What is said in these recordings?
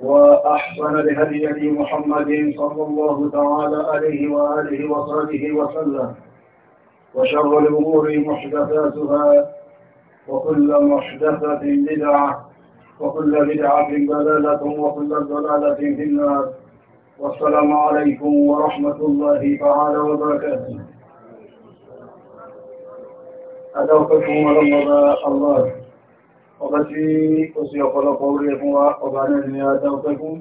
وأحسن بهدي محمد صلى الله تعالى عليه وآله وصحبه وسلم وشر الأمور محدثاتها وكل محدثة بدعة وكل بدعة ضلالة وكل ضلالة في النار والسلام عليكم ورحمة الله تعالى وبركاته أدعوكم ورحمة الله ọba tí ó sì ọ̀pọ̀lọpọ̀ orí ẹkùn wa ọba náà ni a dá ọpẹ́ fún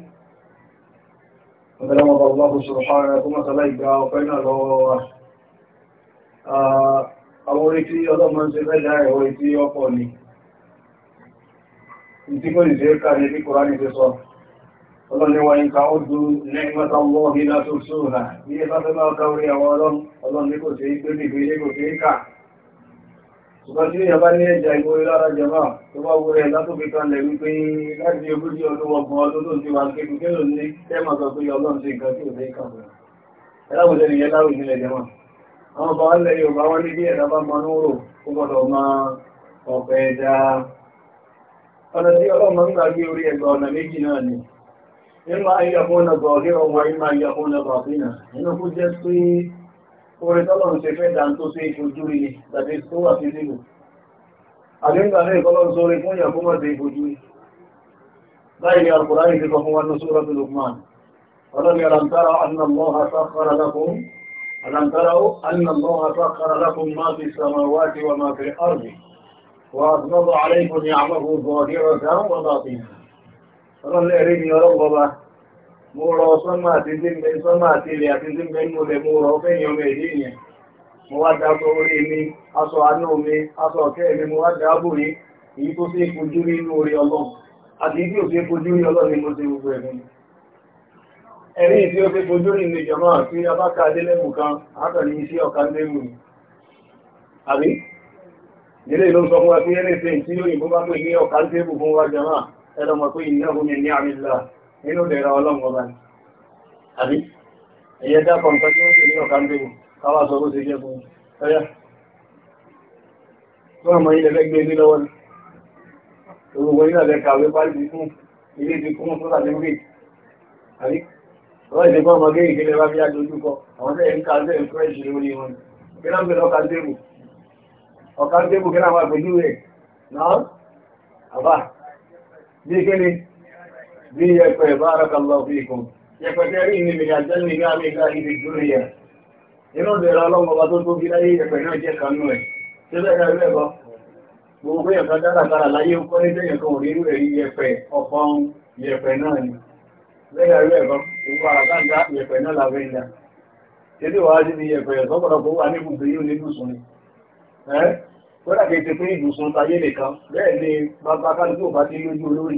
ọ̀dọ́lọ́wọ́ bá ọlọ́pù sọ̀rọ̀fáàrẹ kó mọ́sálá ìgbà ọpẹ́ náà lọ́wọ́ wa àwọn orí tí ọlọ́mọ ń ṣe fẹ́lá ẹ̀wọ́ ìtí ọpọ̀ ni ìtí kò ní ṣe é kà ní bí kòránì ti sọ ọlọ́ni wa ń ka ó du nẹ́gbẹ́ta wọ́ọ̀hí látó sóòrà ní ẹbá fẹ́ máa àwọn ọlọ́ni kò ṣe é pé nìgbé kò ṣe é kà ṣùgbọ́n tí ìyàbá ní ẹ̀jà ìwòrí lára jẹmá tó bá wúrẹ̀ ẹ̀ látòkè kan lẹ̀ wípé láti ogójì ọdún ọgbọ̀n ọdún ló ti wà kéèkù kéèkù ní tẹ́mà sọ pé ọlọ́run ti nǹkan tí ò ní kàn bẹ̀rẹ̀ ẹláwùjẹ́ nìyẹn láwù ìpínlẹ̀ jẹmá àwọn bá lẹ̀ Yorùbá wọn ní bí ẹ̀dá bá mọ núrò ó gbọ́dọ̀ máa ọ̀pẹ̀ ẹja ọlọ́run máa ń gbà gbé orí orí tọ́lọ̀run ṣe fẹ́ dáa tó sí ìfojú rí ni tàbí tó wà sí sílù àdínkà ní ìkọlọ́run sórí fún ìyàkó mọ̀ sí ìfojú rí láì alkùnrin ti sọ fún wọn ní sóra tó lukman ọlọ́ni alantara annallahu sakhkhara mo rọ sọ́mà àti tí ń bẹ sọ́mà àti ilẹ̀ àti tí ń bẹ nínú rẹ̀ mo rọ fẹ́yìn ọmọ èdè yẹn mo wá da aṣọ orí mi aṣọ àánú mi aṣọ ọ̀kẹ́ mi mo wá da ábò rí èyí tó ṣe é fojú rí inú orí ọlọ́run àti èyí tí ṣe é fojú rí ọlọ́run ni mo ṣe gbogbo ẹ̀mí ẹ̀rí tí ó ṣe fojú rí nínú ìdẹ̀ra ọlọ́run ọba ni àbí ẹ̀yẹ dápọ̀ nǹkan tí wọ́n ṣe nínú ọ̀kan bẹ́ẹ̀ káwà sọ bó ṣe jẹ́ fún ọyá tí wọ́n mọ ilẹ̀ fẹ́ gbé ní lọ́wọ́ ni gbogbo ilẹ̀ fẹ́ kàwé pálí ti fún ilé ti fún fún tàbí gbé àbí ọwọ́ ìdí fún ọmọdé ìdílé bá fi á dojú kọ àwọn tẹ̀ ń ka tẹ̀ ń fẹ́ ṣe lórí wọn kí náà bí kí ni bí ẹgbẹ́ barakallahu fikum yẹpẹtẹ rí ní mìíràn jẹ́ ní àmì ìlà ibi dúnìyà inú bẹ̀rẹ̀ ọlọ́mọba tó tóbi láyé yẹpẹ náà jẹ́ kanú ẹ̀ tí bẹ́ẹ̀ rẹ̀ bọ́ gbogbo ẹ̀ka dáradára láyé ó kọ́ ní tẹ́yẹ̀ kan òrí rẹ̀ rí yẹpẹ ọ̀pọ̀n yẹpẹ náà ni bẹ́ẹ̀ rẹ̀ bọ́ gbogbo àràkáńdá yẹpẹ náà làwẹ́ ìlà tẹ́lẹ̀ wàá sí ni ti pín ibùsùn tayé nìkan bẹ́ẹ̀ ni bàbá kálukú bá ti lójú olórí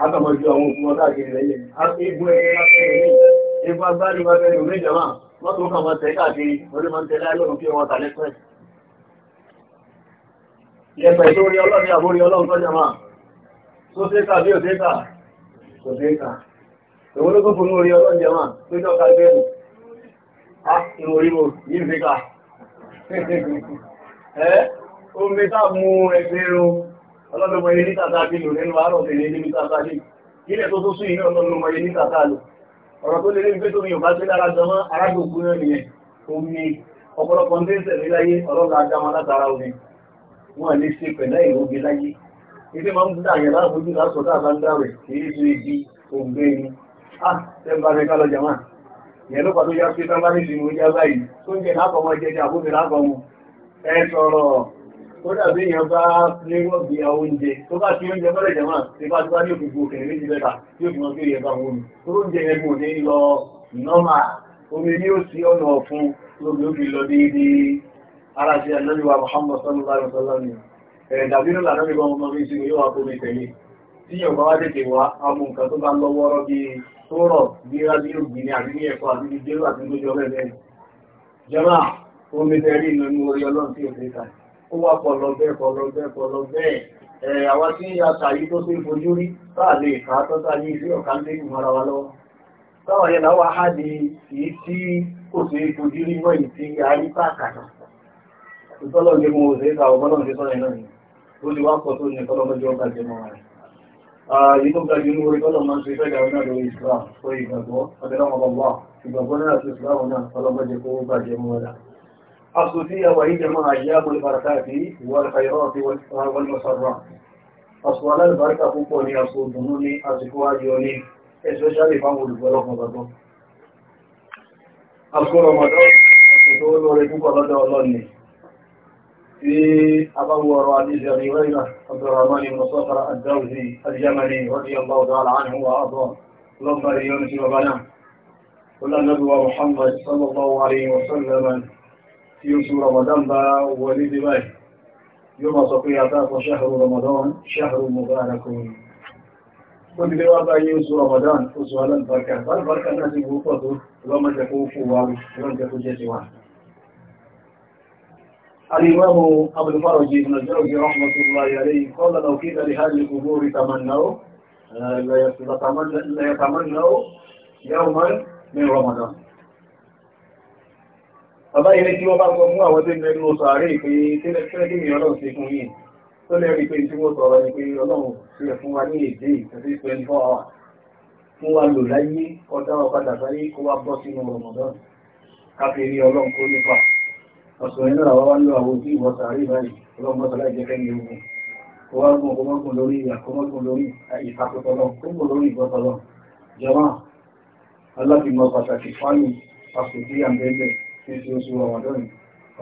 Àtàmọ̀jú àwọn òkú wọn káàkiri lẹ́yìn. A ti gún ẹgbẹ́ látẹ́rẹ̀ ní ẹgbẹ́ agbájú bá tẹ́rẹ̀ ní ìjọba. Wọ́n tó kàn máa tẹ́ káàkiri, wọ́n lè máa tẹ́lẹ̀ alọ́run kí wọ́n tàlẹ́ pẹ́. Yẹ̀pẹ̀ tó rí ọlọ́ni àbórí ọlọ́run tọ́jà máa. Tó tẹ́ka bí ò tẹ́ka, kò tẹ́ka. Ìwọ́n ló kún fún orí ọlọ́run jẹ máa, tó jọ ká ọlọ́dọ̀mọ̀ yìí ní tàtà bí lò nínú àárọ̀ tẹ̀lé ní tàtà bí ilẹ̀ tó tó sún ìní ọlọ́dọ̀mọ̀ yìí ní tàtà lò ọ̀rọ̀ tó lè ní pé tómi ọba sí lára jọmọ́ arágbòkú náà nìyẹn omi ọ̀pọ̀lọpọ̀ ń tẹ́sẹ̀ ní láyé ọlọ́dọ̀ ajámọ́ látara omi wọn lè ṣe pẹ̀lá ìrògbé láyé ilé máa ń dà yẹn láàbójú lásọ̀ tá a bá ń dáwẹ̀ kì í ṣe ibi òǹgbẹ ni a ṣe ń bá mi ká lọ jàmá ìyẹn ló pàtó yá pé tá a bá ní ìsinmi kódà bí èèyàn bá lérò bí i oúnjẹ tó bá ti oúnjẹ bọ́lẹ̀ jẹ̀mọ́ tí bá ti bá ní òkùnkùn òkèrè méjì mẹ́ta tí ó fi wọn kéré ẹ̀bá wọn omi oúnjẹ yẹn gùn ní lọ nọ́mà omi ní ó sí ọ̀nà ọ̀fun lóbi ó fi lọ déédé ara ṣe ànábì wa Muhammad sallallahu alaihi wasallam ni ẹ̀rẹ̀ dàbí ló là lọ́bí ọmọ mi sí yóò wá kó mi tẹ̀lé tí yóò bá wá tètè wá amú nǹkan tó bá lọ wọ́rọ́ bí tó rọ̀ omi tẹ̀lé ìnáwó orí ọlọ́run tí ò fi kàlẹ̀ ó wà pọ̀lọ̀bẹ́ pọ̀lọ̀bẹ́ pọ̀lọ̀bẹ́ ẹ̀ àwọn tí a sàyí tó sí fojú rí táà lè kà á tọ́ta ní ilé ọ̀ká lé ìmọ̀ra wa lọ́wọ́ táwọn yẹn láwọ́ á di èyí tí kò sí fojú rí mọ́ èyí tí a rí pàkàtà ìtọ́lọ̀ ní mo ṣe é ta ọmọ náà ṣe sọ́yìn náà ni ó lè wá pọ̀ tó ní ìtọ́lọ̀ mọ́jọ́ ọ̀gá jẹ mọ́ rẹ̀ inú ga jù ní tọ́lọ̀ máa ń ṣe fẹ́ gàrí náà lórí Islam tó ìgbàgbọ́ abẹ́lẹ́ ọmọ bàbá ìgbàgbọ́ náà sí Islam náà tọ́lọ̀ mọ́jọ́ kó bàjẹ́ mọ́ rẹ̀ أصل فيها وإنما أجاب البركات والخيرات والمسرات أصل البركة فوقني أصول دنوني أصقوا جوني especially from the world of Mazato. Askur Mazato, Askur Mazato, Askur Mazato, Askur في أبو رواديز أبي غيرة عبد الرحمن بن صخر الدوزي الجملي رضي الله تعالى عنه وأرضاه لما ليونس وبنى قل النبي محمد صلى الله عليه وسلم tí oṣù Ramadan bá wọlé dé báyìí yóò máa sọ pé àtàkùn ṣáàrù Ramadan ṣáàrù mubarakun ó ti lé wá bá yé oṣù Ramadan oṣù alábàákà alábàákà náà ti wú pọ̀ tó lọ́mọdé kó fò wá lọ́mọdé kó jẹ́ ti wá الإمام أبو من رمضان Bàbá yìí ní kí wọ́n bá sọ fún àwọn tó mẹ́rin oṣù ààrẹ ìpé tẹ́lẹ̀ tẹ́lẹ̀ kí fún yìí. Tó lẹ́ rí tí wọ́n sọ̀rọ̀ ni pé Ọlọ́run sílẹ̀ fún wa ní èdè ìtẹ́sí 24 hours. Fún wa lò láyé ọjọ́ ọ̀padà sáyé kó wá bọ́ sínú Ramadan. Káfí rí Ọlọ́run kó nípa. Ọ̀sùn ẹ̀nà àwọn wá lọ àwọn ojú ìwọ̀ sàárè báyìí. Ọlọ́run mọ́sálá ìjẹ́kẹ́ ni ogun. Kó wá gùn kó mọ́gùn lórí àkọ́mọ́gùn lórí ìtakùtọ̀lọ́ tí ṣe oṣù ọmọdún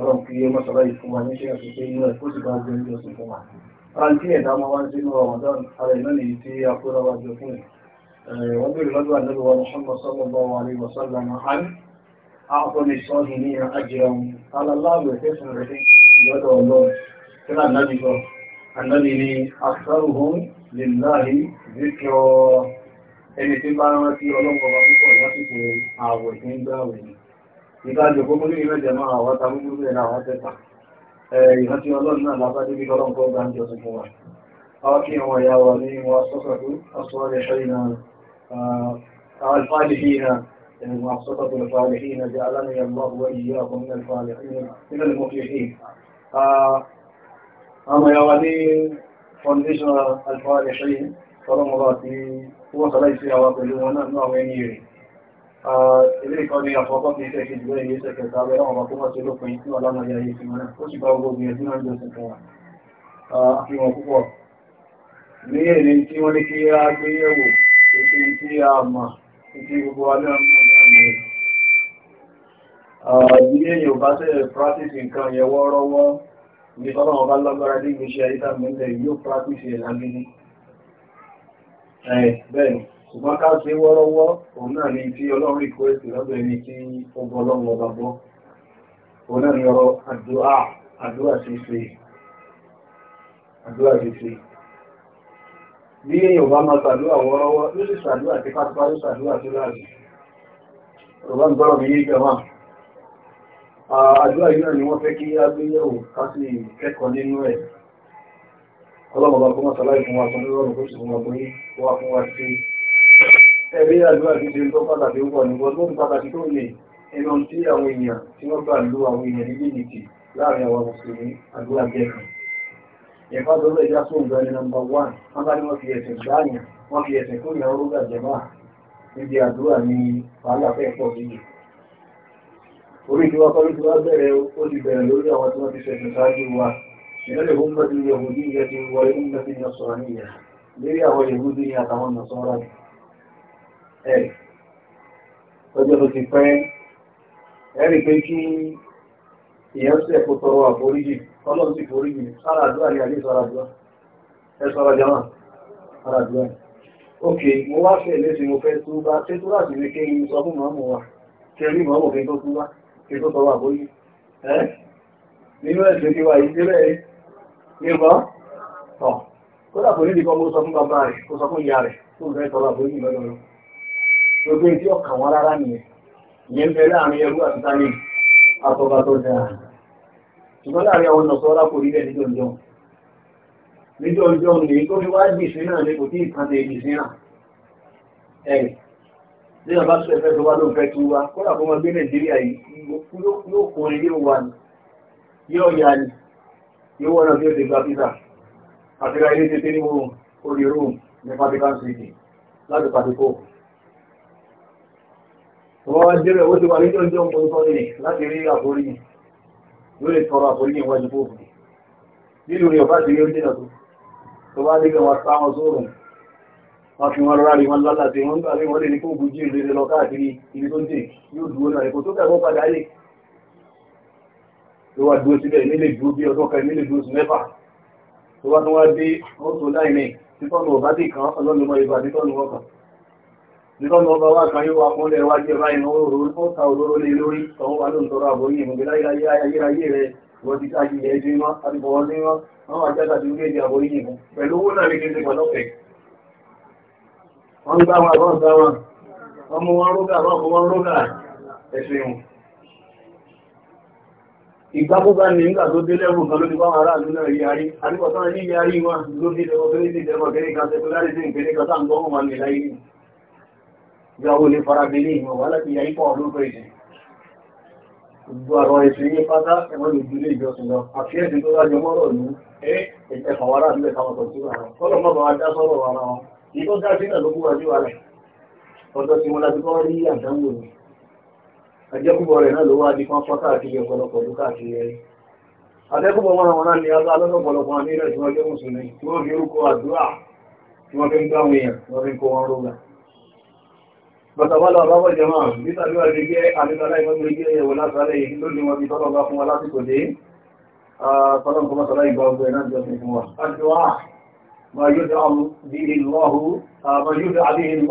ọlọ́run kí yé mọ́sọ̀rọ̀ yìí fún wa ní ṣe ẹ̀sùn pé inú ẹ̀ kó sì bá gbé ní ọ̀sùn fún wa. ara tí ẹ̀dá máa wá ń sínú ọmọdún ara ìná nìyí tí a kó lọ́wọ́ jọ fún ẹ̀. wọ́n bèèrè lọ́dọ̀ àdébò wa mọ́sánmọ́ sọ́mọ́ bá wa rí wọ́sánlá máa hàn áàpọ̀ ní sọ́ọ̀hìn ní àjẹun aláláàbẹ̀ tẹ̀sán rẹ̀ lọ́dọ̀ ọlọ́run tí náà náà ọlọ́run ìdájọ́ gbogbo ní ìrẹ́jẹ̀ máa àwọn ta múlú rẹ̀ láwọn tẹ́ta ìrántí ọlọ́run náà lábá débi ọlọ́run kọ́ gbá ń jọ tuntun wa àwọn kí àwọn ìyá wa ní wọn sọ́kàtú ọ̀sọ́rẹ̀ ṣẹ́yìn الفالحين وأبسطة الفالحين جعلني الله وإياكم من الفالحين من المفلحين أما يا ولي فونديشن الفالحين فرمضاتي وصليت في عواقبي ونحن أغنيري Uh, ilé ìkan ní àkọ́kọ́ kìí ṣe ìgbé ìyé ṣẹ̀kẹ̀ sábẹ́ àwọn ọmọ tó wọ́n ṣe lópin tí wọ́n lọ́nà yàyé sí wọn ó sì bá ogun gbìyànjú náà jọ ṣẹ̀kẹ̀ uh, wọn àfihàn púpọ̀ ní èrè tí wọ́n ní kí a gbé yẹ̀wò ètò tí a mà tí gbogbo wa náà mọ̀ náà uh, mọ̀ ilé yóò bá ṣùgbọ́n ká ṣe wọ́rọ́wọ́ òun náà ni tí ọlọ́run ìkó èsì lọ́dọ̀ ẹni tí ó bọ́ lọ́wọ́ ọba bọ́ òun náà ni ọ̀rọ̀ àdúrà àdúrà ṣíṣe àdúrà ṣíṣe bí èèyàn bá máa ṣàdúrà wọ́rọ́wọ́ ló sì ṣàdúrà tí pátápá ló ṣàdúrà tó láàrin ọ̀rọ̀ ń gbọ́rọ̀ mi yé jọba àdúrà yìí náà ni wọ́n fẹ́ kí á gbé yẹ̀wò ká sì kẹ́kọ̀ọ́ nínú ẹ̀ ọlọ́mọba kó má ṣàlàyé fún wa sọ lọ́rùn kó sì fún wa bóyí wá fún wa sí i ẹ̀rí àdúrà ṣíṣe tó pàtàkì púpọ̀ ní wọ́n tó ń pàtàkì tó lè ẹnu tí àwọn èèyàn tí wọ́n gbà lú àwọn èèyàn ní jìbìtì láàrin àwọn mùsùlùmí àdúrà gẹ̀ẹ́kan ẹ̀fà tó lè já sóhùn gan ní nọ́mbà wán wọ́n bá ní wọ́n fi ẹ̀sìn gbáàyàn wọ́n fi ẹ̀sìn fún ìyàwó rúgà jẹ̀má níbi àdúrà ní wàhálà fẹ́ pọ̀ sí i orí ìjọba kọ́lé tí wọ́n bẹ̀rẹ̀ ó ti bẹ̀rẹ̀ lórí àwọn tí wọ́n ti ṣẹ̀sìn ṣáájú wa ìrẹ́lẹ̀ ó ń bẹ̀rẹ̀ yahudi yẹ ti wọlé ń bẹ̀rẹ̀ yasọ̀rọ̀ níyà lérí àwọn yahudi ni àtàwọn nasọ́ra yìí ẹ̀ ọjọ́ tó ti pẹ́ ẹ̀rí pé kí èèyàn tọrọ àforíjì ọlọ́run sì foríjì sára àdúrà ní àdé sọ́ra àdúrà ẹ sọ́ra jama sára àdúrà ok mo wá fẹ́ lẹ́sìn mo fẹ́ tó bá ṣé tó láti lè ké sọ fún màmú wa kí rí màmú kí tó tó bá kí tó tọrọ àforíjì ẹ nínú ti wà yìí débẹ̀ ọ kódà kò ní ìdíkọ́ mo sọ fún bàbá gbogbo etí ọkàn wọn rárá nìyẹn ìyẹn ń bẹ láàrin ẹrú àti sáré àtọ́gbà tó dáa ṣùgbọ́n láàrin àwọn ọ̀nà sọ́ra kò rí bẹ́ẹ̀ níjọ́ ìjọ́ níjọ́ ìjọ́ ní tó fi wá jì sí náà ní kò tí ìkan lè jì sí náà ẹ̀ ní ọba tó ẹ̀fẹ́ tó wá ló ń fẹ́ tú wa kódà kó mọ gbé nàìjíríà yìí bí ó ti gba písà àti ra ilé tètè ní orí oòrùn ní Vatican City láti pàdé wọ́n wá jẹ́rẹ̀ ó ti wà níjọ́ ìjọ ọmọ ìtọ́ ní láti rí àforí yóò lè tọrọ àforí yẹn wájú fóòfù nínú rẹ̀ bá ti rí orí dínà tó tó bá nígbà wọn sá wọn sóòrùn wọn fi wọn rárá rí wọn lálà tí wọn gbà rí wọn lè ní kó bu jí ìrere lọ káàkiri ibi tó dé yóò dúró náà ní kò tó kẹ́kọ̀ọ́ padà yé ló wá dúró síbẹ̀ nílé dúró bí ọdún kan nílé dúró sí mẹ́fà tó wá tún wá dé wọn tó Nígbọ́n ọba wá kan yóò wá fúnlẹ̀ wá jẹ́ báyìí wọ́n rò ó ta òróró lé lórí, ọ̀hún wá ló ń tọrọ àbòyìn ìmọ̀gbé láyé ayé rẹ̀, wọ́n ti ká jìyẹ ẹjú mọ́, àdìbọ̀ wọn ní wọ́n, wọ́n wá jáde àti orílẹ̀-èdè àbòyìn ìmọ̀. Pẹ̀lú owó náà ní kí n ṣe pàtọ́fẹ̀. Wọ́n gbá wọn, wọ́n gbá wọn, wọ́n mú wọn rógà, wọ́n mú wọn rógà, ẹ̀sìn wọn ìgbàgbọ́gbà ní ìgbà tó dé lẹ́rùn kan ló ti báwọn ará àdúnà ìyàrí àríkọ̀tán ní ìyàrí wọn ló dé lọ́wọ́ tó ní ìdẹ̀mọ̀ kẹ́ríkà tẹ́kọ́lárí sí ìpínlẹ̀ kọ́tà ń gbọ́wọ́n wọn nílá ìrìn ìyàwó lè fara belé ìmọ̀ wà láti yà ipò ọdún pé ìsìn gbogbo àwọn ètò yìí pátá ẹ̀wọ́n lè dúlé ìjọsìn lọ àfihẹ́sì tó lájọ mọ́rọ̀ ní ẹ̀fà wàrà sílẹ̀ táwọn tó túbà rẹ̀ kọ́lọ̀ mọ́ bàá dá sọ́rọ̀ wàrà wọn èyí tó dá sílẹ̀ ló mú wájú rẹ̀ ọ̀dọ̀ tí wọ́n láti di kan fọ́tà àti ọ̀pọ̀lọpọ̀ ló káàkiri rẹ̀ àjẹkùbọ̀ wọn àwọn ni agbá lọ́pọ̀lọpọ̀ àmì rẹ̀ tí wọ́n jẹ́ mùsùlùmí tí wọ́n fi orúkọ àdúrà tí wọ́n ń gbáwọn èèyàn wọ́n fi ń kó wọn róga Bàtàbálà àbábọ̀ jẹmà nítàbí wà rí gẹ́ àríkàlá ìfẹ́gbẹ̀rẹ̀ gẹ́ ẹ̀wọ̀ látàrí èyí tó ní wọ́n bí tọ́lọ̀ bá fún wa lásìkò dé, fọ́lọ́n kọmọ́ sọ́lá ìgbà ọgbẹ̀ náà jọ sí fún wa. Àjọ́wà, ma yóò dá àbíhìn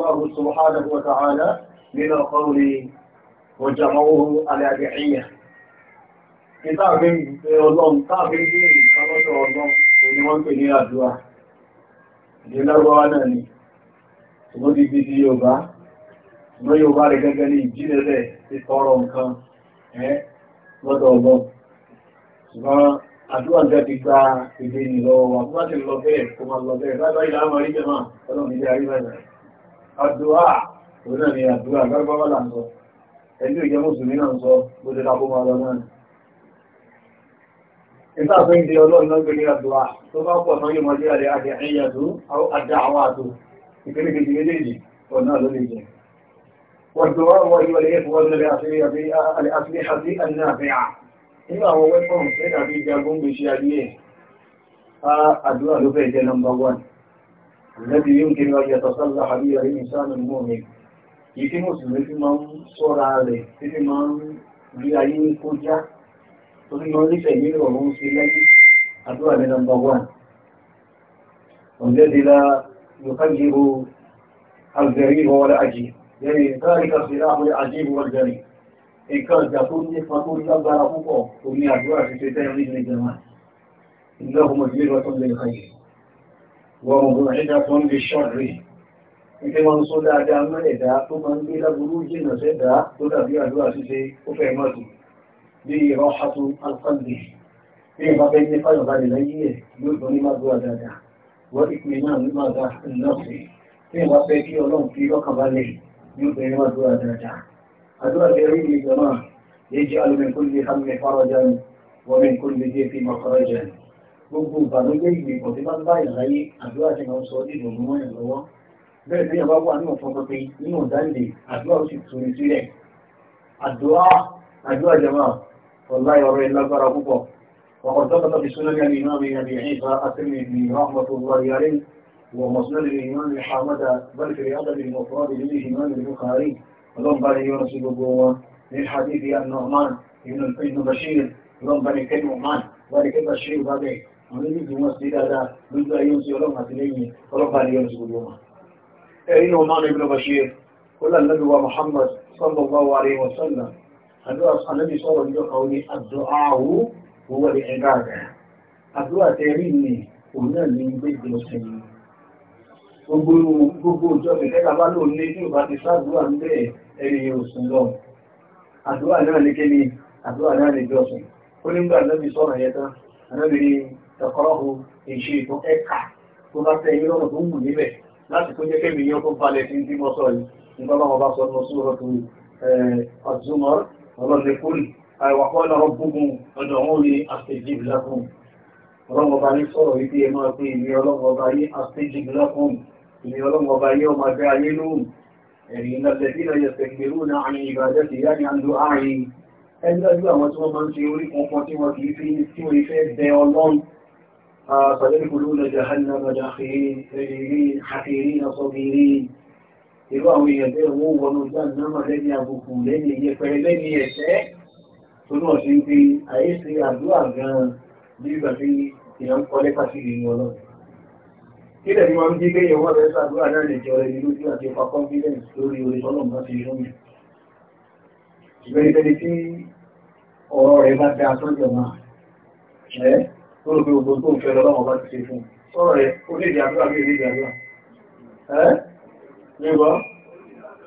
lọ́hù subhanahu wa ta'ala nínú ọkọ̀rì wọ̀jàmọ́wó alẹ́gẹ̀ẹ́yà. Ìtàbí ọlọ́run, tàbí ìtàlọ́dọ̀ ọlọ́run, òní wọ́n pè ní àdúrà. Ìdílárúwá náà ni, ṣùgbọ́n ti bí ti yóò ṣùgbọ́n yóò bá rẹ̀ gẹ́gẹ́ ní ìjìnlẹ̀ rẹ̀ ti tọrọ nǹkan ẹ́ lọ́dọ̀ ọgbọ́ ṣùgbọ́n àdúrà jẹ́ ti gba èdè ìlọ wà tó bá ti lọ bẹ́ẹ̀ kó ni àdúrà gbágbáwá là ń sọ ẹjọ́ ìjẹ́ mùsùlùmí náà ń sọ bó ni ìta fẹ́ ń di ọlọ́run náà gbé ní àdúrà tó bá pọ̀ náà yóò máa jẹ́ àdé àdé àyíyàtú àdá ìpínlẹ̀ kejì méjèèjì ọ̀nà ló lè والدعاء وهي الإخوة الأسلحة النافعة إما هو وقوم سيدا في جابون بشيادية آه، الدعاء لفيت نمبر ون الذي يمكن أن يتصلح به الإنسان المؤمن يتم سنة من صورة عليه يتم من بيعين كوجة تقول من ليس يمين وهم سيلاك الدعاء لنمبر ون والذي لا يخجر الغريب ولا عجيب يعني ذلك الخلاف العجيب والجليل إنكار جاتون يفقون لبرا فوقه ومن أجواء في الشيطان من الجمال إنه مجمرة للخير ومضعدة للشر Ìfẹ́ wọn sọ dáadáa mẹ́rẹ̀dá tó máa ń gbé lábúrú jìnà sẹ́dá tó dàbí àdúrà ṣíṣe ó fẹ́ mọ́tò bí ìrọ̀ ṣàtò alfàndì. Bí ìfà fẹ́ ní fàyọ̀balẹ̀ láyé ẹ̀ yóò yóò bẹ̀rẹ̀ wá dúrà dáadáa. Àdúrà bẹ̀rẹ̀ ní ìjọba lè jẹ́ alùmẹ̀kún lè hàn mẹ́ fárọjá ni wọ́n mẹ́kún lè jẹ́ fi mọ́kọ́rọ́já ni. Gbogbo ìbànújẹ́ ìgbìmọ̀ tí bá ń bá ìláyé àdúrà ti máa ń sọ ìdùnnú mọ́ ẹ̀ lọ́wọ́. Bẹ́ẹ̀ bí àbá wà nínú ọ̀fọ́n pẹpẹ nínú ìdánilè àdúrà ó sì tuni sílẹ̀. Àdúrà àdúrà jama ọ̀la ọ̀rọ̀ ìlágbára púpọ̀. Ọ̀pọ̀ tó fi súnlẹ̀ ومسند الإمام محمد بل في أدب المفرد للإمام البخاري اللهم بني يونس بن من حديث النعمان ابن بشير اللهم بني كنعمان بني كبشير بني àwọn ilé ìgbìmọ̀ sí dáadáa lójú ayé ń sí ọlọ́run àti lẹ́yìn ọlọ́pàá ní ọdún gbogbo wọn. ẹ̀rí náà máa ń rí lọ́wọ́ ṣe ó là lọ́bí wa Muhammad sallallahu alaihi wa sallam àdúrà anábì sọ̀rọ̀ ní ọkà oní àdúràwò owó ní ẹ̀dá rẹ̀ àdúrà tẹ̀rí ni òun náà ní gbé ìgbésẹ̀ yìí gbogbo ìjọ ìtẹ́ta bá lò ní tí ò bá ti sáàdúrà ń bẹ́ẹ̀ ẹni òsùn lọ àdúrà náà ní kéni àdúrà náà ní jọsùn ó nígbà lọ́bí sọ́nà yẹn tán anábìrin tọkọrọ́hù ìṣe ìtọ́ ẹ̀ka tó bá tẹ ìrọ̀ tó wù níbẹ̀ láti kó jẹ́ kẹ́mi yẹn tó balẹ̀ sí tí wọ́n sọ yìí nígbà bá wọn bá sọ lọ sóòrọ̀ tó ọ̀túnmọ́ ọlọ́dẹ kúrì àìwàkọ́ ní sọ̀rọ̀ wípé ẹ máa ìlú ọlọ́wọ́ bá yí àṣejì ìlàkùn ni ọlọ́mọ ọba yẹ́ ọmọ ẹgbẹ́ ayé lóhùn ẹ̀rí ìlàlẹ̀bí lọ yẹ̀ pẹ̀lú náà àrin ìbàjẹ́ sí yá ní àndó àárín ẹgbẹ́jú àwọn tí wọ́n máa ń ṣe orí kankan tí wọ́n kìí fi tí wọ́n ìfẹ́ bẹ ọlọ́run sàlẹ́kùlú lọ jàhánà bàjá àkèrè kí lẹ́ni máa ń jí pé ìyẹ̀wọ́ rẹ̀ ṣàdúrà náà lè jọ ẹni lójú àti ọpa confidence lórí orí sọ́nà bá ti yọ́ mi ìgbẹ́ni tẹ́lẹ̀ tí ọ̀rọ̀ rẹ̀ bá tẹ àtọ́jọ̀ máa ẹ́ tó rò pé gbogbo tó ń fẹ́ lọ́wọ́ bá ti ṣe fún sọ́rọ̀ rẹ̀ ó lè di àdúrà bí ó lè di àdúrà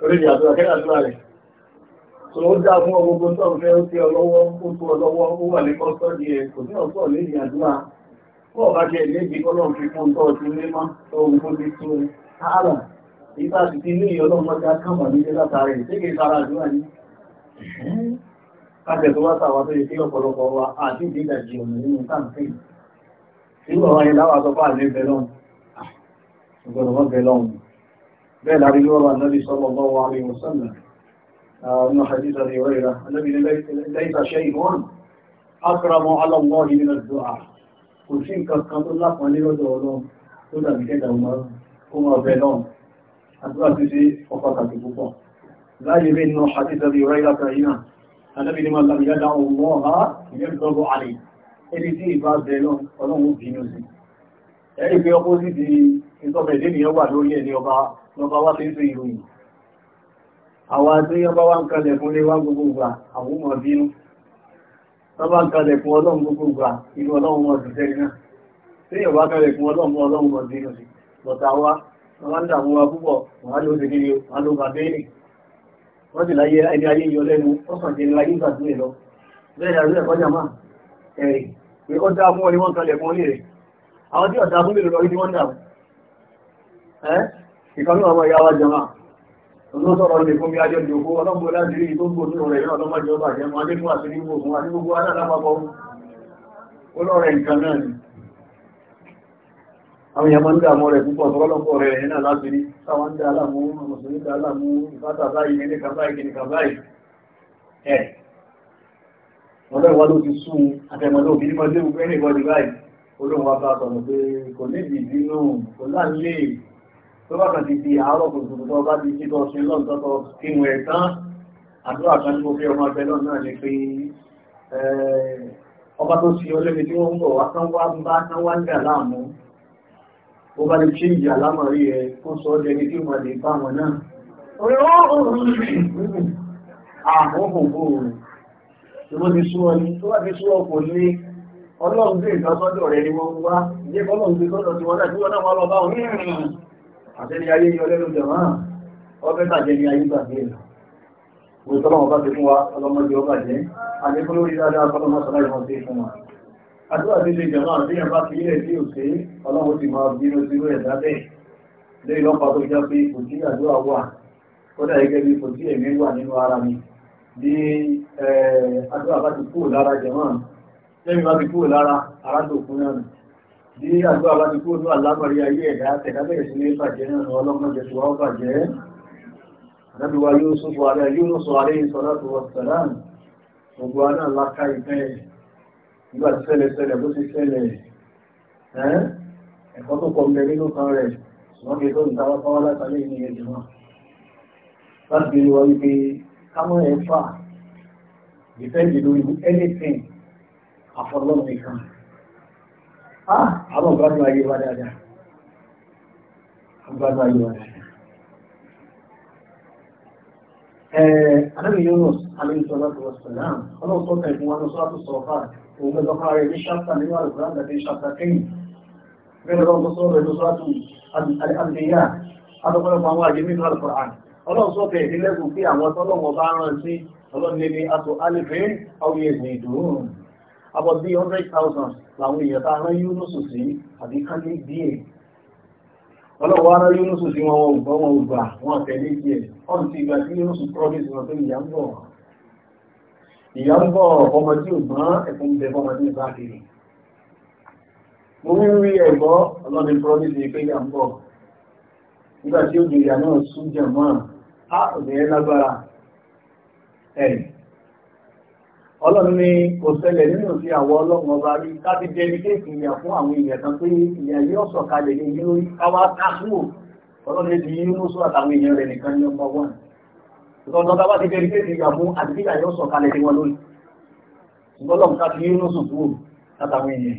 ẹ́ ní di àdúrà kẹ́lá Bọ́ bá jẹ́ ìlébi ọlọ́run fi fún tọ́ ti mímọ́ tó ohun tó ti tó ààrùn. Ìgbà ti ti ní ìyọlọ́run mọ́já kàmọ̀ ní ilé látàrí ìṣẹ́gẹ̀ ìsára àdúrà ní. Kájẹ̀ tó wá sàwà tó yẹ kí ọ̀pọ̀lọpọ̀ wa àti ìdíjàjì ọ̀nà nínú táǹkì. Ìgbà wa ni láwà sọ fún àlè bẹ̀lọ́n. Ìgbọ̀nà mọ́ bẹ̀lọ́n. Bẹ́ẹ̀ lárí lọ́rọ̀ kò sí nǹkan kan tó lápọn ní lọ́dọ̀ ọlọ́run tó dàbí kẹta ọmọ kó máa bẹ náà àdúrà tó ṣe ọkọ̀ pàtàkì púpọ̀ láyé bẹ́ẹ̀ nínú àdìsẹ́ bí ọ̀rẹ́ ìlàkà yìí náà anábì ní máa lábìyá dáhùn mọ́ ọ̀há ìyẹn ń tọ́gbọ́ àlè ẹni tí ìbá bẹ náà ọlọ́run ó bínú sí ẹ̀rí pé ọkọ̀ sì di ìtọ́fẹ̀ ìdí nìyẹn wà lórí ẹni ọba lọba wá fi ìròyìn àwọn àti ọba wá ń kalẹ̀ fún lé wá gbogbo gbà àwọn ọmọ bínú Tọ́bá kalẹ̀ fún ọlọ́run gbogbo gbà inú ọlọ́run mọ̀ sí sẹ́yìn náà. Tí yóò bá kalẹ̀ fún ọlọ́run ọlọ́run mọ̀ sí inú sí. Bọ̀tà wa, wọ́n máa ń dààmú wa púpọ̀, wọ́n á ló ṣe kiri, wọ́n á ló bà bẹ́ẹ̀lì. Wọ́n sì láyé ẹni ayé yọ lẹ́nu, ó sàn jẹ́ láyé ìgbà sílẹ̀ lọ. Bẹ́ẹ̀ ni àrùn ẹ̀kọ́ jà máa ẹ̀rì pé ó dá fún ọ ni wọ́n kalẹ̀ fún ọ ní rẹ̀. Àwọn tí ọ̀dà fún mi lọ rí ni wọ́n dà. Ẹ́ ìkànnì àwọn ìyá wa jẹ máa olóòsọ̀rọ̀ ilé fún bí ajọ́ ìjòkó ọlọ́gbò láti rí ìgbógbò nínú rẹ̀ náà lọ́mọdé ọba àjẹmọ́ adékún àti ní gbogbo àti gbogbo aláàlápapọ̀ olóòrẹ̀ nǹkan náà ni àwọn èèyàn máa ń dààmú rẹ̀ púpọ̀ tọ́lọ́pọ̀ rẹ̀ náà láti rí táwọn ń dá aláàmú mùsùlùmí dá aláàmú ìfátà báyìí nílé kàbáyìí kìnnì kàbáyìí ẹ̀ ọlọ́wà ló ti sún àtẹ̀mọ́lò bí nípa dé gbogbo ẹnì tó bá kàn ti di àárọ̀ gbogbo tó bá ti jí tọ́ sí lọ́nà tọ́ kí wọ́n ẹ̀ tán àdúrà kan ní gbogbo ọmọ abẹ náà ni pé ọba tó ṣe ọlẹ́ni tí wọ́n ń bọ̀ wá tán wá ń bá tán wá ń dà láàmú ó bá lè ṣe ìyà lámọ̀rí ẹ kó sọ ọ́ jẹni tí wọ́n lè bá wọn náà. àwọn òkòkò tí wọ́n ti sú ọ ní tó bá ti sú ọ ọlọ́run gbé ìtọ́sọ́dọ̀ rẹ ni wọ́n ń wá ìyẹ́kọ́ ọlọ́run gbé sọ́dọ̀ tí wọ́n náà tí náà wá lọ bá wọn àtẹ́ni ayé yọ lẹ́nu jẹ̀mọ́ ọbẹ̀ tàjẹ́ ni ayé gbàgbé rẹ̀ wọ́n tọ́lọ́ wọn bá ti fún wa ọlọ́mọdé ọba jẹ́ àjẹ́kọ́ lórí dáadáa fọ́lọ́mọ sọ́lá ìwọ̀n sí fún wa àdúrà tí ṣe jẹ̀mọ́ àti yẹn bá fi ilẹ̀ tí ò sí ọlọ́run ti máa bínú sí rẹ̀ dábẹ́ lẹ́yìn lọ́pàá tó jẹ́ pé kò sí àdúrà wà kódà gẹ́gẹ́ bí kò sí ẹ̀mí wà nínú ara mi bí àdúrà bá ti kúrò lára jẹ̀mọ́ lẹ́yìn bá ti kúrò bí àjọ àbájúkú ní àlámọ̀rí ayé ẹ̀dá tẹ̀dá bẹ̀rẹ̀ sí ní bàjẹ́ náà ọlọ́mọdé tó wá bàjẹ́ àdábíwá yóò sọ ààrẹ yóò sọ ààrẹ ìsọ̀rọ̀ tó wọ́n sọ̀rọ̀ gbogbo aná láká ìpẹ́ nígbà tí ṣẹlẹ̀ ṣẹlẹ̀ bó ti ṣẹlẹ̀ ẹ̀kọ́ tó kọ mẹ́rin ló kan rẹ̀ wọ́n fi tó ìtawọ́ fáwọ́ látàlẹ́ ìní ẹ̀jẹ̀ wọn láti anything àfọlọ́mìkan àwọn ìgbádùn ayé wá dáadáa ìgbádùn ayé wá dáadáa Ànábì Yunus alayhisalatu wasalam ọlọ́run tó kẹ̀kún wọn lọ́sọ́ àti sọ̀fà òun gbẹ́gbẹ́ fara rẹ̀ ní ṣáfà nínú àlùkùrán àti ṣáfà kẹ́yìn bẹ́ẹ̀ lọ́wọ́ sọ rẹ̀ lọ́sọ́ àti àdìyà adọ́pọ̀lọpọ̀ àwọn àjẹmí nínú àlùkùrán ọlọ́run sọ kẹ̀ ìdílẹ́gùn pé àwọn tọ́lọ́wọ́ bá rán sí ọlọ́run ní ato alifẹ́ àwọn èèyàn ìdòrùn about three hundred thousand làwọn èèyàn tá a rán yúnúsù sí àbí kánlé díẹ̀ ọlọ́wọ́ ara yúnúsù sí wọn wọn gbọ́ wọn gbà wọn tẹ̀lé díẹ̀ ọ̀n ti gbà tí yúnúsù promise wọn pé ìyá ń bọ̀ ìyá ń bọ̀ ọmọ tí ò gbọ́n ẹ̀fọn bẹ fọmọ tí ò bá kiri mo ń rí ẹ̀gbọ́ ọlọ́ni promise pé ìyá ń bọ̀ nígbà tí ó di ìyá náà sún jẹ̀ mọ́ a ò ọlọ́run ni kò ṣẹlẹ̀ nínú sí àwọ ọlọ́run ọba rí kábí dẹ́ríkéèkì ìyà fún àwọn èèyàn kan pé ìyà yóò sọ̀kalẹ̀ ní ilé orí káwá káṣúwò ọlọ́run ti yí mú sọ́ọ̀tà àwọn èèyàn rẹ̀ nìkan ní ọmọ wọn ìtọ́jọ́ tá bá ti dẹ́ríkéèkì ìyà fún àti ìyà yóò sọ̀kalẹ̀ ní wọn lórí ṣùgbọ́n lọ́run ká ti yí mú sùn kúrò látàwọn èèyàn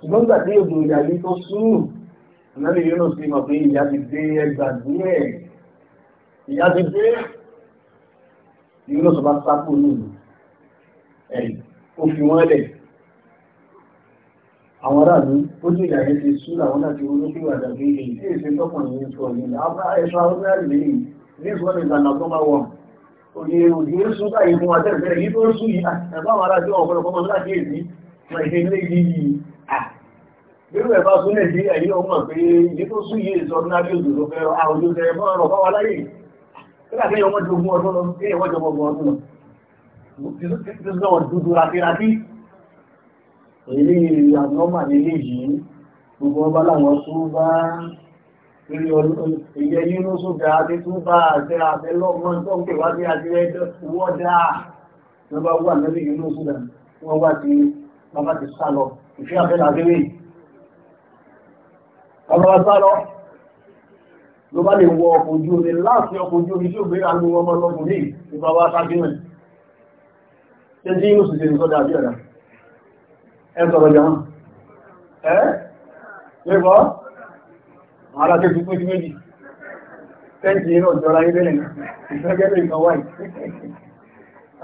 ṣùgbọ́n gbà tí odò ìyà yìí tó sùúrù ìnáwó yìí náà sì mọ̀ pé ìyà ti dé ẹgbàgbé ẹ̀ ìyà ti dé ìyóò sọ bá sápò lónìí ẹ̀rì ó fi wọ́n lẹ̀ àwọn aráàlú ó ní ìyàrá ti sú làwọn láti olókè wàdà bí èyí tí èsì tọkùnrin ń sọ yìí ẹ̀ṣọ́ arúgbáàlì lẹ́yìn this one is an abnormal one òye òye ń sún báyìí fún atẹ́lẹ̀fẹ́ yìí tó ń sún yìí àtàbá ah, àwọn aráàlú ọ̀pọ̀lọpọ̀ ọmọ láti èyí máa ṣe ilé yìí ah, nínú ẹ̀fà sún nàìjíríà yìí ọmọ pé èyí tó sún yìí sọ ní adé òdòdó fẹ́ àwọn ah, òdòdó ẹ̀ tí náà dúdú rábírábí èlé ànọ́mà nílé yìí gbogbo ọba láwọn tó bá ilẹ̀ yínú sóga àti tó bá àti àti lọ́gbọ́n tó ń pè wá sí àti ẹjọ́ wọ́dá wọ́n bá wà lórí yínú sóga wọ́n wá ti bàbá ti sá lọ ìfẹ́ àfẹ́ làbẹ́rẹ́ bàbá sá lọ ló bá lè wọ ọkọ̀ ojú omi láti ọkọ̀ tí ò gbéra ló wọ́n mọ́ lọ́kùnrin ìbáwá sábẹ́rẹ́ ṣe tí yíò sì ṣe nǹkan dàbí ọ̀dá ẹ sọ̀rọ̀ jẹun ẹ́ lẹ́kọ́ àwọn aláṣẹ ti pín sí méjì tẹ́ǹtì yìí náà jọra yìí lẹ́lẹ̀ ìfẹ́gẹ́ lè kan wáyé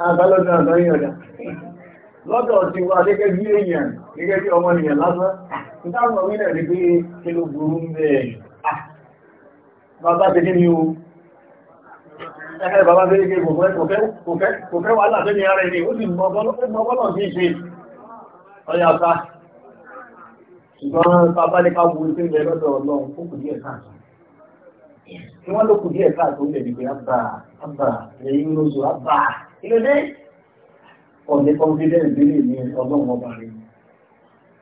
àbálọ́dún àtọ́yìn ọ̀dá lọ́dọ̀ ti wá gẹ́gẹ́ bí èèyàn gẹ́gẹ́ bí ọmọ ènìyàn lásán ìtàwọn orílẹ̀-èdè pé kí ló burú ń bẹ̀ẹ̀ ah! bàbá tẹ́gẹ́ ni o ẹ̀ẹ́ bàbá bẹ́ẹ̀ kí kò fẹ́ wà látẹ́ ní ara ẹni ó sì mọ bọ́lọ̀ sí ṣe ọya ta ṣùgbọ́n bàbá ní káwù ní ilẹ̀ lọ́dọ̀ ọlọ́run ó kù díẹ̀ káàtó kí wọ́n ló kù díẹ̀ káàtó lè dìbò àbà àbà lẹ́yìn lóṣù àbà ìrẹ́lẹ́ ọ̀dẹ́ confidence délé ní ọlọ́run ọba rẹ̀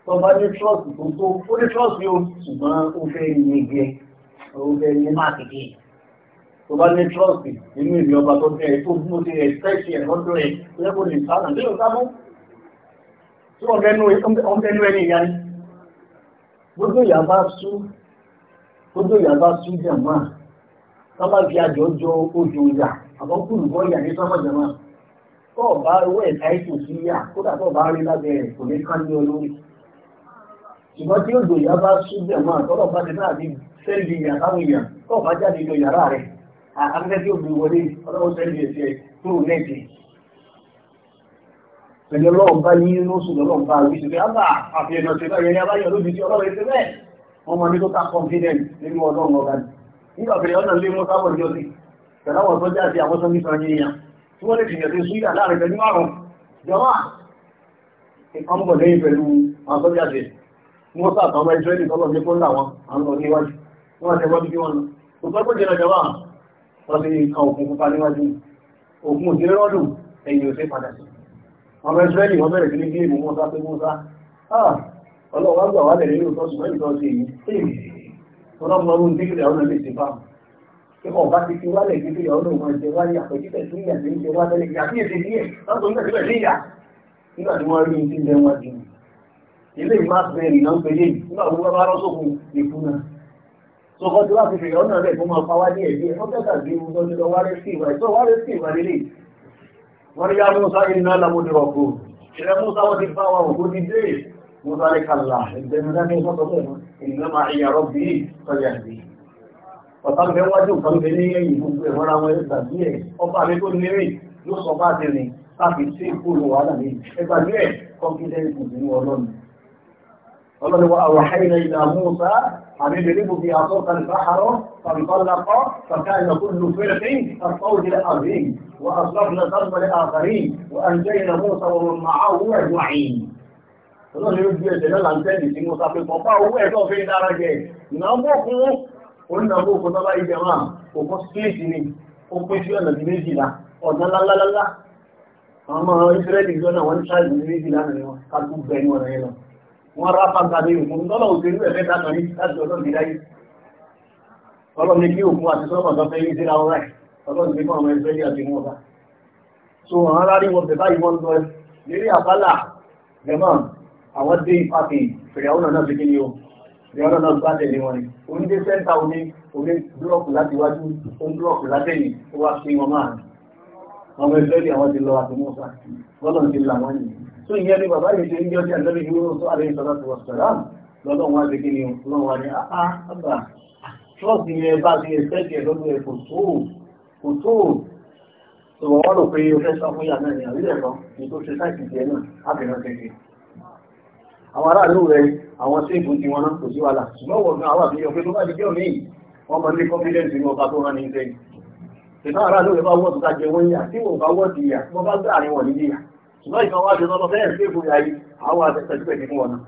tó bá ní trust tó tó ó ní trust yóò ṣùgbọ́n ó fẹ́ tó bá ní trọ́ọ̀sì nínú ìlú ọba tó tẹ́ tó mú sí ẹ̀sẹ̀ṣì ẹ̀kọ́dọ̀ ẹ̀ lẹ́kọ̀ọ́ lè sáà náà lẹ́yìn sábú tí ọ̀gẹ́nu ẹni ìyá ni gbogbo ìyá bá sú gbogbo ìyá bá sú jàmá sábà fi àjọ jọ ojú ìyá àbọ̀ kùnú bọ́ ìyá ní sábà jàmá tó o bá owó ẹ̀ka ètò sí ìyá kódà tó o bá rí lábẹ́ rẹ̀ kò ní ká ní olórí ṣùgbọ́n tí òjò ìyá bá sú jàmá tọ́lọ̀ bá ti náà ti fẹ́ẹ́ di ìyá táwọn ìyá tó o jáde lọ yàrá rẹ̀ àkàkẹ́ tí ó bí wọlé ọlọ́run tẹ́lẹ̀ ẹ̀sẹ̀ tó lẹ́ẹ̀kì pẹ̀lú ọlọ́run bá ní inú sùn lọ́lọ́run bá wí síbẹ̀ ábà àfihàn ọ̀sẹ̀ bá yẹn abáyọ̀ lóbi tí ọlọ́run ẹ̀sẹ̀ bẹ́ẹ̀ wọ́n mọ ní tó ta confidence nínú ọlọ́run ọ̀gá ni nígbà pẹ̀lú ọ̀nà lé mọ́ sábọ̀ jọ sí pẹ̀lú àwọn tó jáde àwọn tó ní sọ ní èèyàn tí wọ́n lè fi yẹ̀sẹ̀ súyà láàrin pẹ̀lú márùn jọba ìpamọ́ lẹ́yìn pẹ̀lú àwọn tó jáde mọ́ sàtọ́ ọmọ ìsírẹ́lì tọ́lọ́ ní kó ń là wọn àwọn ọ̀nà níwájú wọ́n ti wọ́n bí wọ́n lọ wọ́n ti òkun pupa níwájú òkun òsì rọ́dùn ẹ̀yìn òsì padà sí ọmọ ìsírẹ́lì wọ́n bẹ̀rẹ̀ sí ní wọn sá pé sá ọlọ́wọ́ gbà wà lẹ̀rẹ̀ yóò tọ́sùn mẹ́rin tọ́sí èyí ọlọ́mọrú ń dígbìlẹ̀ ọ̀nà lè ṣe Sọ̀kọ́ tí wá fi fèrè ọ̀nà rẹ̀ fún máa pa wá ní ẹ̀dí ẹ̀fọ́ tẹ́tà bí mo tọ́jú lọ wáré sí ìwà ìtọ́ wáré sí ìwà lílé. Wọ́n ní yá Musa iná lámúdé ọ̀gbọ̀n. Ìrẹ́ Musa wọ́n ti fá wa ní dé. Musa lè kàlà ẹgbẹ̀rún dání sọ́tọ̀ bẹ́ẹ̀ ìgbẹ́ máa bí ọlọ́ni wa àwọ̀háìnà ìlà Mùsá àmì ìrìnbù bí àtọ́ta ìbáhàrọ̀ fàbíbálàpọ̀ fàkáyà kúlù fẹ́rẹ̀fín àtọ́wòdì àbín wa àtọ́bìnà sáré àkàrí wa àjẹ́yìnà Mùsá wọn máa wúwẹ̀ wáyìn ọlọ́ni ó bí ẹ̀jẹ̀ náà láńtẹ́lì sí wọ́n rá pàtàkì òkun tọ́lọ̀ òṣèlú ẹ̀fẹ́ dákan ní láti ọlọ́run ìdáyé ọlọ́run kí òkun àti sọ́lọ́mọ̀ tó fẹ́ yí síra ọ̀rá ọlọ́run kí ọmọ ẹgbẹ́ yà ti so àwọn arárí wọn bẹ̀ báyìí wọ́n lọ lérí àbálà gẹ̀mọ́ àwọn dé ipa kì fèrèwọ́ náà fi kí ni o fèrèwọ́ náà gbá tẹ̀lé wọn ni onídé sẹ́ńtà oní oní búlọ́ọ̀kù láti wájú oní búlọ́ọ̀kù látẹ̀yìn ó wá sí wọn máa ọmọ ẹgbẹ́ yà ti lọ àtúnmọ́sà lọ́lọ́run ti là wọ́n yìí tó ìyẹn ní bàbá yìí ṣe ń yọjú àlọ́bí yóò tó àlẹ́ ìṣọ́lá tó wọ̀ṣọ̀lá lọ́dọ̀ wọn àti kíni lọ́wọ́ wa ní ah, ah, àbá trọ́ọ̀sì yẹn bá ti ẹ̀fẹ́ jẹ lọ́dún ẹ̀ kò tó kò tó sọ̀rọ̀ wọ́n rò pé o fẹ́ sọ fún yàrá ní àrílẹ̀ kan ní tó ṣe sáìtì jẹ náà àbẹ̀rẹ̀ kẹ̀kẹ́ àwọn aráàlú rẹ àwọn séèkù ti wọn náà kò sí wàhálà ṣùgbọ́n wọ̀n gan àwọn àbíyàn pé tó bá ti jẹ́ òní wọ́n máa ní confidence ní ọba tó rán ní ìfẹ́ ìfẹ́ aráàlú rẹ bá wọ́n tó ká jẹ wọ́n yà tí wọ́n bá wọ́n ti yà wọ́n bá gbà àríwọ̀n níbi yà ṣùgbọ́n ìkan wá jẹ́ lọ́lọ́ fẹ́ẹ̀rẹ̀ sí ìfòyà yìí àwọn àtẹ́sẹ̀lúpẹ̀ nínú ọ̀nà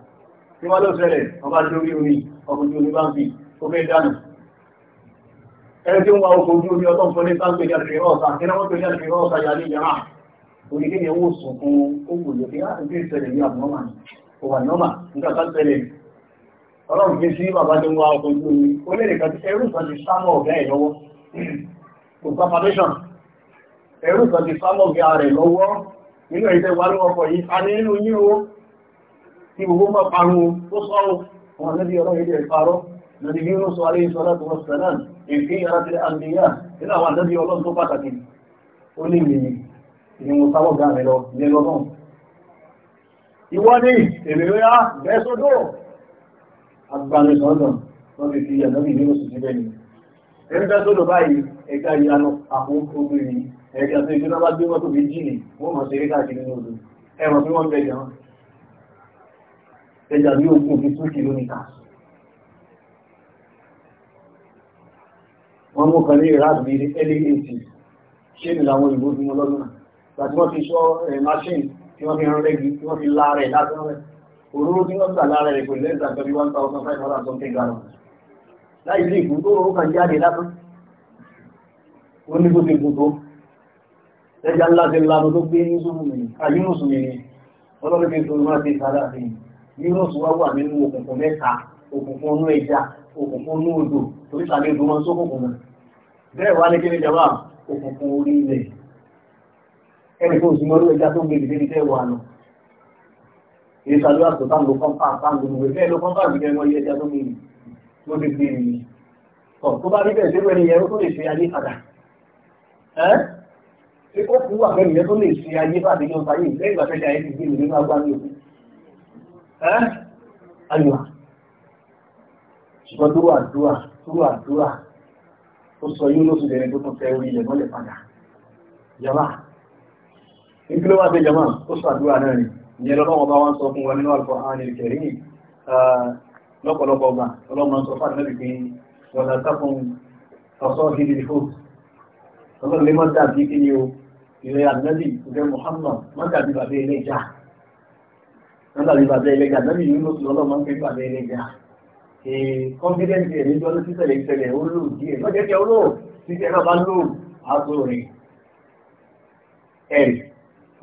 tí wọ́n ló ṣẹlẹ̀ ọba lórí omi ọkùnrin omi bá ń fi omi dànù ẹni tí ó ń wa ọkọ̀ ojú omi ọlọ́run fún ní sáńpé ní àṣírí ọ̀sà kí wọ́n pè ní àṣírí ọ̀sà yà ní ìyàrá orí kí ni owó sùn fún owó lè fi láti fi ṣẹlẹ̀ ní àbúrọ́mà ní òwà nọ́mà nígbà tá ṣẹlẹ̀ ọlọ́run fi sí bàbá tó ń wa ọkọ̀ ojú omi ó lè nìkan ẹrú kan ti sámọ̀ ọ̀gá ẹ̀ lọ́wọ́ kò confirmation ẹrú kan ti sámọ̀ ọ̀gá rẹ̀ lọ́wọ́ nínú ìtẹ́ wà lọ́wọ́ ọkọ̀ yìí a ní nínú yí o tí gbogbo mọ́ parun tó sọ́rọ̀ wọn lẹ́bí ọ̀rọ̀ ilẹ̀ ìparọ́ lórí bí ó sọ alẹ́ ìṣọ́lá tó wọ́n sọ̀rọ̀ náà èké ara ti àndìyà nínú àwọn lẹ́bí ọlọ́run tó pàtàkì ó ní ìyí ni mo sáwọ́ gà mí lọ ní lọ náà ìwọ ní èmi rẹ̀ á bẹ́ẹ̀ sódò agbanisọ̀nà wọ́n fi fi ànábì nínú sì ẹ̀ẹ́dì àti ìjọba bá gbé mọ́tò méjì ni wọ́n mọ̀ sí ríkà kiri ní odò ẹ̀wọ̀n tí wọ́n bẹ̀jẹ̀ wọn ẹjà ní ogún fi two kilometers wọ́n mú kan ní iraq ní early 80s ṣé ní làwọn ìlú fi mú lọ́dún náà láti wọ́n fi ṣọ́ eh, machine tí wọ́n fi rán lẹ́gbẹ̀ẹ́ tí wọ́n fi láàrẹ̀ látọ́ rẹ̀ òróró tí wọ́n gbà láàrẹ̀ rẹ̀ pẹ̀lú lẹ́sà 1500 something gallons láì sí ìkú tó rọ́ kan jáde látọ́ ó ní bó ti gùn ẹja ńlá ti lánà tó gbé Yúnúsù mi ni ọlọ́run fi tó máa ti sára sí Yúnúsù wá wà nínú òkùnkùn mẹ́ta òkùnkùn inú ẹja òkùnkùn inú odò torí sàmì ìdó máa ń sókùnkùn mọ́ bẹ́ẹ̀ wá ní kíni jàmbá òkùnkùn orí ilẹ̀ ẹnì kó sì mọ́rú ẹja tó ń gbé ìdílé tẹ́ wà lọ èyí sàdúrà tó tá ń lo kọ́ńpà tá ń lo mọ̀ bẹ́ẹ̀ lo kọ́ńpà mi kẹ́mọ́ iye ẹja tó ń gbé ló ti gbé mi tó bá rí bẹ́ẹ̀ sí wẹ́n ni ẹ̀rọ tó lè ṣe adé padà ẹ́ pé ó kú wà bẹ́ẹ̀ nìyẹn tó lè ṣe ayé bá àdéjọ́ ọba yìí lẹ́yìn ìgbà fẹ́jà ẹni gbé mi nínú agbára yìí. ẹ́ ayọ̀ ṣùgbọ́n tó wà dúà tó wà dúà ó sọ yóò lóṣù lẹ́ni tó tún fẹ́ orí ilẹ̀ mọ́lẹ̀ padà jama níbi ló wá sí jama ó sọ àdúrà náà ni ìyẹn lọ́wọ́ bá wọn sọ fún wa nínú Al-Qur'an al-Karim lọ́pọ̀lọpọ̀ ọba ọlọ́mọ sọ fún àdínábì pé wọ́n lọ sáfún ọ̀sọ́ ìdílé fún ọlọ́run lè mọ́ sí àbí kí ni o ìrẹ́ ànábì ìrẹ́ Muhammad má dàbí bàbá ẹlẹ́jà má dàbí bàbá ẹlẹ́jà ànábì yìí ló sọ lọ́wọ́ má ń pè bàbá ẹlẹ́jà kọ́ńfídẹ́ǹsì ẹ̀mí jọ́ ló ti tẹ̀lé ìtẹ̀lẹ̀ ó lò díẹ̀ lọ́jẹ́ kí ó lò títẹ̀ náà bá lò àtò rẹ̀ ẹ̀rì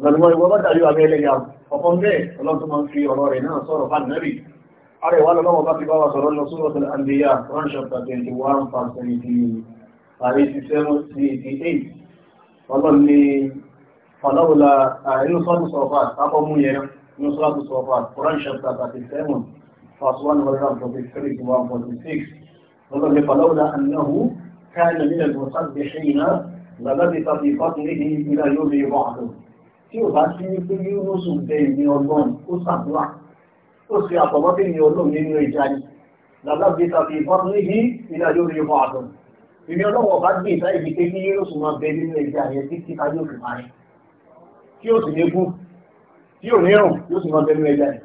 lọ́nà ìwọ́n bá dàbí bàbá ẹlẹ́jà ọ̀pọ̀ bẹ́ẹ̀ ọlọ́tún máa ń fi ọ̀rọ̀ rẹ̀ náà sọ̀rọ̀ bá nàbì ara ìwà lọ́wọ́ bá ti bá wa sọ̀rọ̀ lọ sọ́rọ̀ tó àndìyà one chapter twenty one verse twenty five eighty seven to eighty eight ọlọ́run ní fàlọ́wọ́lá inú sọ́tù sọ̀fà àpapọ̀ mú yẹn inú sọ́tù sọ̀fà Quran chapter thirty seven verse one hundred and forty three to one forty six ọlọ́run ní fàlọ́wọ́lá annahu káyọ̀ nílẹ̀ ìní ọlọ́wọ́ bá gbé ìta ìbí pé kí yéésù máa bẹ nínú ẹgbẹ́ àyẹ títí ká yóò fi máa rìn tí yóò sì lébù tí yóò ní rùn yóò sì máa bẹ nínú ẹgbẹ́ àyẹ.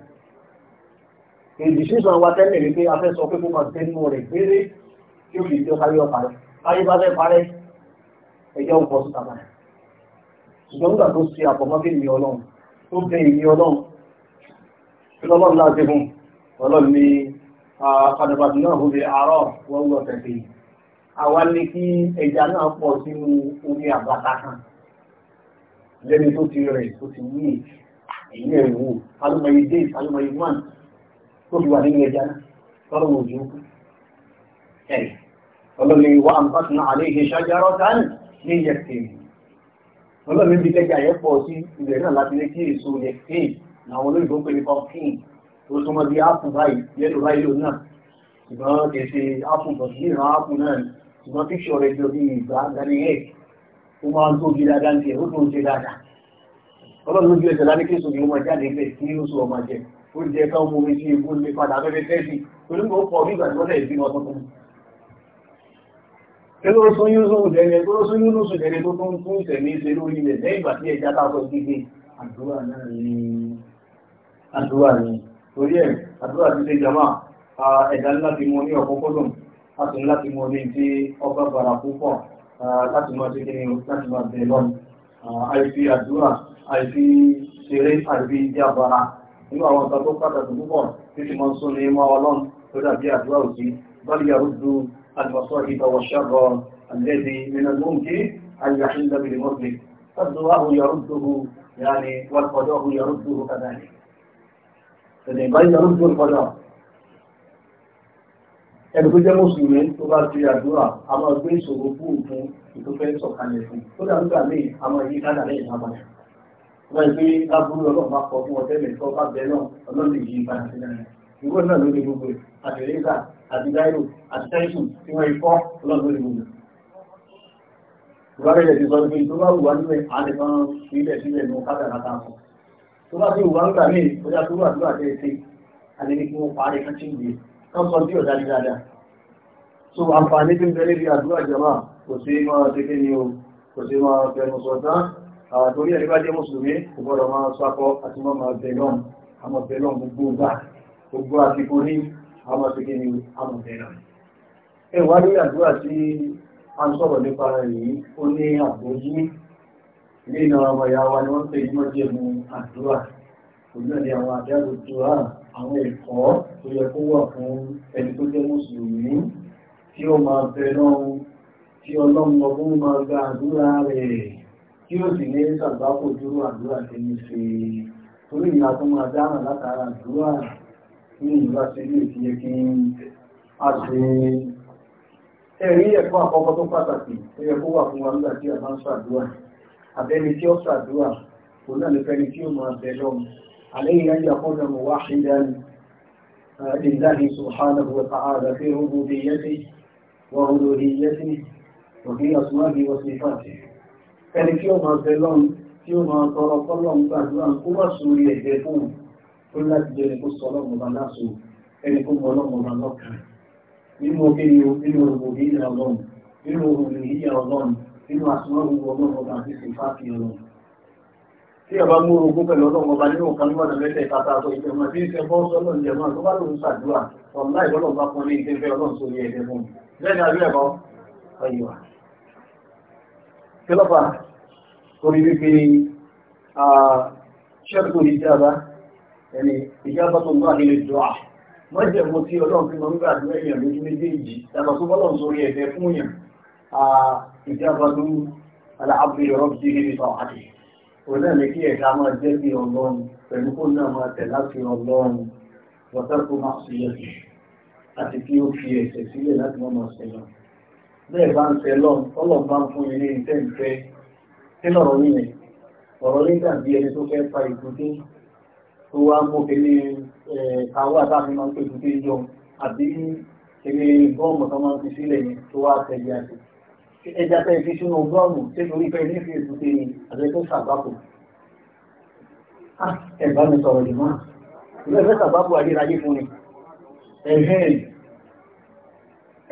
èdè sísun àwọn atẹ́lẹ̀ ni pé a fẹ́ sọ pé kó máa bẹ nínú rẹ̀ gbére tí ó fi tí ó káyé ọ parẹ́ káyé bá fẹ́ parẹ́ ẹjọ́ ń bọ́ síta náà. ṣùgbọ́n nígbà tó ṣe àpọ̀mọ́bí ìní ọlọ́run tó bẹ ìní ọlọ́run tí ọlọ́run láti fún ọlọ́run ní àkàdàbàdì ah, àwa ní kí ẹja náà pọ̀ sínú omi àbáta kan lẹ́ni tó ti rẹ̀ tó ti wí èyí ẹ̀ wò alùmọ̀ye days alùmọ̀ye month tó fi wà nínú ẹja náà tọ́lọ̀ wò ju ẹ̀ ọlọ́lẹ̀ wa àǹfààní àlẹ́ ìṣẹ́ṣẹ́ ajárọ́ dání ní yẹ̀kẹ́ ọlọ́lẹ̀ bí kẹjà yẹ pọ̀ sí ilẹ̀ náà láti lé kí èso yẹ̀kẹ́ làwọn olóyìnbó pè ní pumpkin tó súnmọ́ bí áàpù báyìí yẹ́lò báyìí lò náà ṣùgbọ́n kèsè áàpù bọ̀ sí ìran áàpù náà ṣùgbọ́n tí ṣọ̀rẹ́ jọ bí ìgbà gani ẹ̀ ó máa ń tó bí dáadáa ń tẹ̀ ó tó ń ṣe dáadáa ọlọ́run lójú ẹsẹ̀ láti kéṣù ni ó máa jáde ilé tí ó sọ ọmọ jẹ ó jẹ ká ó momi sí ewu lè padà abẹ́rẹ́ tẹ́sí torí mo kọ bí ìgbà tí wọ́n lè bí wọn tuntun. ẹgbẹ́ ó sún yúnú sùn tó tún tún ìtẹ̀mí ṣe lórí ilẹ̀ lẹ́yìn láti láti mú orí tí ọba gbàrà púpọ̀ láti máa ṣe kíni láti máa bẹ̀rẹ̀ lọ́nà àìfi àdúrà àìfi ṣeré àìfi ìdí àbára nínú àwọn nǹkan tó pàtàkì púpọ̀ tí ti máa ń sún ní mọ́ ọlọ́run tó dàbí àdúrà òsì bal yaruddu al-masā'ib wash-sharr alladhī min al-mumkin ẹni tó jẹ́ mùsùlùmí tó bá ti àdúrà a máa gbé ìṣòro fún òfin ìtòfẹ́ sọ̀kalẹ̀ fún tó dàgbà míì a máa yí kádà lẹ́yìn náà padà wọ́n yìí pé lábúrú ọlọ́run bá kọ fún ọtẹ́lẹ̀ tó bá bẹ náà ọlọ́run yìí padà sí náà ìwọ náà ló lè gbogbo àti rẹ́sà àti dáìrò àti tẹ́sù tí wọ́n ikọ́ ọlọ́run ló lè gbogbo. ìwádìí ẹ̀sìn sọ pé tó bá wù wá nílẹ̀ àlẹ́ kan sílẹ̀ ti wù wọ́n sọ tí ò dájú dáadáa so àǹfààní tí ń bẹ níbi àdúrà jama kò sí máa tẹ́kí ni o kò sí máa fẹnu sọ tán àtòrí ẹni bá jẹ́ mùsùlùmí kò gbọ́dọ̀ máa sákọ àti máa máa bẹ̀ náà àmọ̀ bẹ̀ náà gbogbo gbà ni àmọ̀ bẹ̀ nípa yìí ó ní àgbóyí ilé ìnáwó ọmọ ìyá ni wọ́n ń pè ní mọ́jẹ̀mú àdúrà òun náà ni àwọn àdáàbò tó rárá àwọn ẹ̀kọ́ tó yẹ kó wà fún ẹni tó jẹ́ mùsùlùmí tí ó máa bẹ lọ́run tí ọlọ́run ọgbọ́n máa gba àdúrà rẹ̀ tí ó sì ní sàgbákò dúró àdúrà tí ní ṣe torí ìyá tó máa dáhùn látara àdúrà ní ìlú àṣírí ìfi yẹ kí a ṣe ẹ̀rí ẹ̀kọ́ àkọ́kọ́ tó pàtàkì tó yẹ kó wà fún wa nígbà tí a bá ń ṣàdúrà abẹ́ni tí ó ṣàdúrà òun náà ní fẹ́ni tí ó máa bẹ lọ́run عليه أن يكون موحدا لله سبحانه وتعالى في ربوبيته وألوهيته وفي أسمائه وصفاته ẹni tí ó máa tẹ́lọ́n tí ó máa tọrọ fọ́lọ́n gbàdúrà kó wá sórí ẹ̀jẹ̀ fún tó láti jẹ́ ẹni kó sọ ọlọ́run bá láṣọ ẹni kó mọ ọlọ́run bá lọ́kàn nínú kíni o nínú òwò yíyá ọlọ́run nínú òwò yíyá ọlọ́run nínú àsùnwọ̀n ọlọ́run bá ti sì fáàkì ọlọ́run tí ọba mú ogún pẹ̀lú ọlọ́run ọba nínú ọ̀kan níwọ̀n lẹ́sẹ̀ ìpàtà àtọ̀ ìfẹ́ ọmọ tí ń ṣe bọ́ sọ́lọ́ ìjẹ̀ náà tó bá lòun ṣàdúrà ọ̀n láì bọ́lọ̀ bá fún ní ìṣe ìfẹ́ ọlọ́run sórí ẹ̀jẹ̀ fún mi bẹ́ẹ̀ ni àbí ẹ̀bọ ọyọ. kílọ́fà orí wípé ṣẹ́kù ìjábá ẹni ìjábá tó ń bá nílé dùà wọ́n jẹ́ mo tí ọlọ́run fi mọ́ nígbà tó òun náà ní kí ẹ̀ka máa jẹ́ bí ọlọ́run pẹ̀lú kó náà máa tẹ̀ láti ọlọ́run wọ́tàkù máa fi ẹ̀sìn àti kí ó fi ẹ̀sẹ̀ sílẹ̀ láti mọ́ máa sẹ́lọ̀ bẹ́ẹ̀ bá ń sẹ́lọ̀ ọlọ́run bá ń fún ilé iṣẹ́ ìfẹ́ tí lọ́rọ̀ nílẹ̀ ń jọ àbí kele gọ́ọ̀mù tó máa ń fi sílẹ̀ tó wá tẹ̀lé àti ẹja tẹ́ fi sínú ọgọ́rùn-ún tí torí pé ní fèsì ti ní àjẹ́ tó ṣàgbápò. Ah, ẹ̀bá mi sọ̀rọ̀ lè máa ilé ẹ̀fẹ́ ṣàgbápò ayérayé fún ni ẹ̀hẹ́n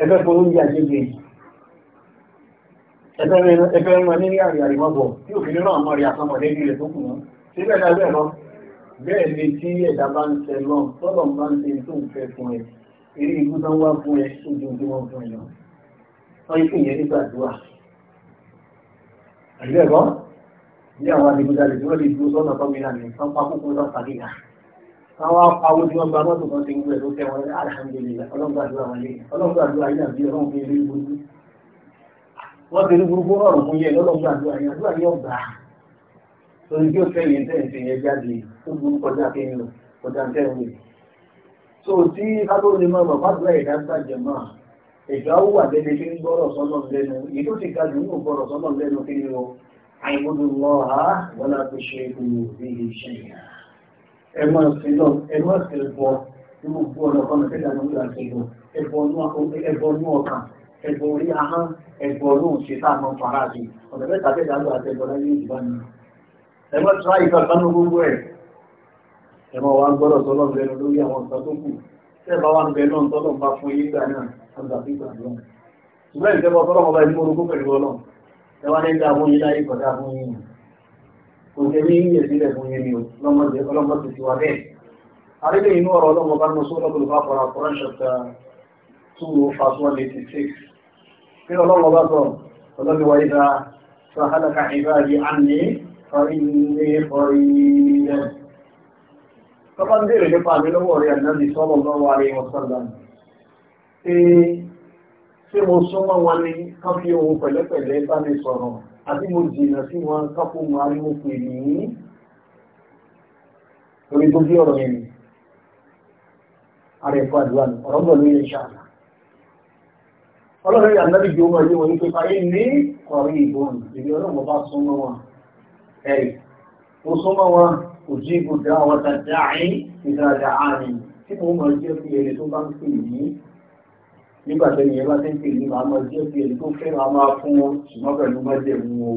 ẹ̀fẹ́ fún oúnjẹ àjẹgbè ẹ̀fẹ́ rán ní àrí àríwábọ̀ tí òfin náà mọ̀ rí àpamọ̀dé ní ilẹ̀ tó kù náà síbẹ̀ náà bẹ́ẹ̀ lọ bẹ́ẹ̀ ni tí ẹ̀dá bá ń tẹ lọ́n tọ́lọ̀ bá ń tẹ tó ń fẹ́ fún ẹ eré ibú tán wá fún ẹ ojoojúmọ́ fún ẹ náà wọ́n yí kéèyàn nígbà dúwà àìlú ẹ̀kọ́ ní àwọn adigunjalè tí wọ́n lè dúró sọ́nà tó mìíràn ní sọ́n pa kókó sọ́n sàríyà káwọn apáwó tí wọ́n gba mọ́tò kan ti ń gbẹ̀ tó tẹ́ wọn alhamdulillah ọlọ́gbàdúrà wọn lé ọlọ́gbàdúrà yìí àbí ọlọ́run fi rí burúkú wọ́n ti rí burúkú ọ̀rùn fún yẹ lọ́lọ́gbàdúrà yìí àdúrà yóò gbà torí kí ó fẹ́ yẹn tẹ́ ìfẹ́ yẹn jáde ó burú kọjá ń lọ kọjá tẹ́ ìwé. so tí kátó lè máa bàbá àdúrà ẹ̀dá gbàjẹ́ ẹ̀dá ó wà lẹ́nu kí ń gbọ́rọ̀ sọ́nà lẹ́nu èyí tó ti ga jù nínú gbọ́rọ̀ sọ́nà lẹ́nu kí ni o àìmọ́dún lọ ha wọ́n á fi ṣe ikú ní iṣẹ́ ìyá. ẹ máa ṣe lọ ẹ máa ṣe bọ nínú gbọ́ ọ̀nà kan náà tẹ́lẹ̀ àwọn ìlànà ìlú ẹ̀bọ inú ọkàn ẹ̀bọ orí ahọ́n ẹ̀bọ inú ṣe tá a máa fara sí ọ̀nà mẹ́ta tẹ́lẹ̀ àlọ́ àti ẹ̀bọ láyé ìjìbá ni. ẹ máa tra ìgbà kánú gbogbo ẹ̀ ẹ máa wá gbọ́dọ̀ sọ́lọ́ lẹ́nu lórí àwọn ìgbà tó kù tẹ́ẹ̀ bá wà ń bẹ náà tọ́lọ́ ṣùgbọ́n ìjọba ọ̀tọ́lọ́mọ bá ẹni orogún pẹ̀lú ọlọ́run ẹwà ní ìdá fún ilá ìkọ̀dá fún yìnyín kò jẹ́ ní yíyẹ sílẹ̀ fún yìnyín o lọ́mọdé ọlọ́mọ ti ti wà bẹ́ẹ̀ àrílẹ̀ inú ọ̀rọ̀ ọlọ́mọ bá ń sọ lọ́gbọ̀lù bá fara Quran chapter two oh verse one eighty six kí ọlọ́mọ bá sọ ọlọ́mọ wa ìdá sahalaka ibadi anni fari ní fari yẹn. tọ́pá ń bèèrè nípa àmì lọ́wọ́ rẹ̀ pé ṣé mo súnmọ́ wọn ni kán fi ohun pẹ̀lẹ́pẹ̀lẹ́ bá mi sọ̀rọ̀ àti mo jìnà sí wọn kápò mọ́ arímọ̀pè nìyí torí tó bí ọ̀rọ̀ yẹn ààrẹ fún àdúrà ní ọ̀rọ̀ bọ̀ lórí iṣẹ́ àná ọlọ́rẹ́ ànábì jù ọmọ ilé wọn ní pípa yìí ní ọ̀rí ìbọn ìbí ọlọ́run bá súnmọ́ wọn ẹ̀rì ó súnmọ́ wọn kò jí ibùdó àwọn tàdáàrín ìdáradáàrín tí mo mọ̀ jẹ́ fún ẹni tó bá ń pè yìí nígbà tẹ́ ìyẹn bá tẹ́ǹkì ní àmọ́ jẹ́ bí ẹni tó fẹ́ máa máa fún wọn ṣùgbọ́n pẹ̀lú mọ́jẹ̀mú o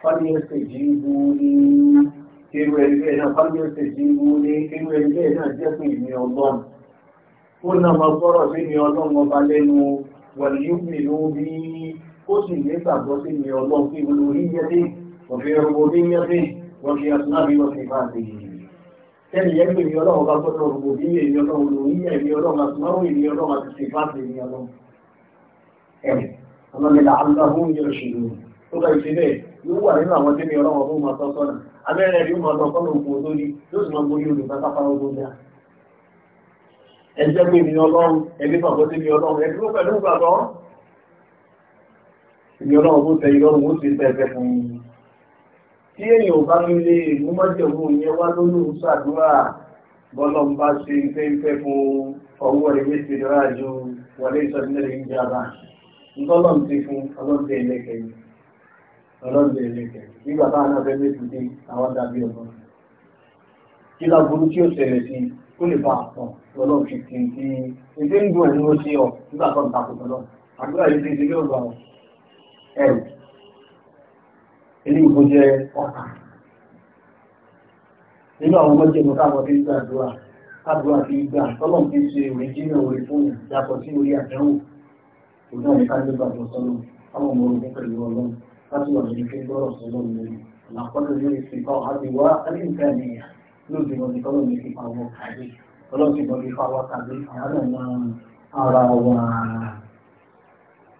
fábíyẹ̀ ṣèjì wú ní kéwú ẹni bẹ́ẹ̀ náà fábíyẹ̀ ṣèjì wú ní kéwú ẹni bẹ́ẹ̀ náà jẹ́ fún ìmí ọlọ́run ó náà máa gbọ́rọ̀ sí ìmí ọlọ́run ọba lẹ́nu wọ̀nyí nínú bí ó sì ní gbàgbọ́ sí ìmí ọlọ́run kí olórí yẹ́ bí wọ́n fi ọ̀sán náà bí wọ́n fi tẹ́lẹ̀ yẹn pé ènìyàn ọlọ́run bá gbọ́dọ̀ rògbò bí ènìyàn ọlọ́run lò ní ẹ̀mí ọlọ́run àti márùn ènìyàn ọlọ́run àti sèfáàtì ènìyàn ọlọ́run. ẹ̀mí ọlọ́mọdé aláhùn yóò ṣe lò tó bá ṣe bẹ́ẹ̀ yóò wà nínú àwọn tẹ́lẹ̀ ọlọ́run fún ma tọ́ sọ́nà abẹ́rẹ́ yóò ma tọ́ sọ́nà òkú tó ní yóò sì máa gbóyè olùkọ́ sáfárá ogun dá. ẹ tí èèyàn ò bá mi lè mú mọ́jọ̀mú yẹn wá lónìí ń ṣàdúrà bọ́lọ̀ ń bá ṣe ife ife fún ọwọ́ rẹ̀ méjì rárá ju wọlé ìsọdúnlẹ̀ ń jábá ńlọ́lọ́ ti fún ọlọ́dẹ ẹlẹ́kẹ̀ ọlọ́dẹ ẹlẹ́kẹ̀ nígbà bá náà fẹ́ méjì dé àwọn dàbí ọmọ kí láburú tí ó ṣẹlẹ̀ sí ó lè bá àpọ̀ lọ́lọ́ fi ti ti ìdí ń dùn ẹ̀ ní ó ṣe ọ nígbà tó ń takò tọ́lọ́ àdúrà yìí ti ṣe yóò gbà ọ ẹ̀rù ilé ìbò jẹ́ ọ̀kan nínú àwọn ọmọ jẹ́ mọ́ta àwọn fíìgbà àdúrà àdúrà fi gbà tọ́lọ̀ fi ṣe òrìjínà orí fún ìyàtọ̀ sí orí àdánwò ọlọ́run láti wà ní fi pàwọ́ kàdé ara wa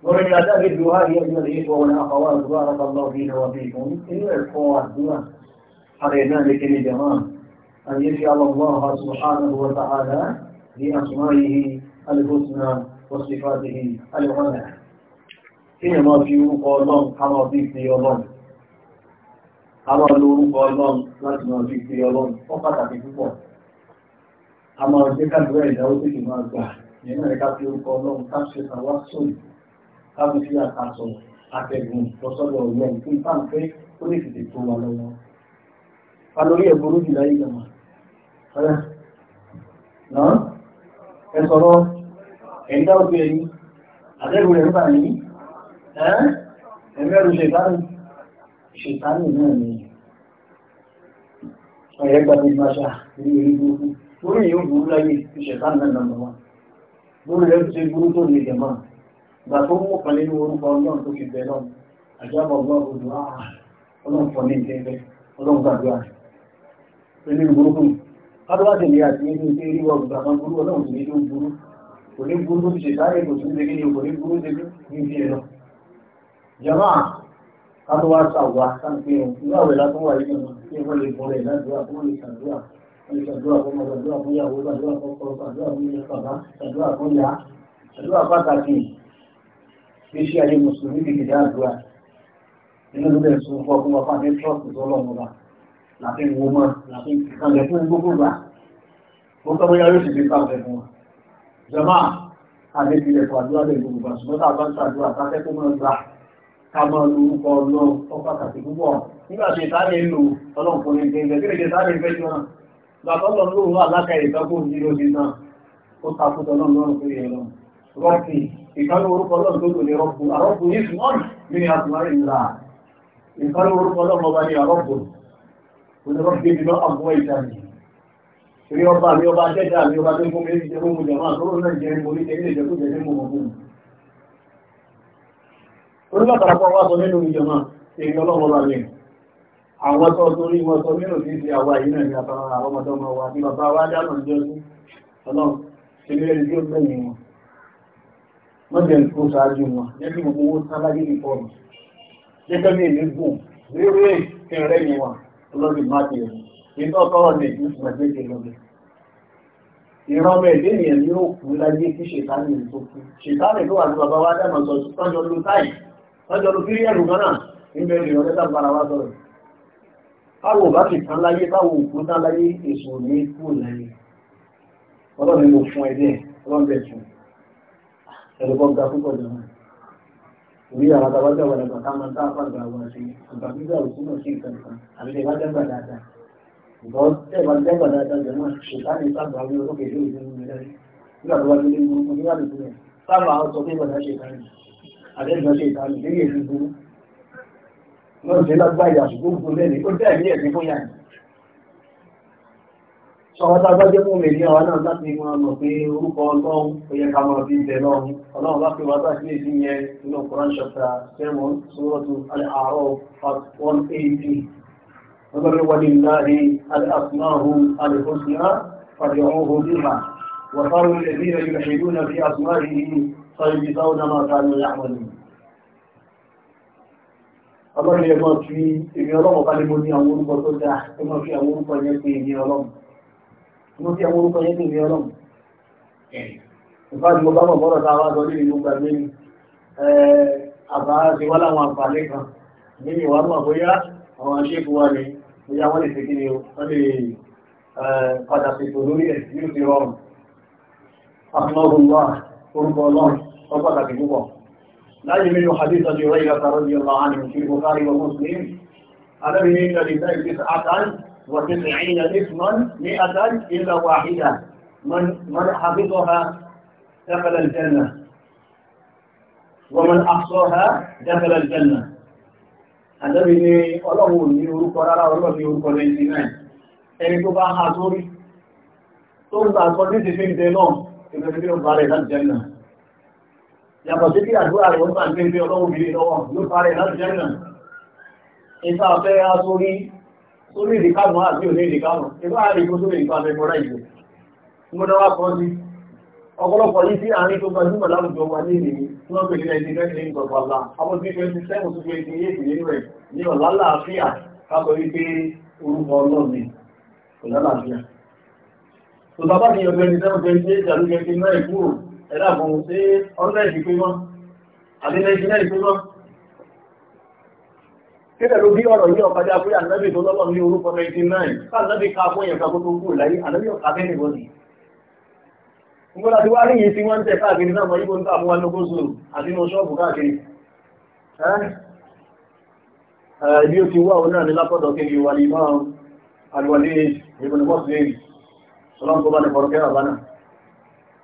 ورجع ذلك الدعاء يا أيها الإخوة والأخوات بارك الله فينا وفيكم إن الإخوة الدعاء علينا لكل جماعة أن يجعل الله سبحانه وتعالى بأسمائه الحسنى وصفاته العلى حينما في قولهم كما في قولهم àwọn olórúkọ ọlọ́run láti máa fi fi ọlọ́run fún pàtàkì púpọ̀ a máa jẹ́ káàdùrẹ́ ìdáwó tó kì máa gbà nínú káàbù sí àkàtọ̀ àtẹ̀gùn lọ́sọ́dọ̀ ọ̀gbọ́n fún pàǹpẹ́ ó lè tètè tó wa lọ́wọ́. a lórí ẹ̀ burú jù láyé gbọ̀mọ̀. náà ẹ sọ̀rọ̀ ẹ̀yìn dáwọ́ bí ẹ̀yìn àtẹ̀gùn rẹ̀ nípa yìí ẹ̀mẹ́rù ṣètánì ṣètánì náà ni ọ̀yẹ́ gbàgbé máṣá ní orí burúkú lórí yóò burú láyé ìṣẹ̀tánì náà lọ́wọ́ lórí rẹ̀ ti burú tó ní ìjẹ̀mọ́ ìgbà tó mú kan nínú orúkọ ọlọ́run tó fi bẹ̀ lọ́n àjábọ̀ ọlọ́run dùn áà ah, ọlọ́run fọ ní ìtẹ́fẹ́ ọlọ́run gbàdúrà rẹ̀ nínú burúkú kádọ́wà tẹ̀lé àti nínú ilé rí wọ gbà máa burú ọlọ́run sì ní ló burú kò ní burú ti ṣe sáré kò tún ṣe kò ní burú ṣe ní ibi ẹ̀rọ jama kádọ́wà sàwà sáńpé ọ̀ ìwà rẹ̀ látọ́ wà yìí náà kí wọ́n lè bọ́ rẹ̀ ládùúrà kó wọ́n lè ṣàdúrà wọ́n lè ṣàdúrà fún ọmọ ṣàdúrà fún ìyàwó ṣàdúrà fún ọkọ ṣàdúrà fún ìyá bàbá ṣàdúrà fún ìyá ṣàdúrà pàtàkì gbèsè ayé mùsùlùmí kìkì dá àdúrà nínú ló bẹ̀rẹ̀ sọ fún ọkùnrin ọba ní trọ́ọ̀sì tó lọ́wọ́ wa láti wo mọ́ láti kàlẹ̀ fún gbogbo gbà ó tọ́ bóyá yóò sì fi pàṣẹ fún wa. jama àdébí ẹ̀kọ́ àdúrà lè gbogbo gbà ṣùgbọ́n tá ń ṣàdúrà tá kó máa gbà ká máa lo ọlọ́run tó pàtàkì púpọ̀ nígbà tí ìtàlẹ̀ ń lo ọlọ́run kò ní gbẹ̀ngẹ̀ kí rọ́pù ìkánú orúkọ lọ́nà tó tò ní rọ́pù àrọ́pù yìí wọ́n ní àtúwárí ńlá ìkánú orúkọ lọ́nà ọba ní àrọ́pù onírọ́pù yìí lọ́ àbúwọ̀ ìtàní rí ọba rí ọba jẹ́jà rí ọba tó fún mi jẹ́ fún mi jẹ́ máa tó lọ́nà jẹ́ mo ní tẹ́lẹ̀ jẹ́ tó jẹ́ mú mọ̀ fún mi. onígbà tàbí ọba sọ nínú ìjọba èyí ọlọ́wọ́ bá mi àwọn tó torí wọn sọ nínú náà ní àtàwọn àwọn ọmọdé ọmọ wa ní bàbá wa dáná jẹ́ sí ọlọ́run ṣe ní ẹni tí ó gbẹ̀yìn wọn mọ́jẹ̀ ń kó ṣáájú wọn jẹ́ kí gbogbo owó tán lágé ní fọ́ọ̀mù gẹ́gẹ́ bí èmi gùn rírú èyí kí n rẹ́yìn wọn lórí máàkì rẹ̀ iná tọ́rọ̀ ní ìlú ìgbàgbẹ́jẹ lọ́dẹ. ìran ọmọ ẹ̀dẹ́ ènìyàn ní ó kú láyé kí ṣètánì tó kú ṣètánì tó wà ní bàbá wa dáná sọ tọ́jọ́ lu táì tọ́jọ́ lu fíríẹ̀rù kan náà níbẹ̀ lè rọ́ lẹ́tà bára wa sọ̀rọ̀ ẹ̀rọ̀kọ́ ga púpọ̀ jẹ́ wọn orí àwọn àbájá wà lẹ́gbàá ká máa táàpá àgbà wà sí ìgbà gbígbà òkú náà sí ìkan kan àbí lè bá dẹ́gbà dáadáa ìbọn tẹ́ẹ̀bá dẹ́gbà dáadáa jẹ́ náà ṣùgbọ́n ní sábà wí olókè ilé ìlú mi lẹ́yìn nígbà tó wá délé mú un nígbà tó tilẹ̀ sábà sọ pé ìbàdà ṣe ìtàn àdéhùn ṣe ìtàn lórí èdè burú náà ṣe lágbáyà ṣùgbọ́n gbogbo lẹ́ni ó dẹ́ sọ̀rọ̀ tá a bá jẹ́ fún mi ní àwọn náà láti máa mọ̀ pé orúkọ ọlọ́run ó yẹ ká máa fi bẹ̀ lọ́run ọlọ́run bá fi eighty wọ́n bẹ̀rẹ̀ wọlé láàrin al-asma'u al-husna fad'uhu biha wa qalu alladhina yulhiduna fi asma'ihi sayujzawna ma kanu ya'malun. ọlọ́run yẹ àwọn orúkọ tó dáa ẹ fi àwọn orúkọ yẹn pé èmi ọlọ́run mo fi àwọn orúkọ yẹn ní ìwé ọlọ́run ìfáàdì mo bá mọ̀ bọ́rọ̀ tá a wá sọ nínú ìlú gbàgbé ni àbá ti wá láwọn àǹfààní kan nínú ìwà mọ̀ bóyá àwọn aṣẹ́kù wa ni bóyá wọ́n lè ṣe kí ni o wọ́n lè padà ṣètò lórí ẹ̀ yóò ti rọrùn àfihàn wa orúkọ ọlọ́run ó pàtàkì púpọ̀ láyé nínú hadith ọjọ́ ìwé ìlàtàrọ́ di ọlọ́run àti ìṣirò kárí ọmọ mùsùlùmí adábìnrin ìjọba ìgbésẹ̀ àtàrí وتسعين اسما مئة إلا واحدة من من حفظها دخل الجنة ومن أحصاها دخل الجنة Àdẹ́bì ni ọlọ́run ní orúkọ rárá ọlọ́run ní orúkọ 99. Ẹni tó bá ha sórí, tó ń gbà sọ ní ti fi ń dẹ náà, ìgbẹ̀rẹ̀ bí ó bá rẹ̀ láti jẹ́nà. Yàtọ̀ sí kí àdúrà rẹ̀ wọ́n bá ń gbé ọlọ́run bí lọ́wọ́ ló bá rẹ̀ láti jẹ́nà. Ìta fẹ́ ha sórí sórí ìdíkàmù àbí òní ìdíkàmù ìlú àríkú sórí ìdíkàmù ẹgbọ́ra ìlú mọ́dá wá kọ́ sí ọ̀pọ̀lọpọ̀ yìí sí àárín tó gbajúmọ̀ láwùjọ wa ní ìrìn tí wọ́n pèlè ẹni lẹ́sìn ní gbọ̀gbọ̀ àlá àwọn tí wọ́n ti sẹ́wọ̀n tó fi yé ìdílé rẹ̀ ní ọ̀lá láàfíà kábọ̀ wípé orúkọ ọlọ́ọ̀ni ọ̀lá láàfíà. tó bá bá ti yọ̀gbẹ́ ni sẹ́wọ̀n tó fi yé ìdàlúgbẹ́ ti náà ìkúrò ẹ̀dá àbọ̀n ṣé ọ̀rẹ́ ìdíkú mọ́ àdínlẹ̀ Títẹ̀ ló bí ọ̀rọ̀ yìí ọ̀kadà pé ànábì tó lọ́lọ́ ní orúkọ 99. Fáànábì ká fún ẹ̀yàn kan tó kú láyé, ànábì ọ̀ka bẹ́ẹ̀ nìkan ni. Ngbọ́dá ti wá níyìn tí wọ́n ń tẹ̀ káàkiri náà mọ ibo ń tà mú wa lóko zoro àti inú ṣọ́ọ̀bù káàkiri. Ibi ó ti wá òun náà ní lápọ̀dọ̀ kí ni wà ní máa alwalé ìbùn mọ́sílẹ̀ ọlọ́run tó bá ní fọ̀rọ̀kẹ́ àbánà.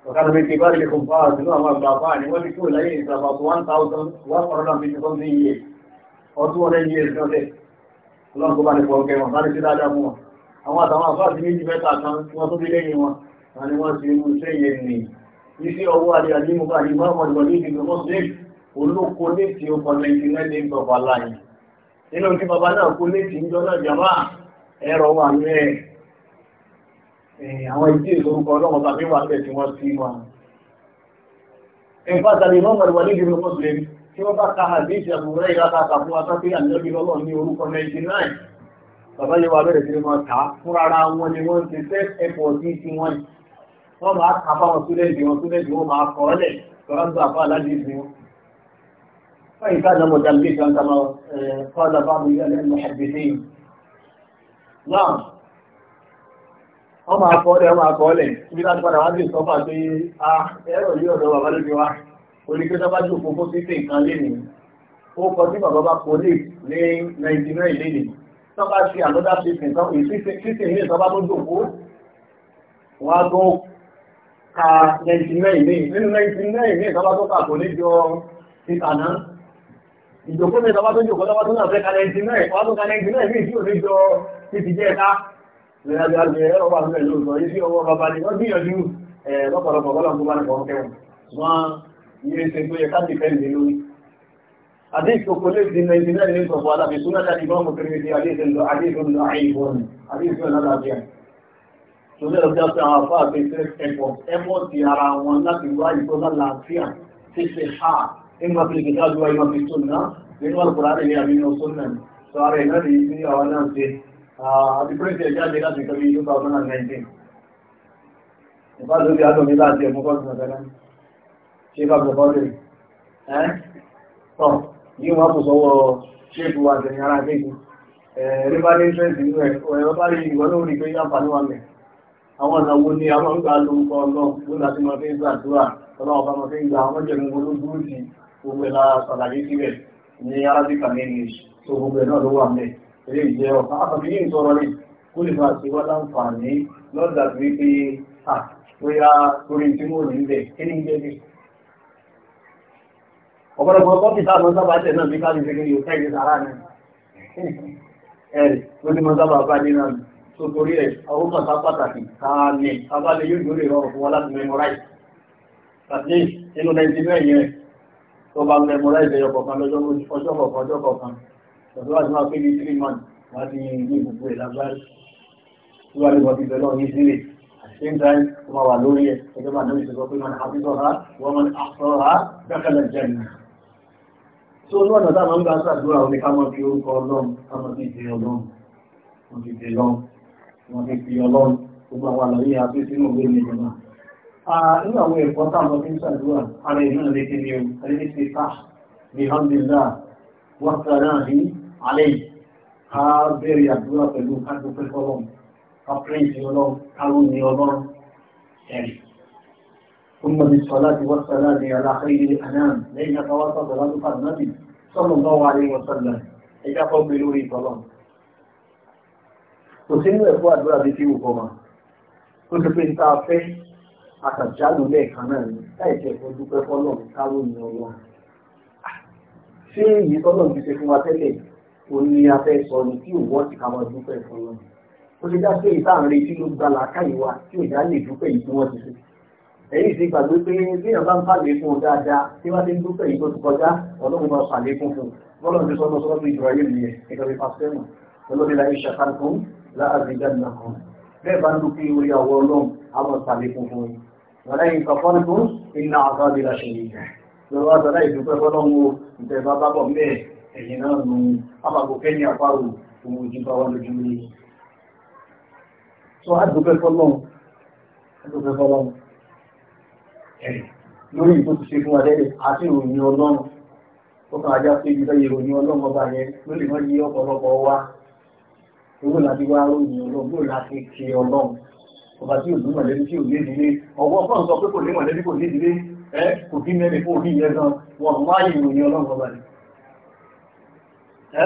وكان من كبار الكفار منهم أربعة ọdún ọ̀rẹ́ yìí ẹ̀sìn ọ̀lẹ̀ ọlọ́pọ̀ bá lè pọ̀ ọ̀gẹ̀ wọn láti ṣe dáadáa fún wọn àwọn àtàwọn àfáà ti méjì mẹ́ta kan tí wọ́n tó bí lẹ́yìn wọn ni wọ́n ti mú iṣẹ́ yẹn nì ní sí ọwọ́ adé àdínmú bá ní wọ́n wọ́n ní ìdìbò wọ́n sí olóko létí ọkọ̀ nàìjíríà ní bàbá láyé nínú tí bàbá náà kó létí níjọ náà jàmá ẹ̀rọ wà ní ẹ̀ àwọn ìdí ìsorúkọ ọlọ́mọ tàbí wà bẹ̀ tí wọ́n sí wọn. ìfàtàlì mọ́mọ́ ìwà nídìí ló mọ́ tí wọ́n bá ka àdíṣẹ́ àbúrẹ́ ìráta àtàkùn atọ́kí àjọ́bí lọ́lọ́ ní orúkọ 99 bàbá lè wà bẹ̀rẹ̀ sí ni wọ́n ta fún ara wọn ni wọ́n ti fẹ́ ẹ̀pọ̀ sí ti wọ́n wọ́n máa ka báwọn súlẹ̀dì wọn súlẹ̀dì wọn máa kọ́ ọ́lẹ̀ tọ́lájú àbá aládé sí wọn. wọ́n yìí sáàdà mọ̀jà lè kan kama fọ́dà bá mi yẹn lẹ́nu àbẹ̀sẹ̀ yìí. náà wọ́n máa kọ́ ọ́lẹ̀ wọ́n máa kọ́ ọ́lẹ̀ oníkẹ́tà bá jòkó fún fífi nǹkan lénìí ó kọ sí bàbá bá kọ lè ní nàìjíríà náà lénìí tó bá ṣe àlọ́dá fífi nǹkan fífi ní ìtọ́ bá tó jòkó wọ́n á tó ka nàìjíríà ìlé nínú nàìjíríà ìlé ìtọ́ bá tó kà kò ní jọ ìtànà ìjòkó ní ìtọ́ bá tó jòkó lọ́wọ́ tó náà fẹ́ ka nàìjíríà ìtọ́ tó ka nàìjíríà ìlé ìtí ò ní jọ títí jẹ́ ẹ̀ká ìrìnàjò àgbẹ̀ ẹ̀rọ wà nílẹ̀ lóòótọ́ yìí sí ọwọ́ bàbá ni wọ́n gbìyànjú ẹ̀ lọ́pọ̀lọpọ̀ bọ́lá ìyẹn ṣe tó yẹ káàkiri fẹ́ẹ̀ lé lórí. àti ìṣòkò lè di nàìjíríà ní ìṣòkò alábi súnà jáde bá ọmọ kéré di adéṣẹ́lò adéṣẹ́lò àìbọ̀n adéṣẹ́lò alábíà. sọlẹ́ ọjọ́ pé àwọn afá àti ṣe ẹ̀fọ́ ẹ̀fọ́ ti ara wọn láti wá ìtọ́lá làáfíà ti ṣe ha nínú àfihàn ìdájọ́ ìmọ̀ fi súnà nínú àlùkùránì ní àmì inú súnà sọ ara ìná lè ní àwọn náà ṣe àti pírẹ́sì ẹ̀já jẹ́ láti kọ́ bí 2019. ìbá lórí adọ́ mi láti ẹ̀mú kọ́ ṣe bá gbogbo ẹ́ tọ́ yìí wọ́n sọ́wọ́ ṣéèkù wa tẹ̀lé ara gbégun ẹ̀ẹ́rẹ́ bá ní interest nínú ẹ̀ ẹ̀rọ bá rí ìwọ náà rí pé àǹfààní wa mẹ́ àwọn ọ̀nà wo àwọn jẹ̀mú bóyá orin tí mo rí ń bẹ̀ kí ni jẹ́ bẹ́ẹ̀ ọ̀pọ̀lọpọ̀ kọ́kì sáàmọ́ sábà tẹ̀ náà bí káàkiri ṣe yóò káàkiri sára ní ẹ̀rì ó ní mọ́ sábà bá dé náà tó torí ẹ̀ ọkọ̀ sá pàtàkì káàmì abálẹ̀ yóò lórí rọrùn fún wa láti memorize àti inú nàìjíríà yẹn tó bá memorize ẹyọ kọ̀ọ̀kan lọ́jọ́ kọ̀ọ̀kan ọjọ́ kọ̀ọ̀kan tọ́jú wá sí máa pé ní three months wá sí ní gbogbo ìlágbárí tí wàá lè wọ́n ti bẹ̀ lọ́ọ̀ ní sílẹ̀ same time so no ọ̀nà táwọn ń gbà ṣàdúrà omi ká máa fi orúkọ ọlọ́run ká máa fi fi ọlọ́run wọ́n fi fi ọlọ́run wọ́n fi fi ọlọ́run gbogbo àwọn àlàyé àti sínú òwe ní ìjọba nínú àwọn ẹ̀kọ́ táwọn fi ń ṣàdúrà ara ìlú náà létí ni o alẹ́ ti ká ní hamdulilá wọ́n sara ní alẹ́ ká bẹ̀rẹ̀ àdúrà pẹ̀lú ká dúpẹ́ fọlọ́run ká pẹ́ǹtì ọlọ́run ká lóun ní ọlọ́run ẹ̀rì ثم بالصلاة والسلام على خير الأنام لين تواصل صلاة النبي صلى الله عليه وسلم إذا قبلوا لي صلاة òsínú ẹ̀kọ́ àdúrà bí tí ó kọ́ máa tó ti pé ń tàà fẹ́ àtàjálù lẹ́ẹ̀kan náà ní láìsẹ̀ fún dúpẹ́ fọ́lọ̀ káwọ́ ní ọlọ́ ṣé èyí tọ́lọ̀ ti ṣe fún wa tẹ́lẹ̀ ó ní afẹ́ sọ ni tí òwò ti ká wọn dúpẹ́ fọ́lọ̀ ó ti dá pé ìta àárín tí ló gbalà káyìí wa tí ò já lè dúpẹ́ yìí tí wọ́n ti ṣe èyí ti gbàgbé pé bí èèyàn bá ń pàdé fún un dáadáa tí wọ́n ti ń dúpẹ́ yìí tó ti kọjá ọlọ́run máa pàdé fún un bọ́lá ti sọ́nà sọ́nà bí ìjọba yìí nìyẹn ìjọba ìfàsẹ́mù olóde la iṣẹ́ kankan láàbí jáde kan bẹ́ẹ̀ bá ń dúpẹ́ orí àwọ̀ ọlọ́run á máa pàdé fún un wọn lẹ́yìn kọ̀ọ̀kan tó iná àbábí la ṣe yìí lọ́wọ́ àtàlá ìdúpẹ́ fọ́lọ́mù ìtẹ̀bá bábọ̀ mẹ́ẹ̀ ẹ̀yìn náà nù àbàkò kẹ́ni àparò òun òjì bá wà lójú mi. sọ àdúpẹ́ fọ́lọ́mù àdúpẹ́ fọ́lọ́mù lórí ìtò ti ṣe fún wa lẹ́lẹ̀ àti ìròyìn ọlọ́run ó kàn ajá pé ibi lẹ́yìn ìròyìn ọlọ́run ọba yẹn ló lè mọ́ yí ọ̀pọ̀lọpọ̀ wa owó láti wá ròyìn ọlọ́run ló láti ṣe ọlọ́run ọba tí ò ní mọ̀lẹ́bí tí ò ní ìdílé ọwọ́ fún sọ pé kò ní mọ̀lẹ́bí kò ní ìdílé ẹ kò bí mẹ́rin fún òbí yẹn gan wọn máa ìròyìn ọlọ́run ọba yẹn. ẹ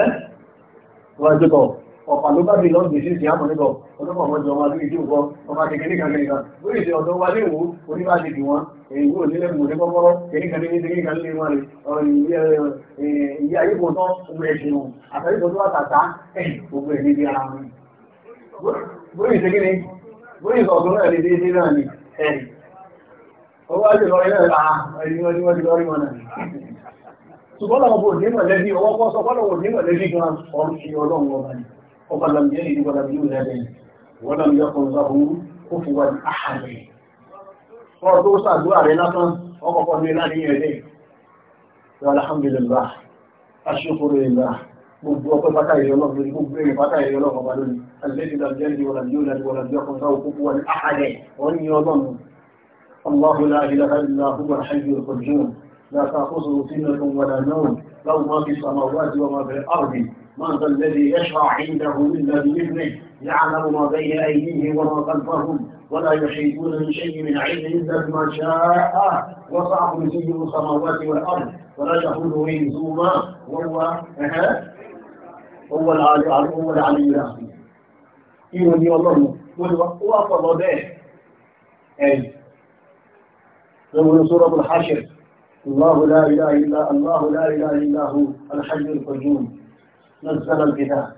wọ́n á dé bọ̀ ọ̀pá ló bá bí lọ́n gbèsè sí àmọ́ níbọ̀ ọlọ́pàá ọmọ ìjọba tó ìdí nǹkan ọmọ kan kan lórí ìṣe ọ̀dọ́ wa léwu oníbà ti dì wọn èyí wò nílẹ̀ mò ní kọ́kọ́rọ́ kékeré kan ní kékeré kan ní wọn rè ìyá ayé kò tán ogun ẹ̀sìn wọn àtàrí tó tó wà tàtà ogun ẹ̀mí di ara wọn. lórí ìṣe kíni lórí ìṣe ọ̀dọ́ náà lè dé dé náà ni ẹ̀rì owó àti ìlọrin náà ni wọ́n ti lọ́rí wọn náà ṣùgbọ́n àwọn òbí mọ̀lẹ́bí ọwọ́ kọ́ sọ fọ́nà òbí mọ̀lẹ́bí gan ọ̀rùn sí ومن لم يلد ولم يولد ولم يكن له كفوا أحد wọ́n tó sàdúrà rẹ̀ lásán ọkọ̀kọ́ ní láàrin ẹ̀dẹ́ alhamdulillah ashkurulillah gbogbo ọpẹ́ pátá ìrọlọ́pọ̀ lórí gbogbo èrè pátá ìrọlọ́pọ̀ bá lórí alẹ́dì lọ́jẹ́rì wọ́n lọ́jọ́ lọ́jọ́ lọ́jọ́ kan sáwọ́ kókó wọn àhàdẹ̀ wọ́n ní ọlọ́nu الله لا إله إلا هو الحي القيوم لا تأخذه سنة ولا نوم له ما في السماوات وما في الأرض من ذا الذي يشرع عنده إلا بإذنه يعلم ما بين أيديهم وما خلفهم ولا يحيطون من شيء من علم إلا بما شاء وسع كرسيه السماوات والأرض ولا يحوله حفظهما وهو هو العلي هو العلي العظيم اي والله قل mo به اي pọ̀lọ́ bẹ́ẹ̀ ẹ̀yìn lọ́wọ́ ní sọ́rọ̀ bùl hashir Allahu la ilaha illa Allahu نزل الكتاب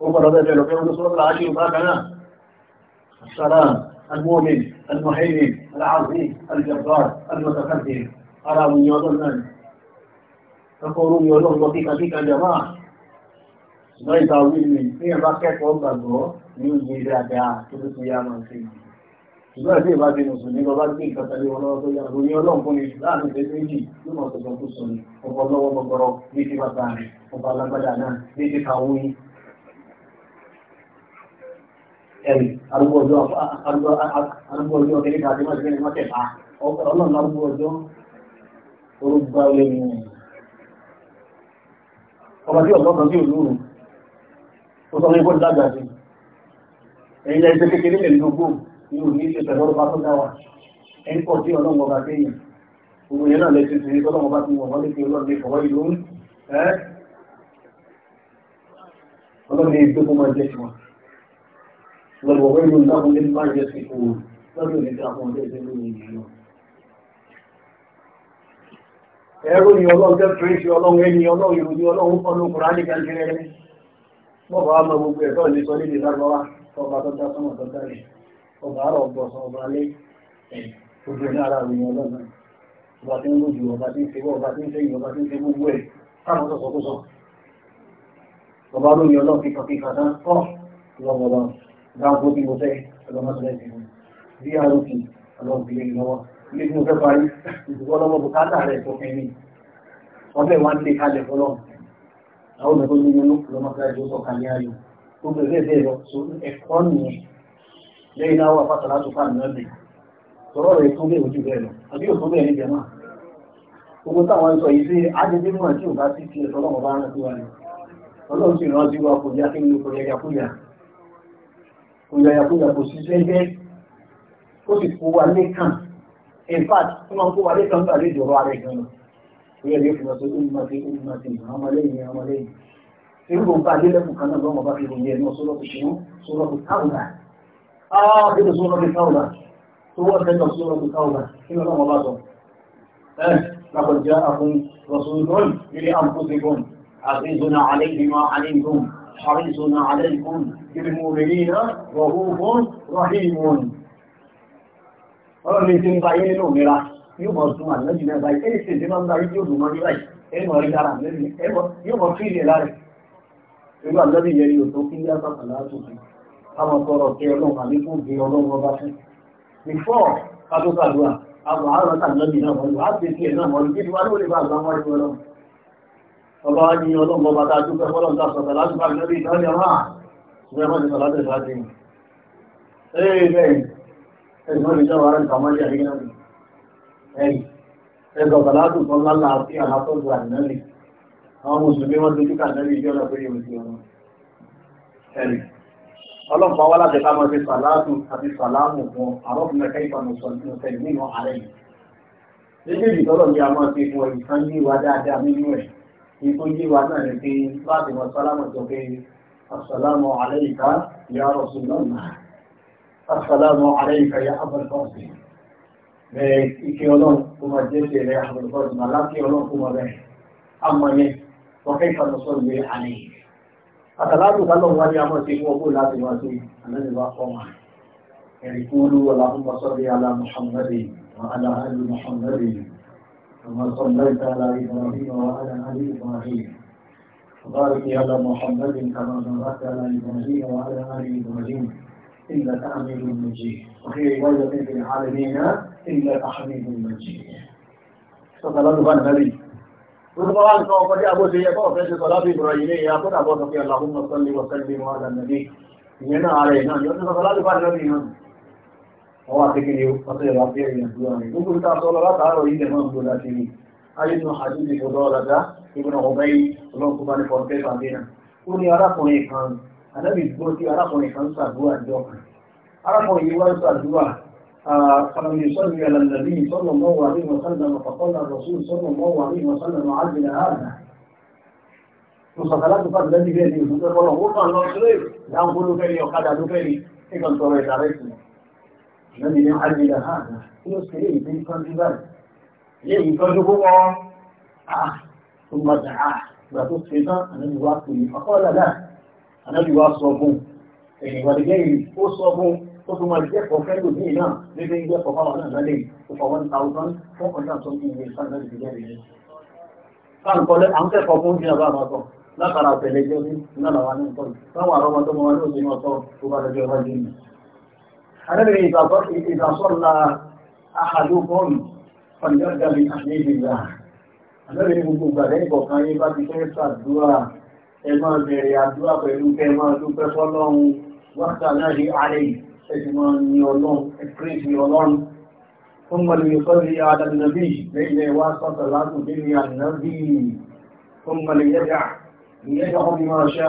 وقال ذلك لو كان رسول الله عشر هكذا السلام المؤمن المهيمن العظيم الجبار المتقدم على من يظن تقولون يظن وثيقة فيك الجماعة ما يتعويل من في ما كيف وضعه يوجد رجاء تبقى يا من فيه ṣùgbọ́n àti ìbá ti mùsùlùmí lọ bá gbé ìkàtàlẹ́ wọn lọ́wọ́ tó yà lórí ọlọ́run fún mi láàrin ìgbẹ́ méjì ló mọ̀ tuntun tó sùn ní ọkọ̀ lọ́wọ́ gbọgbọrọ ní ti bàtà rẹ̀ ọba alágbádá náà ní ti kàwé yín. ẹ̀rì arúgbó ọjọ́ arúgbó ọjọ́ kiri ká àdéhùn àdéhùn má tẹ̀lá ọlọ́run arúgbó ọjọ́ orúgbó ayé ni ọba tí ọ̀dọ́ kan tí ò lóru ó sọ fún ikú ìdájà sí ẹ̀yin lẹ́yìn tó kékeré lè lógún ní òní ṣe pẹ̀lú ọba tó dáwà ẹni pọ̀ sí ọlọ́run ọba kéèyàn gbogbo yẹn náà lẹ́sìn sí ní ọlọ́run ọba tó wọ̀ wọ́n lè fi ọlọ́run lè fọwọ́ ìlú ẹ́ ọlọ́run lè gbé kó máa jẹ́ sí wọn lọ́wọ́ wọ́n ìlú dáhùn lè máa jẹ́ sí kó lọ́dún ní dáhùn lè jẹ́ lórí ìlú ẹ̀rọ ni ọlọ́run jẹ́ fèrèsì ọlọ́run ẹni ọlọ́run ìròyìn ọlọ́run kọ́ ló kùrá nìkan jẹ́ rẹ̀ mọ́ mọ gbogbo ẹ̀tọ́ ìlú sọ nílé lárúbáwá tọba tó dá sọ́mọ̀ tó ọba àrọ̀ ọ̀bọ̀sán ọba alẹ́ gbogbo ní ara ròyìn ọlọ́gbà ọba tí ń lójú ọba tí ń ṣe ọba tí ń ṣe ọba tí ń ṣe gbogbo ẹ̀ káàmù sọ̀sọ̀ kó sọ ọba lóyìn ọlọ́ fi kàn fi kàn tán kọ́ lọ́wọ́lọ́ dáńgó bí mo fẹ́ ọlọ́mọdé bí rp ọlọ́gbìlẹ̀ lọ́wọ́ ilé tí mo fẹ́ parí ìdúgbọ́ lọ́wọ́ bùkátà rẹ̀ tó fẹ́ mi ọbẹ̀ wá ń lè fọlọ́ àwọn ọmọdé tó ní inú lọ́mọdé tó sọ kàlẹ́ ayò gbogbo ẹ̀ bẹ́ẹ̀ lọ so ẹ̀kọ́ nìyẹn lẹ́yìn náà wà pátá láti fà nílẹ̀ sọ̀rọ̀ rẹ̀ tó bẹ́ẹ̀ ojú bẹ́ẹ̀ lọ àbí òfin bẹ́ẹ̀ níbẹ̀ náà gbogbo táwọn sọ yìí sí ajẹjẹ mọ̀ tí ò bá sí ti ẹ̀sọ́ ọlọ́run bá rán sí wa ni ọlọ́run sì rán sí wa kò yá kí n lo kò yàyàkúyà kò yàyàkúyà kò sí sẹ́gbẹ́ ó sì kó wa lẹ́kàn in fact ó máa ń kó wa lẹ́kàn nígbà lè jọrọ ara ẹ̀ gan yẹ lẹ́kùn lọ sí olùmọ̀tì olùmọ̀tì ọmọlẹ́yìn ọmọlẹ́yìn irú gbogbo kan náà lọ́wọ́ bá fi ròyìn ẹ̀ náà sọ́lọ́kù آخر سورة التوبة هو سيد سورة التوبة إن الله مبادر إيه لقد جاءكم رسول لأنفسكم عزيز عليه ما علمتم حريص عليكم بالمؤمنين رؤوف رحيم ọ̀rọ̀ lè ti ń ba ilé lò nira yóò mọ̀ sún àlẹ́jì náà báyìí èyí tètè máa ń darí yóò dùn mọ́ ní rí dára lẹ́yìn yóò mọ̀ fíìlì lára káwọn tọrọ kí ọlọ́run àlékún bí ọlọ́run ọba fún before kátókàdúrà àwọn àárọ̀ tàbí náà wọ́n lò á ti tiẹ̀ náà wọ́n lò bí wọ́n lè bá àgbà wọn lò ọlọ́run ọba wa ní ọlọ́run ọba tá a dúpẹ́ fọlọ́run tá a sọ̀tà láti bá ìlú ìdájọ́ náà ṣùgbọ́n ẹ̀mọ́ ti sọ̀tà láti bá dé ẹ̀yìn bẹ́ẹ̀ ọlọ́pàá wá láti káwọn ṣe sàlámù àti sàlámù fún àrọ́bìnrin kẹ́kọ̀ọ́ nìkan tẹ̀lé nínú ààrẹ yìí. méjèèjì tọ́lọ̀ ní a máa ṣe fún ẹ̀yìn kan yé wa dáadáa nínú ẹ̀ kí tó yé wa náà ní pé láti mọ sálámù sọ pé asàlámù àlẹ́yìká ya Rasulullah asàlámù àlẹ́yìká ya Abul Qasim. bẹ́ẹ̀ ike ọlọ́run kó máa jẹ́ ṣe rẹ̀ Abul àtàlátò kálọ̀ wá ní àmọ́ sí wọ́n bó láti wá sí àlẹ́lẹ́ bá kọ́ wọn ẹ̀rí kúrú aláhùnmá sọ́lé alá muhammadu wa alá alì muhammadu wa sọ́lé tààlà ibrahim wa alá alì ibrahim وبارك على محمد كما باركت على ابراهيم وعلى ال ابراهيم انك حميد مجيد وفي روايه في العالمين انك حميد مجيد. صلى الله عليه وسلم ربما كان قد أبو سيئة وفي صلاة إبراهيم يقول أبو سفي اللهم صل وسلم على النبي ينا علينا يقول صلاة فاتحة هو تكلي فصير ربيع ينزلني يقول تعالى لا تعالوا إلى من بلاتني علي بن حديث فضالة ابن عبي الله سبحانه فرقه تعدينا ó ní arákùnrin kan anábìgbó tí arákùnrin kan ṣàdúrà jọ kan arákùnrin yìí wá ṣàdúrà فلم يصلي على النبي صلى الله عليه وسلم فقال الرسول صلى الله عليه وسلم عجل هذا وصفلات قد الذي بيده يقول والله الله شريف لا نقول كلي وقد عدو كلي كيف انتظر يتعرفنا الذي لم عجل هذا يسكري في الكنجبات ليه يفرجه آه ثم دعاه لا تسكت النبي واقفه فقال لا النبي واصفه يعني ولغيره اصفه ó tún máa jẹ́ ẹ̀kọ́ fẹ́lú ní ìná níbi ń jẹ́ ẹ̀kọ́ fáwọn náà lálẹ́ ìfọ̀ one thousand four hundred and something years sáà náà ti jáde yẹn. sáà nǹkan lẹ́ àwọn kẹ́kọ̀ọ́ fún jìnnà bá máa sọ látara ọ̀tẹ̀lẹ̀ jẹ́ ní náà wà ní nǹkan táwọn àrọ́ ọmọdé wọn ló ṣe ní ọ̀tọ̀ tó bá lọ́jọ́ iwájú mi. àdébìnrin ìdásọ́la ahàdókòrò fàlíọ́dàbí àdébìnrin àdébìnrin gbogbo gbàdẹ́ ìkọ̀kan yín bá ti fẹ́ ẹgbìmọ̀ ni ọlọ́run ẹ̀kírìsì ọlọ́run fún mọ̀lú ìkọ́lù àdàbìnàbí lẹ́yìn ẹwà sọ́tọ̀ látò délé àdàbí fún mọ̀lú yẹ́dà ìyẹ́dà ọmọ ọ̀ṣà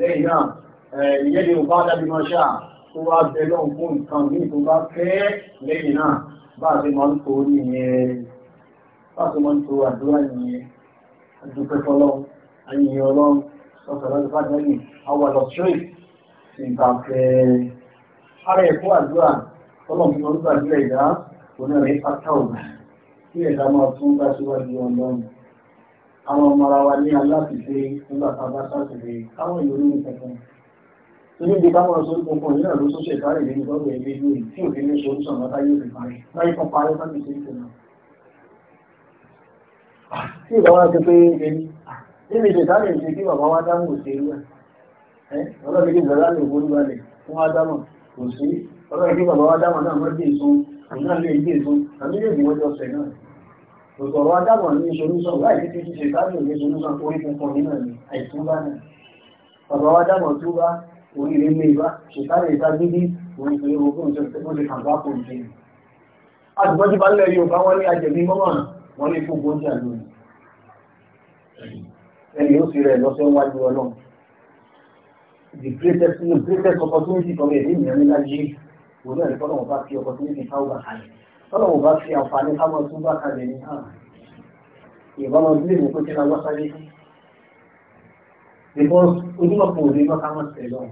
lẹ́yìn náà ìyẹ́dà ọba dàbí ọṣà tó wá bẹ̀rẹ̀ fún nǹkan ní tó bá fẹ́ lẹ́yìn náà bá a ti máa ń tó nìyẹn bá a ti máa ń tó ara ẹ̀kọ́ àdúrà ọlọ́run tó ń ìdá òun pátá òun kí ẹ̀dá máa tún bá síwájú ọlọ́run àwọn ọmọ ara wa ní aláṣìṣe nígbà bá ṣàṣìṣe káwọn ìlú ní kankan torí ibi káwọn ọ̀sán tó kàn yín àlọ́ sọ́sẹ̀ káàrí nínú lọ́dọ̀ ẹgbẹ́ ìlú tí òfin ní sọ́ọ́ sọ̀rọ̀ táyé òfin parí láyé kan parí láti ṣe ìṣẹ̀ náà. tí ìbá wa ti pé ẹni níbi ìṣèkárì ìṣe kí bàbá wa dáhùn òṣèlú ẹ̀ ọlọ́run kí ìbẹ̀rẹ̀ láti ògbólúwa lẹ̀ fún ádámọ̀ kò sí ọlọ́run ìdí bàbá wa dáwọn náà mọ́dé èso àmì náà lè gbé èso àmì lè gbé wọ́jọ́ sẹ̀ náà òtò ọ̀rọ̀ adáwọn ní solúsàn láì títí ti ṣe káàdì òní solúsàn orí funfun nínà ní àìtúbá náà bàbá wa dáwọn túbá orí ilé ilé ìbá ṣèkáàdì ìta gbígbí orí ìpínlẹ̀ ogun tó ti kàǹbá kò jẹ àtùgbọ́jú bá lẹ̀ yóò bá wọ́n ajẹ̀bí mọ́mọ́ wọ́n ní fún the greatest the greatest opportunity kan bẹ́ẹ̀ ní ìyẹn ní láyé òun náà ní kọ́nà wọn bá fi opportunity káwọn bá kalẹ̀ kọ́nà wọn bá fi àǹfààní káwọn tún bá kalẹ̀ ní hàn ìbámu ilé ìwé pété la wọ́n sáré sí because ojúmọ̀pọ̀ òní bá káwọn tẹ̀ lọ́wọ́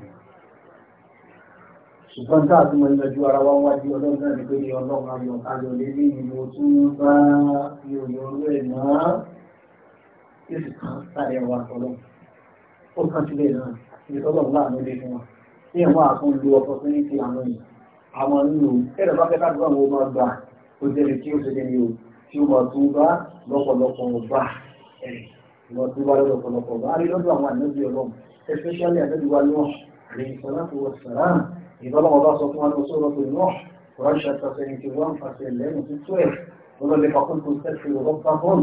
ṣùgbọ́n tá a tún mọ ìyanjú ara wa wájú ọlọ́run náà ní pé ní ọlọ́run ayọ̀ ayọ̀ lélẹ́ ni mo tún bá mi ò yọ ẹ̀ náà yóò sì kàn sáré wa ọlọ́run ó kàn sílẹ̀ náà ìtọ́lọ̀ láàánú lé fún wọn kí ẹ̀ máa tún lo ọkọ̀ tó ní ti àwọn yìí àwọn nínú ẹ̀rọ bá fẹ́ká dúró àwọn ọmọ gbà ó jẹ́rìí kí ó ṣe kí ni o tí ó máa tún bá lọ́pọ̀lọpọ̀ bá ẹ̀ ìmọ̀ tún bá lọ́pọ̀lọpọ̀ bá rí lọ́dọ̀ àwọn ànábì ọlọ́run especially ànábì wa náà rí ìsọ̀láfù wọ̀sàrán ìtọ́lọ́wọ́ bá sọ fún wa lọ sọ́rọ̀ pé náà kùránṣà tàṣẹyìn tí wọ́n fàṣẹ lẹ́nu títú ẹ̀ ولم يقل تستغفروا ربكم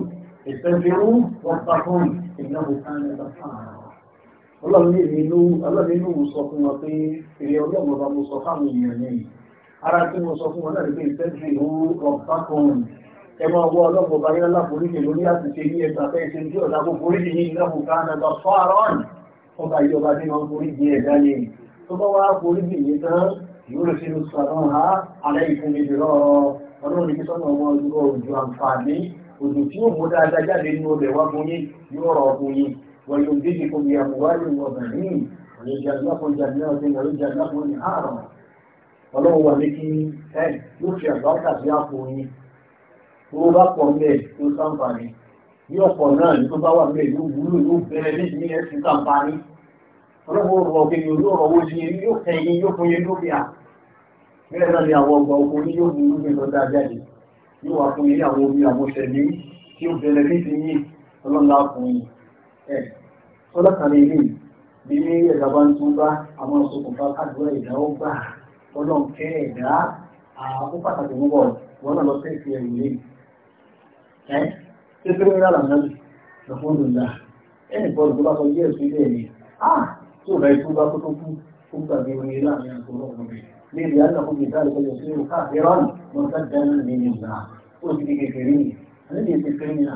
استغفروا ربكم ọlọ́run inú mo sọ fún wọn pé èrè ọlọ́run ọba mo sọ fáwọn èèyàn ní ara tí mo sọ fún wọn láti pé ìtẹ́jú ìlú ọ̀pá kan ẹ máa wọ ọlọ́run ọba yẹn láforíjì lórí àtúnṣe ní ẹgbà fẹ́ ṣe ní ọ̀dà kó foríjì ní ìlú ọ̀pá náà fọ́ àrọ́ọ̀n ọba ìjọba tí wọ́n foríjì ẹ̀dá ni tó bá wá foríjì yìí tán yóò lè ṣe lóṣù ويمددكم بأموال وبنين ويجعل لكم جنات ويجعل لكم انهارا ọlọ́run wà ní kí ẹ yóò fi àgbáríkà sí àpò yín tó bá pọ̀ mẹ́ tó sàǹfààní ní ọ̀pọ̀ náà ní tó bá wà mẹ́ yóò wúlò yóò bẹ̀rẹ̀ ní ìdí ẹ̀ sí sàǹfààní ọlọ́run rọ̀ kí ni yóò rọ̀wọ́ sí yín yóò fẹ́ yín yóò fún yín lókè à bẹ́ẹ̀ náà ni àwọn ọgbà oko ní yóò mú yín lọ jáde yóò wà fún yín àwọn omi àwọn ọ̀sẹ̀ ní tí bẹ̀rẹ̀ ní ìdí yín ọlọ́run tọ́lọ́kàlẹ̀ ilé bí ẹ̀dá bá ń tún bá àwọn ọ̀sọ̀kùnfà kádùúrà ẹ̀dá ó gbà ọlọ́run kẹ́ ẹ̀dá ó pàtàkì púpọ̀ wọn náà lọ sí ìfi ẹ̀rù lé ẹ́ ṣé kí ló ń rà náà lọ́fún lòlá ẹnì bọ́ọ̀lù tó bá sọ yé ẹ̀sùn ilé ẹ̀mí ah tí ò bá ikú bá kó tó kú ó gbàgbé orin láàrin àgọ́ ọ̀rọ̀ rẹ̀ lébi alákòókò ìdálẹ́kọ̀ọ́ sí ìrù káàkiri ọ̀nà mọ̀ọ́ká dáná nínú ìlà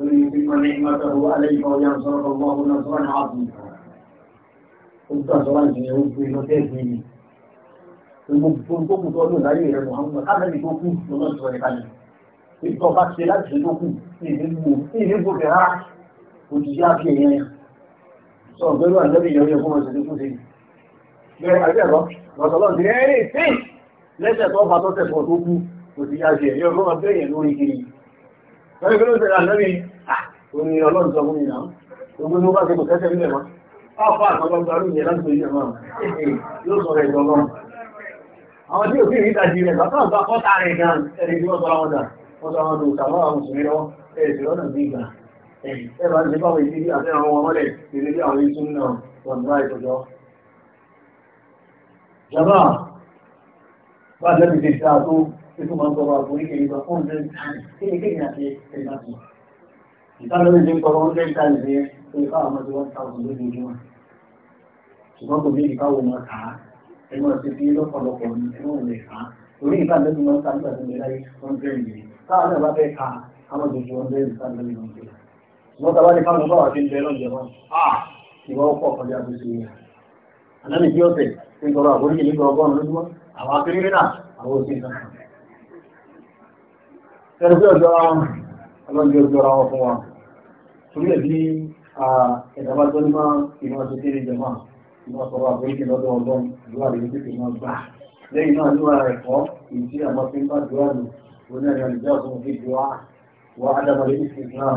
ويتم نعمته عليك وينصرك الله نصرا عظيما قلت أصلا في يوم في مكاتبي gbogbo kò tó lò láyé rẹ Muhammad káàdì tó kù ló lọ sọ̀rọ̀ ìkàlẹ̀ ìtọ́ bá ṣe láti ṣe tó kù ìdí gbòkè rárá òjijì àfi ẹ̀yẹ yẹn sọ pẹ̀lú àjọbí ìyẹwò yẹn fún ọ̀sẹ̀ tó kù sí bẹ́ẹ̀ àti ẹ̀rọ lọ́sọ̀lọ́ ti rẹ́ẹ̀rẹ́ sí lẹ́sẹ̀ tó bá tó tẹ̀sọ̀ tó kù òjijì àfi ẹ̀yẹ fún ọ̀sẹ̀ yẹn lórí kiri Wọ́n ní kí ló ń ṣẹlẹ̀ àlẹ́bí? Ó ní ọlọ́run sọ fún mi náà. Gbogbo ní ó bá ṣe kò tẹ́tẹ́ nílẹ̀ mọ́. Ọ̀pọ̀ àtọ́lọ́gbà ló yẹ láti ìyẹ̀ máa. Yóò sọ̀rọ̀ ẹ̀jọ̀ lọ. Àwọn tí ò sí ìrí ìdajì rẹ̀ bàtà ọ̀gá kọ́ta rẹ̀ gan ẹni tí wọ́n sọ àwọn dà. Wọ́n sọ àwọn dò sàmọ́ àwọn mùsùlùmí lọ́wọ́. Ẹ̀sìn lọ́nà bí ìgbà. Ẹ bá ń ṣe báwọn àwọn ọmọ itu membawa bui ke ibu pun dan ini kena di tempat ini. Kita lalu jumpa orang lain tadi dia, kita amat dua tahun dulu di rumah. Cuma tu dia kita rumah kah, semua sisi itu kalau pun semua ni kah. Jadi kita lalu rumah kah kita sendiri orang lain ni. Kita ada apa kah, amat dua orang lain kita lalu orang lain. Semua tawa ni kalau bawa tim belon ẹ̀rọ pé ọjọ́ra wọn ọlọ́jọ́ ọjọ́ra wọn fún wa torí ẹ̀ bí ẹ̀dàbà tó ní máa ìmọ̀ ṣe kéré jẹ̀mọ́ ìmọ̀ sọ̀rọ̀ àforíkì lọ́dọ̀ ọlọ́run ìlú àdéhùn tètè máa gbà lẹ́yìn náà ní ara ẹ̀kọ́ ìdí àmọ́ fi ń bá dùn àlù òun náà ní àlùjá fún fi dùn á wà á dábàá lórí ìsìn náà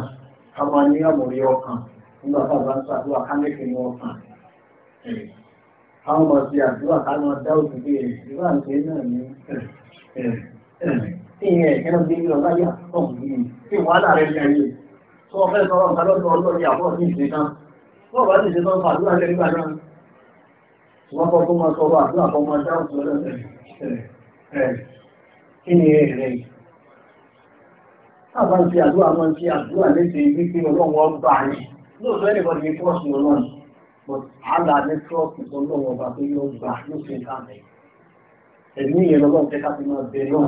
ká máa ní àmọ̀rí ọkàn nígbà tá a bá ń ṣàdúrà ká lẹ́kẹ̀ẹ́ ní ọkàn káwọn máa fi àdúrà ká máa dá òkú bí ẹ̀ ìlú àǹtẹ̀ náà ní tí ìyẹn ẹ̀kẹ́ náà àdúrà máa ń fi àdúrà máa ibi pé ọlọ́run gbà ní. Lóòótọ́ ẹnìkan ti fi trọ́ọ̀sì ọlọ́run. But àlà ní trọ́ọ̀sì ọlọ́run ọba tó yóò gbà ló ṣe ká mẹ́. Ẹ̀mí ìyẹn lọ́lọ́run fẹ́ ká fi máa bẹ náà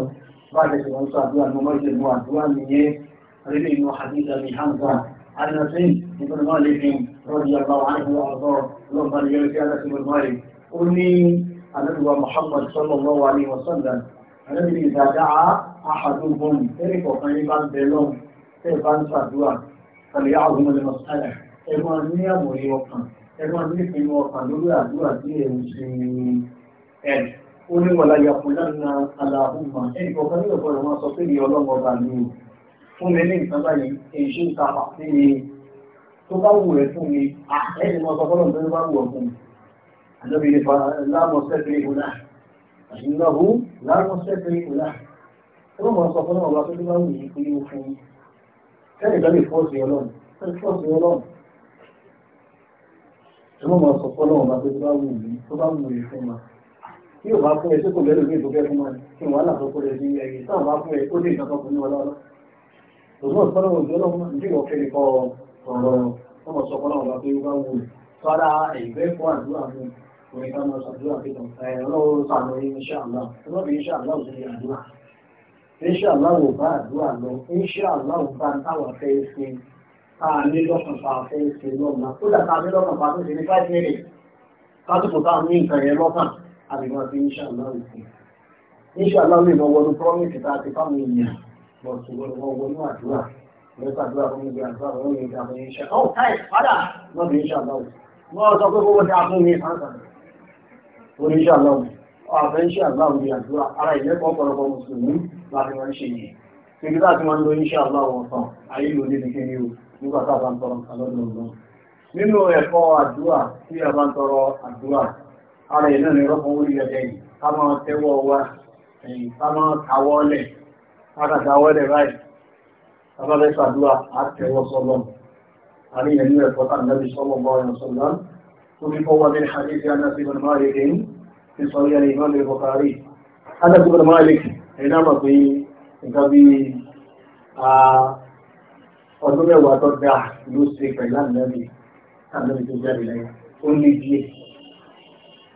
بعد سوانسا دعا نمجد وعدوا مني ربين وحديث أبي حمزة عن نسيم بن مالك رضي الله عنه وأرضاه اللهم ليرجع لك بن مالك أني أنا محمد صلى الله عليه وسلم أنا إذا دعا أحدهم تلك وقريبا بلون تلقان سادوا فليعظم المسألة إما أني أمري وقا إما أني في وقا لولا دعا دي أمسي أمسي ó ní wọ̀lá yàpò lánàá aláàbùmá ẹnì kọ̀ọ̀kan ní ọ̀pọ̀ ìwọ̀n sọ pé ní ọlọ́mọ bá mi fún mi ní nǹkan báyìí èyí ṣe ń ta pàṣẹ mi tó bá wù rẹ fún mi ẹnì mọ sọ fọlọ́n tó bá wù ọ fún mi àjọbí ní fa láàmú sẹ́kìrì ìhùnà àyìnláhù láàmú sẹ́kìrì ìhùnà tó mọ̀ sọ fọlọ́n ọba tó bá wù yìí pé ó fún mi kẹ́ni ìgbà lè fọ́ọ̀sì ọlọ́run kẹ́ni fọ́ọ̀sì ọlọ́run tó mọ̀ sọ fọlọ́n tí yóò bá fún ẹ tó kò lẹ́nu ní ìdókẹ́ fún wọn kí wọ́n là sọ́kọ́ rẹ̀ sí ẹ̀yẹ tí wọ́n bá fún ẹ ó lè ìjọba fún wọn lọ́wọ́ tòun náà sọ́nà òjò náà ní ìwọ̀n fẹ́ kọ́ ọ̀rọ̀ ọmọ sọ́kọ́ náà bá pé wá wù sára ìgbẹ́ fún àdúrà fún òun ká máa ṣàdúrà pé ọlọ́run sànù inṣàlá ọlọ́run inṣàlá ò sí àdúrà inṣàlá ò bá àdúrà lọ inṣàlá ò bá táwa fẹ́ ṣe tá a ní lọ́kàn fẹ́ àbìmọ̀ sí ìṣàlọ́ ìsìn ìṣàlọ́ lè lọ wọnú promise tá a ti fáwọn èèyàn lọ ṣùgbọ́n lọ wọnú àdúrà lọ́sọ̀ àdúrà fún ibi àdúrà fún ibi àdúrà fún iṣẹ́ ọ̀ táì padà lọ́ bí ìṣàlọ́ wọ́n sọ pé kówó dá fún mi sáńsà orí ìṣàlọ́ ọ̀fẹ́ ìṣàlọ́ bí àdúrà ara ìlẹ́kọ̀ọ́ ọ̀pọ̀lọpọ̀ mùsùlùmí láti wọ́n ṣe yìí Ibi láti máa ń lo iṣẹ́ aláwọ̀ tán, ayé ló ní kí ni o, nígbà tá a bá ń tọrọ nǹkan lọ́dọ̀ ọ̀gbọ́n. Nínú ẹ̀kọ́ àdúrà tí a bá ń tọrọ àdúrà, ara ẹ̀ náà ni rọ́pò orí ẹ̀dẹ́yìn ká máa tẹ́wọ́ wa ẹ̀yìn ká máa tàwọ́lẹ̀ káàkà tàwọ́lẹ̀ báyìí tábàlẹ̀ ṣàdúrà á tẹ́wọ́ sọ́lọ́ àríyàn ní ẹ̀kọ́ tá nàbí sọ́lọ́ bọ́ ọ̀yàn sọ́lọ́ tó ní kọ́ wa ní Bukhari Anas ibn Malik ẹ̀ náà mọ̀ pé nǹkan bí ọdún mẹ́wàá tó dáa ló ṣe pẹ̀lú ànábì ànábì tó jáde lẹ́yìn ó ní díẹ̀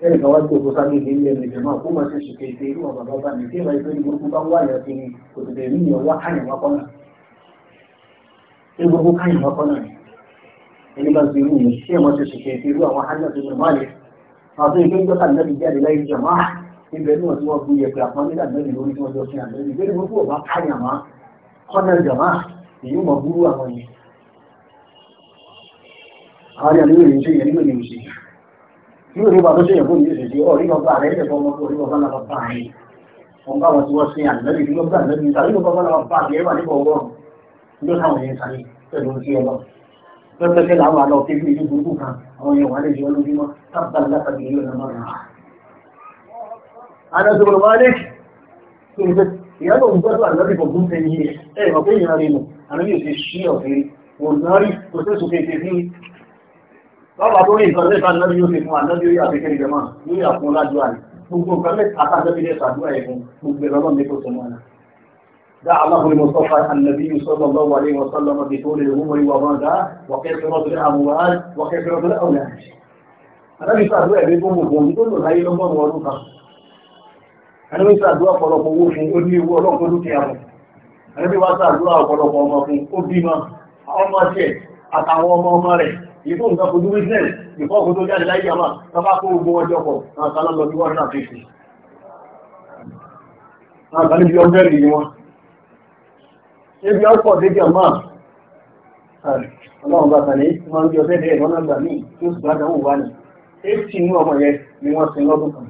ẹnì kan wá tó kó sáré ilé ilé ẹnì jẹmọ kó máa ṣe ṣùkẹ ìṣe irú ọmọ bàbá mi tí ìwà ìfẹ́ ìgbókú bá wà yẹn kiri kò tètè rí ìyẹn wá káyàn wá kọ́nà ìgbókú káyàn wá kọ́nà ni ẹni bá ti rú mi tí ẹ̀ máa ṣe ṣùkẹ ìṣe irú àwọn hánà tó máa lè àti ìgbé ìjọba ìjọba ìjáde láyé jọmọ ibẹ̀ náà tí wọ́n gbúyẹ pé àpọn nígbà mẹ́rin lórí tí wọ́n jọ fi àgbẹ̀ ìgbé ìgbókú ọba káyàn wá kọ́nà jọmọ èyí mọ̀ búrú àwọn yẹn. àwọn yàrá ìròyìn ṣe yẹn nígbà yẹn ò ṣe yẹn yóò rí bàbá tó yẹ fún yìí ṣèṣe ọ̀rí bàbá rẹ̀ lè fọmọ tó rí bàbá làwọn bá rẹ̀ wọn bá wọn tí wọ́n ṣe àlẹ́lẹ́ ìdí bàbá àlẹ́lẹ́ ìta rí bàbá làwọn bá rẹ̀ wà nípa ọwọ́ ló táwọn yẹn sáré pẹ̀lú sí ọlọ lọ́pẹ́sẹ̀ làwọn àlọ́ kébí ìlú burúkú kan àwọn yẹn wà lẹ́yìn olójúmọ́ tábà látàbí ìlú ọ̀nà náà rà. àná sọ̀rọ̀ wá lé ìyálò ń gbọ́dọ̀ àlọ́bí gbogbo ń tẹ̀yìn ẹ̀ ẹ̀ mọ̀ pé ìyára rẹ̀ nù àná yóò ṣe ṣí ọ̀fẹ́ wò náà rí kò sẹ́sùn kékeré Bọ́bà tó rí nǹkan lẹ́ta lọ́rí yóò fi fún àlọ́bí orí àfikẹ́ ìjọmọ́ lórí àfún lájú àrí. Gbogbo nǹkan lẹ́ta àtàlọ́bí lẹ́ta àdúrà ẹ̀gùn gbogbo ẹ̀rọ ní kò sọmọ́ ẹ̀rọ. Dá aláhùn ìmọ̀sọ́fà ànàbí ìṣọ́lọ̀ lọ́wọ́ alẹ́ ìwọ̀sọ́lọ́ mọ́bí tó lè rúmọ ìwà wọn dá wọ́kẹ́ fẹ́rọ́ tó lé àmúwàá wọ́kẹ́ fẹ́rọ́ tó lé ọ̀lẹ́. Àdábì sàdúrà ẹ̀rí tó mú bòun tó ọmọ fún àtàwọn ọmọ ọmọ rẹ̀ ìfò nǹkan fojú witness ìfọ́ òkú tó jáde láyé àmà tó bá kó gbogbo ọjọ́ pọ̀ àwọn kan lọ bí wọ́n náà fi fi àwọn kan níbi ọjọ́ ìrìn ni wọ́n níbi ọ̀pọ̀ débi àmà ọlọ́run bá tàní máa ń bí ọjọ́ ìrìn lọ́nà gbà míì tó sì bá dáhùn wá ní eighty inú ọmọ yẹn ni wọ́n sin lọ́dún kan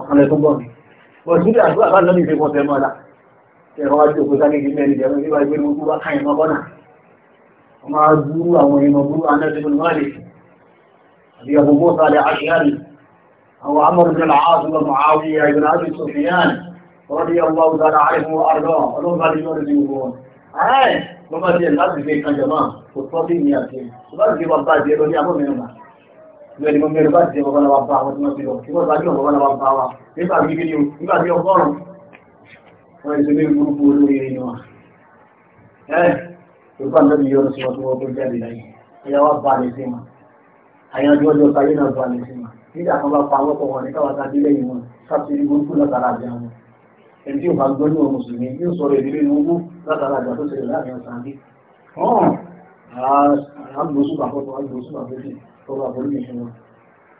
ọ̀kan lẹ tó gbọ́ mi bọ̀ sí àdúrà bá lọ́dún ìfẹ́ pọ̀ fẹ́ mọ́ máa gúrú àwọn èèyàn gúrú anẹ́sìnkú máàlì àbí abubu sàlẹ̀ àṣíyàní àwọn amọ̀rùn-ún àásùlọ mọ̀háwí àìbìnàbí sọfíyàn rọ́dí ọgbà òzàrà àìfún àrùdọ́ ọlọ́gbà ní ọdún ní gbogbo wọn ààrẹ lọ́gbà tí ẹ̀ láti fi kan jọmọ́ kò tọ́ sí ní àti ṣùgbọ́n ti wọ́n bá jẹ́ lórí amọ́mìnira lórí mo mẹ́rin bá jẹ́ ọgbà náà bá wọn tí wọ́n ti lọ kí wọ́n bá jẹ́ ọgbà náà bá wa nígbà bí kí ni o nígbà bí ọgọ́rùn-ún wọ́n ti ṣe ní gbogbo olórí ẹ̀yìn wa ìgbà lórí yọrù sí wọn tó wọ́n tó jáde láyé ẹ̀yà wá bá lè sí wọn àyàn ọjọ́ ọjọ́ káyé náà bá lè sí wọn nígbà kan bá pa àwọn ọkọ̀ wọn ní káwọn tá délé yìí wọn sábẹ́ ní gbogbo látara àjà wọn ẹni tí ò bá gbọ́ ní wọn mùsùlùmí yóò sọ̀rọ̀ ìdílé ní owó látara àjà tó ṣẹlẹ̀ láàrin ọ̀sán bí. àgbòsùn àfọ́tò àgbòsùn àfẹ́fẹ́ tó bá borí ìṣẹ́ wọn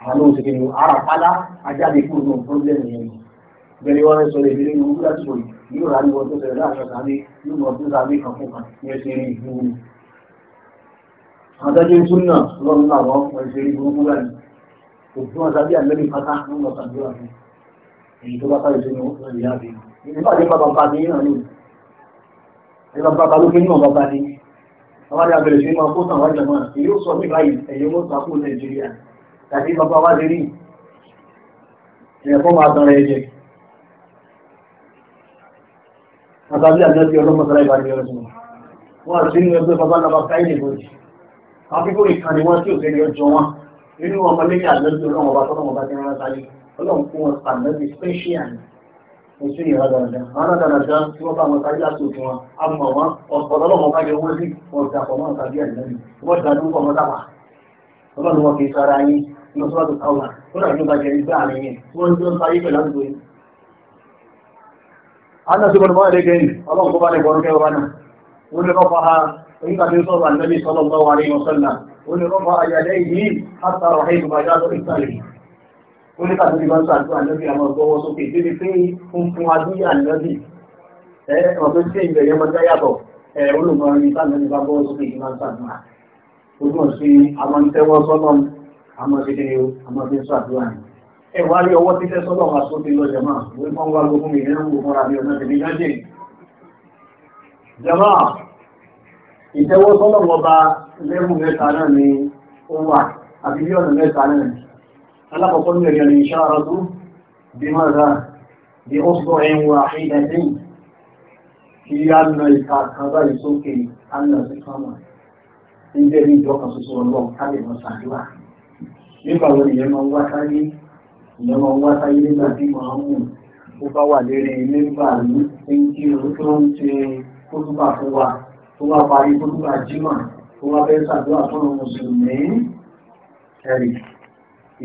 àwọn ohun ṣèkéyìn ara pálá ajáde kúrò yóò rà ní ọdún tẹ̀lé àṣọ tàbí yóò mọ ọdún tàbí kan fún kan ní ẹsẹ̀ rí ìlú wọn. adájọ́ ń tún náà lọ́nà náà wọ́n fọ ẹsẹ̀ rí burúkú láì òkú wọn tàbí àgbẹ̀lẹ̀ pátá ń lọ tàbí wà fún èyí tó bá ká ìṣe ní ọkùnrin ìyá rẹ̀. ìdíbà ní bàbá bá ní bàbá bá ní àwọn àti àbẹ̀rẹ̀ ṣe máa kó tàn ní báyìí ẹ̀yẹ mọ́ bàbá wá lè rí àtàbí àjọ́sí ọlọ́mọ̀sára ìbáraẹ̀ ọdún wọn àti nínú ẹgbẹ́ bàbá náà bá ká ilé ìbòjì àfikún ìkan ni wọ́n tí ò fẹ́ ní ọjọ́ wọn nínú ọmọ lẹ́yìn àjọ́sí ọlọ́mọba tọ́lọ́mọba ti rán sáyé ọlọ́run fún wọn àjọ́sí spẹ́ṣíàn oṣù yẹn rádaràdà rádaràdà tí wọ́n bá wọn sáyé láti òkè wọn a mọ̀ wọn ọ̀pọ̀ ọlọ́mọba yẹ wọ́n sí wọn ti àpọ̀ wọn tàbí àjọ́sí wọ́n ti dàdúró ọmọ أنا سبحانه ما لكن الله سبحانه بارك وانا ولرفع عند رسول النبي صلى الله عليه وسلم ولرفع يديه حتى رحيم ما جاء الثالث wọ́n ní kàtàkì bá ń sàtọ́ ànábì àmọ́ ọgbọ́wọ́ sókè débi pé fún fún adúyà ànábì ẹ ọ̀tọ́ sí ìgbẹ̀ yẹn máa yàtọ̀ ẹ olùmọ̀rin ní sàtọ́ nípa gbọ́wọ́ sókè yìí máa ń sàtọ́ ojú tẹ́wọ́ sọ́nà àmọ́ ṣe kéré ẹwà rí ọwọ́ títẹ́ sọ́dọ̀ wà sókè lọ jẹmá wé mọ́ wá gbogbo mi nínú gbogbo ara mi ọ̀nà tèmi jáde jẹmá ìtẹ́wọ́ sọ́dọ̀ wọn bá lẹ́mù mẹ́ta náà ni ó wà àbí bí ọ̀nà mẹ́ta náà ni alákọ̀ọ́kọ́ ní ẹ̀rẹ̀ ìṣá ara tó bí má ra bí ó sọ ẹ̀wọ̀n àfihàn ẹ̀sìn kí á na ní ìyẹn wọn wá sáyé nígbà tí mọ̀ọ́mù ó bá wà lérí mẹ́mbà ní ẹnkí tó ń ṣe kótópà fún wa tó wá parí kótópà jímọ̀ tó wá fẹ́ ṣàdúrà fún ọmọ mùsùlùmí ẹ̀rì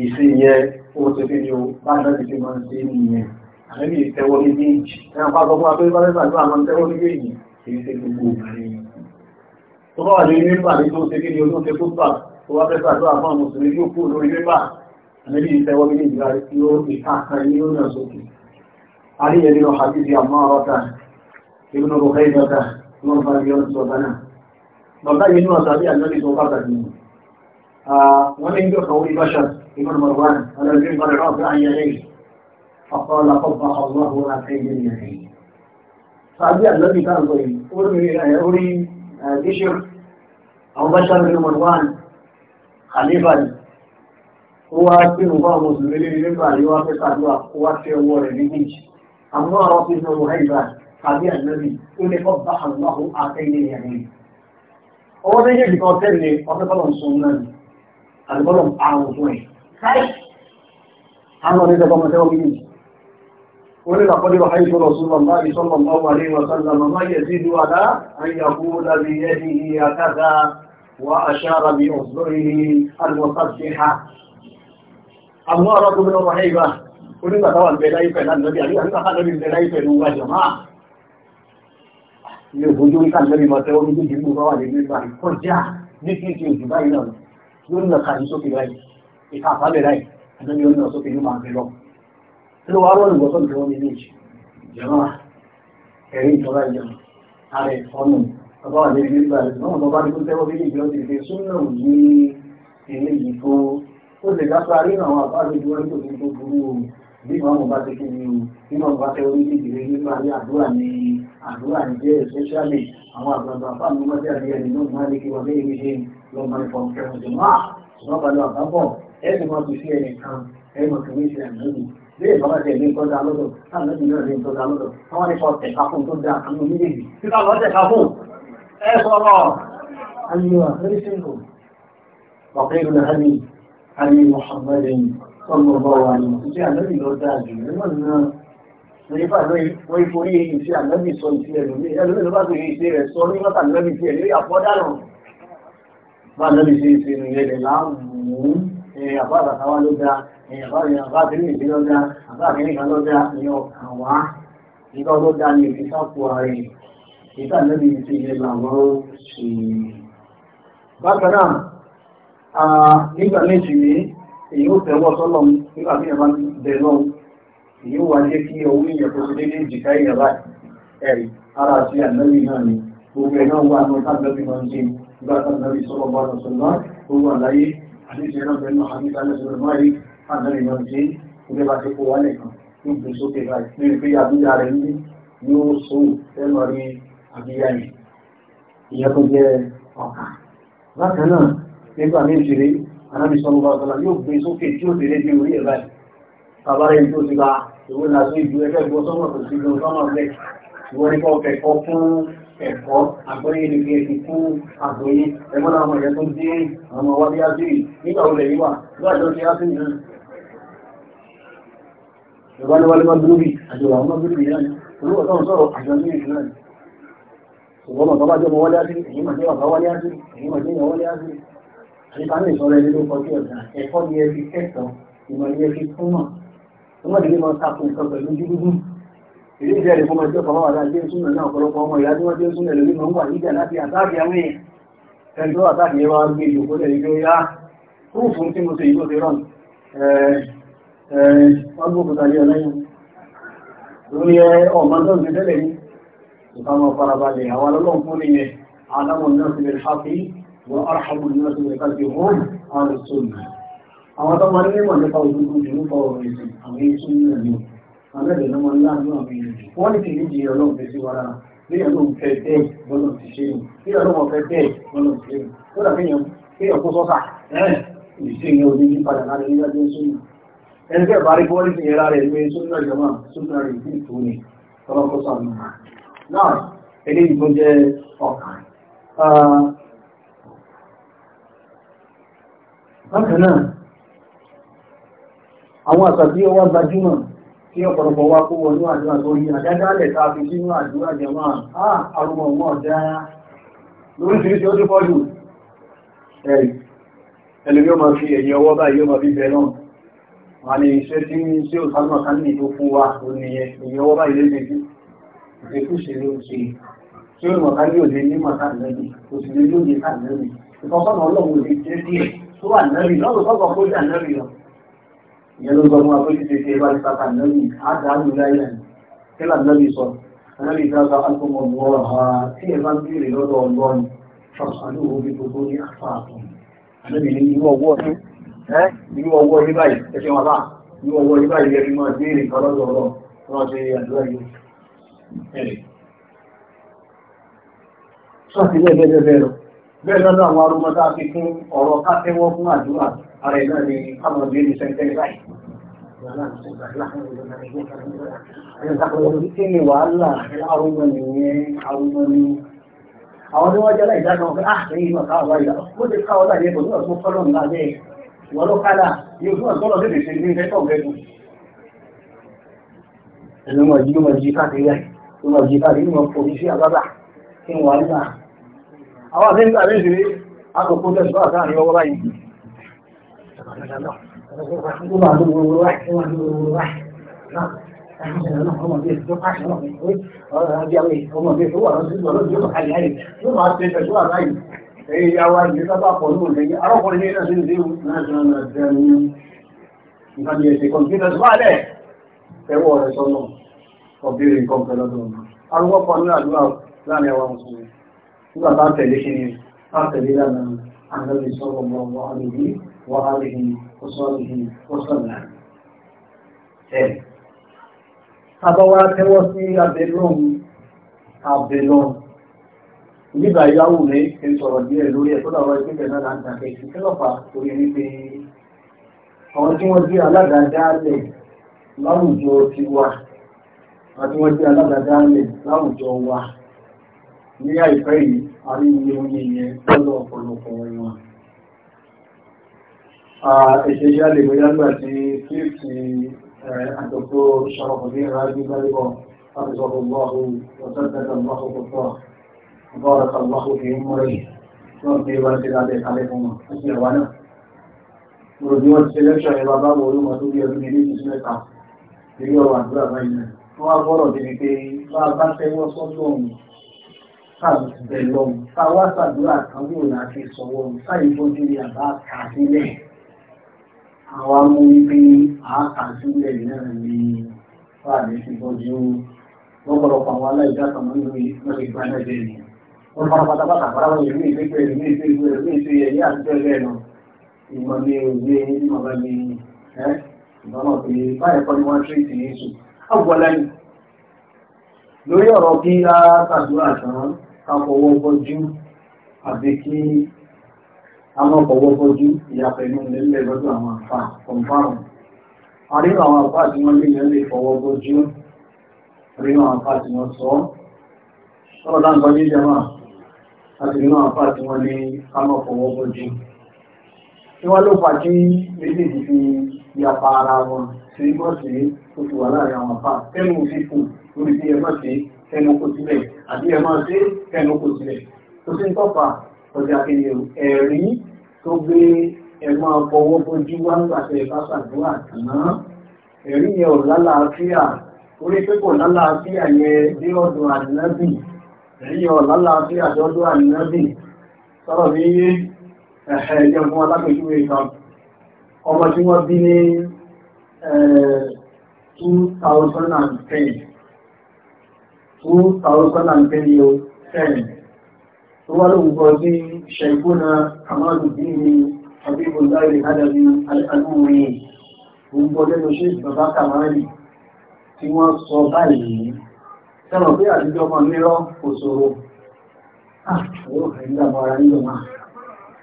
ìsìn yẹn ó ti fi ní o bá ṣáàtì fi máa ń ṣe nìyẹn àlẹ́bí ìtẹ́wọ́ máa ń ṣe gbogbo obìnrin tó ní tó ṣe kí النبي صلى الله عليه وسلم يحاكيون رسوله علي بن حديث عمارة ابن رخيبة ابن فريون سوبنا bàbá yìí náà sàbí àjọ́lì tó pàtàkì nù wọ́n ní ìjọ kàwé báṣà ìmọ̀n marwan alájú ìbára náà fi àyà lẹ́yìn ọ̀pọ̀lá ọ̀pọ̀ ọ̀gbọ̀n àtẹ́yẹ yẹn sàbí àjọ́lì tá à ń sọ yìí orí bíṣir àwọn báṣà ìmọ̀n marwan khalifa ó wá tí ó bá ọmọ òṣèlú lé nígbà yóò wá fẹ́ sàdúrà ó wá tẹ ọwọ́ rẹ̀ méjèèjì àmọ́ àwọn fi sọ wọ́n ìgbà tàbí ànábì ó lè kọ́ bá àwọn àwọn akẹ́lẹ̀ ẹ̀rìn ọwọ́ méjèèjì kan tẹ̀lé ọfẹ́ bọ́lọ̀ sọ náà ni àlùbọ́lọ̀ àrùn fún ẹ̀ àwọn oníṣẹ́ ọmọ tẹ́wọ́ méjèèjì ó lè lọ́kọ́ dé wàhálì tó lọ sí lọ́mọ àti sọ́mọ ọmọ wà ní àwọn ọ̀rọ̀ tó mẹ́rọ wọ̀nyẹ́ ìbá onígbàtàwà ń bẹ láyé pẹ̀lú àdínlẹ́bí àríwá nígbà káàdọ́bí ń bẹ láyé pẹ̀lú wa jọ̀máà ilé ìbòjú ní káàdọ́bí máa tẹ́wọ́ méjì nínú bá wà ní ilé ìgbà kọjá ní kí n ti òjò báyìí náà yóò nà ká ní sókè láì ìka àfábẹ̀ láì àdánù yóò nà sókè ní máa fi lọ. kí ló wá rọ́ ìwọ sọ́dọ̀ tó wọ́n ní méjì jọ̀máà ẹ̀rí ìjọba ọba ní ilé tẹ́wọ́ méjì ìjọba ti fi sún náà yí eléyìí ó lè dápá rí àwọn àbájọ ìwọ́n tó ní tó burú o bí wọ́n bá ti kí ni o bí wọ́n bá tẹ orí ti dìde nípa rí àdúrà ní àdúrà ní jẹ́ especially àwọn àgbàgbà fáwọn ọmọdé àti ẹni náà máa lè kí wọn léyìn ṣe lọ́mọ ẹ̀fọ́ kẹwọn jù máa wọ́n bá lọ àbábọ̀ ẹni wọn ti sí ẹnì kan ẹni wọn kì í ṣe àmì bí ìbára tẹ̀ ní nǹkan dá lọ́dọ̀ táwọn ẹbí náà ní nǹkan dá lọ́dọ̀ àwọn nípa ọ̀tẹ̀ ká fún tó dá àwọn oníyèbí tí ká lọ́tẹ̀ ká fún ẹ àní Muhammad ọmọ ọba wa ni ìṣe ànábì lọ dáa jù nínú náà nípa wọ́n ìforí ìṣe ànábì sọ ìṣe ẹlòmí ẹlòmí ló bá fi ìṣe rẹ̀ sọ ní mọ́tà ànábì tiẹ̀ lórí àpọ́dàrùn bá ànábì ṣe ìṣe ìrìnlẹ̀ láàmú àbá àbàtàwá ló dáa àbá àbílẹ̀ ààrẹ ìṣe ànábì ìṣe ìṣe làwọn ṣe bákan nígbà méjì ní èyí ó tẹ̀wọ́ sọ́lọ̀ nígbà tí ẹ̀bá ti bẹ̀ náà èyí ó wà jẹ́ kí ọwọ́ ìyẹ̀ tó ti dédé jìká ìyẹ̀ báyìí ẹ̀rì ara àti ànábì náà ni gbogbo ẹ̀ náà wà náà tábìlẹ́bì máa ń ṣe nígbà tábìlẹ́bì sọ́lọ̀ bá lọ sọ́lọ́ gbogbo àlàyé àdíṣe náà bẹ̀rẹ̀ náà àdíṣe alẹ́ sọ́lọ́ báyìí ànábì máa ń ṣe ilé bá nígbà ní ìṣeré anábì sọ́nù bá sọ́nà yóò gbé sókè tí ó tẹ̀lé bí orí ẹ̀rọ ẹ̀ bàbá rẹ̀ tó ti bá ìwé náà sí ìlú ẹgbẹ́ ìgbọ́ sọ́nà tó ti lọ sọ́nà bẹ́ẹ̀ ìwọ́n nípa ọ̀fẹ́ kọ́ fún ẹ̀kọ́ àgbọ́yé ni kí ẹ ti kú àgbọ́yé ẹgbọ́n náà ọmọ ìyẹn tó dé ọmọ wa bí ásírì nígbà olè yìí wà nígbà tó ti ásírì náà ìjọba ní wálé máa dúró bì àjọ àwọn máa dúró bì náà olúwa tó ń sọ̀rọ̀ àjọ ní ìlú náà ṣùgbọ́n màbá bá jọ mọ wálé ásírì èyí màjẹ́ wà bá wálé ásírì èyí màjẹ́ yàn wálé ásírì àyíká lè sọ̀rọ̀ ẹni ló kọjú ọ̀dà ẹ̀kọ́ ni ẹ fi kẹ́kọ̀ọ́ ìmọ̀ ni ẹ fi fún mọ̀ tó mọ̀ nígbà máa takò nǹkan pẹ̀lú dúdú ìlú ìjẹ́ rẹ̀ fún ọjọ́ kan wà láti ń súnmọ̀ náà ọ̀pọ̀lọpọ̀ ọmọ ìyá tí wọ́n ti ń súnmọ̀ lórí mọ̀ ń wà níjà láti àtàkì àwọn èèyàn ẹni tó àtàkì ẹwà gbé ìjòkó lẹ̀ ìjọ ya fún fún tí mo ṣe ìgbó ti rọrùn wọ́n gbó kúta lé ọlẹ́yìn lórí ọmọ tó ń ti tẹ́lẹ̀ ní ìfàmọ́ farabalẹ̀ àwọn ọlọ́run fún nìyẹn adámọ̀ náà ti lè ṣàfihàn وأرحم الناس بقلبهم أهل السنة àwọn tó máa ń lémọ̀ nípa òdúdú jù nípa ọ̀rọ̀ ìsìn àwọn èso ní ẹ̀mí àmẹ́bẹ̀ lọ́mọ láàánú àwọn èèyàn jù wọ́n ní kìí di ọlọ́run fẹ́ sí wàrà bí ọlọ́run fẹ́ bẹ́ẹ̀ bọ́lọ̀ ti ṣe nù bí ọlọ́run fẹ́ bẹ́ẹ̀ bọ́lọ̀ ti ṣe nù tó dà kéèyàn kéèyàn kó sọ́sà ẹ̀ ìṣe yẹn òní ní ni ọlọ́kọ́sà nù náà eléyìí bákan náà àwọn àtàbí ọwọ́ gbajúmọ̀ tí ọ̀pọ̀lọpọ̀ wá kó wọnú àdúrà lórí àjádálẹ̀ ta fi sínú àdúrà jẹmọ́ àrùmọ̀ mọ́ dáa lórí tí ó ti pọ́jù ẹlùmí ó máa fi ẹ̀yẹ ọwọ́ báyìí ó máa fi bẹ̀rẹ̀ náà wà ní iṣẹ́ tí ń ṣe òsánmà kan ní tó fún wa ó ní ẹ̀yẹ ọwọ́ báyìí lẹ́gbẹ̀ẹ́ sí ìṣẹ́kúṣe ló ṣe tí ó mọ̀ ká ní òde ní màkà lẹ́gbẹ̀ẹ́ òsì lé lóde ká lẹ́gbẹ̀ẹ́ ìfọ́sọ́nà ọlọ́run ò lè jẹ́ díẹ̀ tó wà nẹ́rì lọ́rùn kọ́kọ́ kó jà nẹ́rì lọ. ìyẹn ló gbọ́ fún wa pé ti ṣe ṣe bá ti sáta nẹ́rì àdá àmì láyé kí là nẹ́rì sọ nẹ́rì dáadáa alùpùpù mọ́ ọ̀hà tí ẹ bá ń bèèrè lọ́dọ̀ ọlọ́run ṣàṣàlù òbí gbogbo ní àfà àtọ̀. àlẹ́bí ní irú ọwọ́ ní irú ọwọ́ yí báyìí ẹ ṣe wọn bá bẹ́ẹ̀ bẹ́ẹ̀ lọ bẹ́ẹ̀ lọ́dọ̀ àwọn arúgbọ́dá fi fún ọ̀rọ̀ kátẹ́wọ́ fún àdúrà ara ìlànà ni káwọn bí ní sẹ́ńtẹ́rì báyìí. Kí ni wàhálà arúgbọ́ nìyẹn arúgbọ́ ni? Àwọn tí wọ́n jẹ́ láì dáná pé ah lẹ́yìn náà káwọn wáyà. Mo ti ká ọlá yẹn pẹ̀lú ọ̀tún fọ́lọ́ ńlá bẹ́ẹ̀. Ìwọ ló kálà yóò fún ọ̀tún lọ síbi ìsinmi ìfẹ́tọ̀ gẹ́gùn. Ẹnu mọ̀ jí ló mọ̀ jí káàkiri láì. Ló mọ̀ jí àwọn àti nígbà méjì rí àkókò tẹ̀sí wà sáà ọwọ́ báyìí ìgbàmí ẹ̀sẹ̀ kọ̀mpútà sí wáyé ẹwọ́ rẹ̀ sọ́nà ọ̀bẹ̀rẹ̀ nǹkan Arúgbọ́pọ̀ ní àdúrà láàrin àwọn ọmọ nígbà bá tẹ̀lé kí ni bá tẹ̀lé lánà àgbẹ̀bí sọ̀rọ̀ mọ́ wà á lè yí wà á lè yí ó sọ̀rọ̀ yí ó sọ̀rọ̀ ẹ̀. tẹ́wọ́ sí abẹ́lọ́run abẹ́lọ́run. Nígbà yáwù mi ti sọ̀rọ̀ díẹ̀ lórí ẹ̀ tó dàwọ́ ìpínlẹ̀ náà láti àgbẹ̀ sí kílọ̀pà torí wípé àwọn tí wọ́n jẹ́ aládàádáálẹ̀ láwùjọ ti wà àti wọ́n jẹ́ aládàádáálẹ̀ láwùjọ wa ní àìpẹ́ yìí àrí iye oúnjẹ yẹn lọ́dọ̀ ọ̀pọ̀lọpọ̀ wọn. Ẹ̀ṣẹ̀ yá lè wáyá gbà tí kíìtì àtọ̀kọ́ ṣàrọ̀kọ̀dín rájú gbálẹ́bọ̀ láti sọ fún bọ́ọ̀hù ọ̀sẹ̀tẹ̀tẹ̀ bọ́ọ̀hù pọ̀pọ̀ bọ́ọ̀rọ̀kọ̀ bọ́ọ̀hù fi ń mọ́rẹ̀ pé bá bá tẹ́wọ́ sọ́tọ̀ ọ̀hún ṣàbẹ̀lọ táwa ṣàdúrà kan ní òun àti ìṣọwọ́ sáyé bójú ni àbá kà sílẹ̀ àwa mú wípé àákà sílẹ̀ náà ni fáàlì ti bójú lọ́pọ̀lọpọ̀ àwọn aláìjá kan nínú ìpínlẹ̀ ìgbàlẹ̀ ni wọ́n fara pátápátá farawọn ìlú ìgbẹ́gbẹ́ ìlú ìgbẹ́gbẹ́ ìlú ìgbẹ́gbẹ́ ẹ̀yẹ àti bẹ́ẹ̀ bẹ́ẹ̀ lọ ìmọ̀ ni òye ìmọ̀ bá ní ẹ́ ìbámu pé báyìí kọ́ ni wọ́n tún ìtìlẹ́sùn àwọ̀ lẹ́yìn lórí ọ̀rọ̀ bí a ṣàdúrà tán káfọwọ́bọ́jú àbí kí a mọ́ fọwọ́bọ́jú ìyàpẹ̀ inú nílẹ̀ lọ́dọ̀ àwọn àfà kọ̀m̀fàrùn àríwá àwọn àfà tí wọ́n lè lè fọwọ́bọ́jú àríwá àwọn àfà tí wọ́n sọ sọ́rọ̀ dáńgbọ́n ní jẹ́mà àti inú àfà tí wọ́n lè ká mọ́ fọwọ́bọ́jú tí wọ́n ló fà kí méjèèjì fi yapa ara wọn sí mọ́ sí oṣù wà láàrin àwọn àfà tẹ́nu fífò lórí bí ẹ mọ́ sí tẹ́nu kó sílẹ̀ àbí ẹ̀ máa ṣe kẹnu kò sílẹ̀ tó sì ń tọ́pa ọjà kìnìún ẹ̀rí tó gbé ẹ máa fọwọ́ fojú wá nígbàtẹ̀ ìfásàdúrà náà ẹ̀rí yẹn ò lálàáfíà orí pé kò lálàáfíà yẹn dé ọ̀dọ̀ ànínábì ẹ̀rí yẹn ò lálàáfíà dé ọ̀dọ̀ ànínábì sọ̀rọ̀ mi yé ẹ̀hẹ̀ ẹ̀jẹ̀ fún alápèjúwe kan ọmọ tí wọ́n bí ní 2010 2010 tó wá lóògùn gọ́ bí ṣẹ̀gbónà Kamaluddin Abíbùláì Adàbí Alúwé gbogbo lẹ́nu ṣe bàbá Kàmálì tí wọ́n sọ báyìí sẹ́wọ̀n pé àtijọ́ ọmọ mìíràn kò sọ̀rọ̀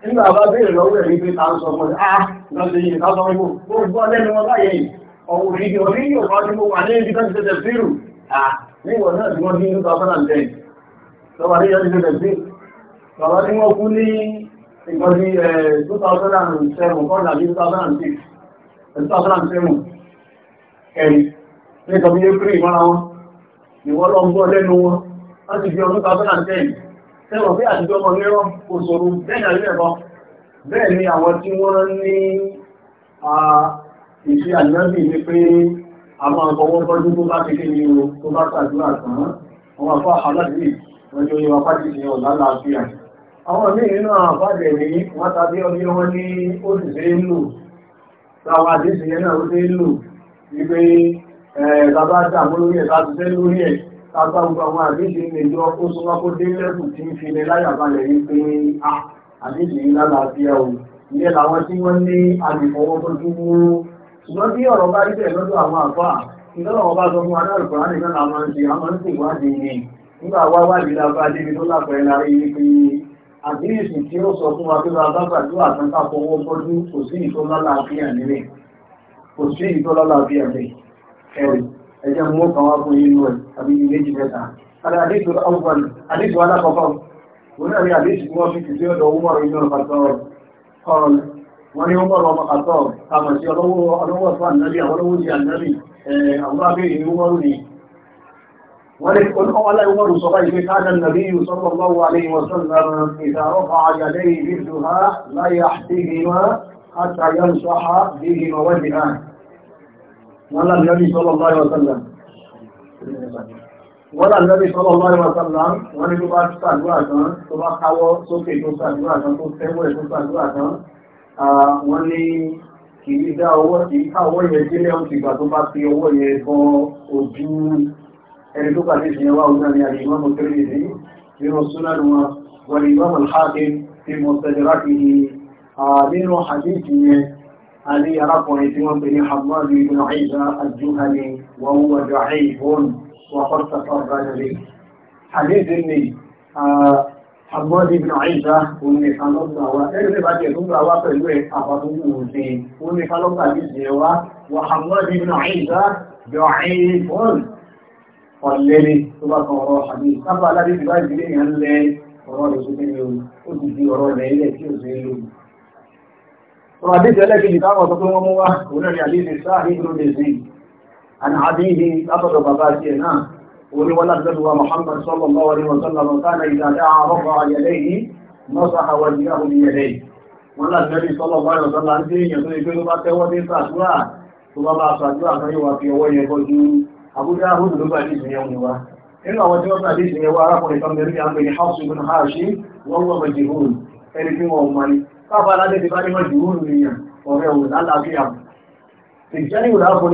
Nígbà bá bèèrè lọ́wọ́ ẹ̀rí pé ta ń sọ fún àà lọ́sẹ̀ yìí ká sọ wípò, gbogbo ọlẹ́nu ọlá yẹ̀yìn, ọ̀wọ̀ ìdí ọ̀rí yóò bá tí mo wà ní ibi tán ti tẹ́tẹ̀ fírù níwọ̀ náà tí ní wọ́n kú ní nǹkan 2007 kọ́nà bí 2006 2007 kẹrì ní ìtọ́bí april mọ́ra wọn ìwọ́n lọ ń gbọ́ lẹ́nu wọn láti fi ọdún 2010 sẹ́wọ̀n pé àtijọ́ ọmọ lérọ́ kò sọ̀rọ̀ bẹ́ẹ̀ ni àwọn tí wọ́n ní àwọn àkọwọ́ bọ́jú tó bá kéde ní o tó bá ṣàdúrà tán wọn afọ àlájì wọn jọ yẹwà fájì ní ọ̀la láàfíà àwọn míì nínú àfájẹ̀ ní wọ́n tàbí ọdí wọn ní ó sì ṣe é lò láwọn àdéṣe yẹn náà ó ṣe é lò wípé bàbá dàmú lórí ẹ̀ láti fẹ́ lórí ẹ̀ láti gbogbo àwọn àdéṣe ìlẹ̀jọ ó súnmọ́ kó dé lẹ́kùn tí ń fi ní láyàbalẹ̀ wípé ah, àdéṣe yìí lálàáfíà o ìyẹn làwọn tí wọ́n ní àdìfọwọ́ bójú mú ṣùgbọ́n bí ọ̀rọ̀ bá rí bẹ́ẹ̀ lọ́dọ̀ àwọn àfà ìlọ́wọ́ bá sọ fún adáàlùkọ́ láti náà máa ń ṣe àwọn ń ṣèwádìí ni nígbà wá wádìí lábá débi tó lápẹ̀ẹ́ lárí ní pé àdírísì tí ó sọ fún wa pé bá bàbà tó àtúntà fọwọ́ tọ́jú kò sí ìtọ́lálàáfíà nílẹ̀ kò sí ìtọ́lálàáfíà nílẹ̀ ẹ̀rì ẹ̀jẹ̀ mú kan wá fún inú ẹ̀ àbí méjì mẹ́ta àti àdíṣù àwọn àdíṣù alákọ̀ọ́kọ́ òun náà ni àdíṣù tí wọ́n fi kìí sí ọ̀dọ̀ owó mọ̀rọ̀ inú ọ̀pàtọ́ ọ̀rọ̀ wọ́n ní ọmọ ọmọ àtọ́ àmàṣí ọlọ́wọ́ fún ànábì àwọn olówó ní ànábì àwọn abẹ́rẹ̀ ní wọ́n ní wọ́n ní ọlọ́wọ́rù sọ báyìí pé káàdà nàbí sọ́pọ̀ lọ́wọ́ alẹ́ ìwọ̀sán lára ìdárọ́fà àjàdẹ́ ìbíṣù ha láyà sígi ma àtàyà ń sọ ha bígi ma wọ́n dìhà tó bá ṣàdúrà tán tó bá káwọ́ sókè tó ṣàdúrà tán tó tẹ́wọ́ ẹ̀ tó ṣàdúrà tán Ah, wọ́n ní kì í dá owó kì í ká owó yẹn sílẹ̀ ó ti gbà tó bá fi owó yẹn fọ́ ojú ẹni tó kà léṣe ah, yẹn wá òun náà ní àyè ìmọ̀ mọ̀tẹ́rì ìdí nínú súnà ni wọn wọ́n ní ni Agbọ́dí ìbìnà àìṣà onìkan lọ́gbà wa, ẹgbẹ́ bá jẹ́ lọ́gbà wa pẹ̀lú ẹ̀ àbàbùkù òṣèlú, onìkan lọ́gbà bí ṣe wá, wà Agbọ́dí ìbìnà àìṣà yọ àìfọ́n ọ̀lẹ́ni tó bá kan ọ̀rọ̀ àbí sábà aládé ti bá ìdílé yẹn lẹ ọ̀rọ̀ rẹ̀ sókè ní omi, ó ti di ọ̀rọ̀ rẹ̀ ilẹ̀ tí ò sí lò. Ọ̀rọ̀ àdéjọ ẹlẹ́kejì táwọn ọ̀sọ́ pé wọ́n mú wá, òun náà ni àdéjọ sáà ní ìlú ولولا النبوة محمد صلى الله عليه وسلم كان إذا دعا رفع يديه نصح وجهه بيديه ولا النبي صلى الله عليه وسلم أنت يقول يقول ما تهوى في سأسوا ثم ما سأسوا فهو في وين يقول أبو داود لما حديث يوم إلا وجهة حديث يوم أرافه كمبري عن بن حفص بن حاشم وهو مجهول ẹni tí wọ́n mọ̀ ní káfàlá lè bá ní mọ̀ jùlọ nìyàn ọ̀rẹ́ òun lálàáfíà ìjẹ́ ní ìwòrán fún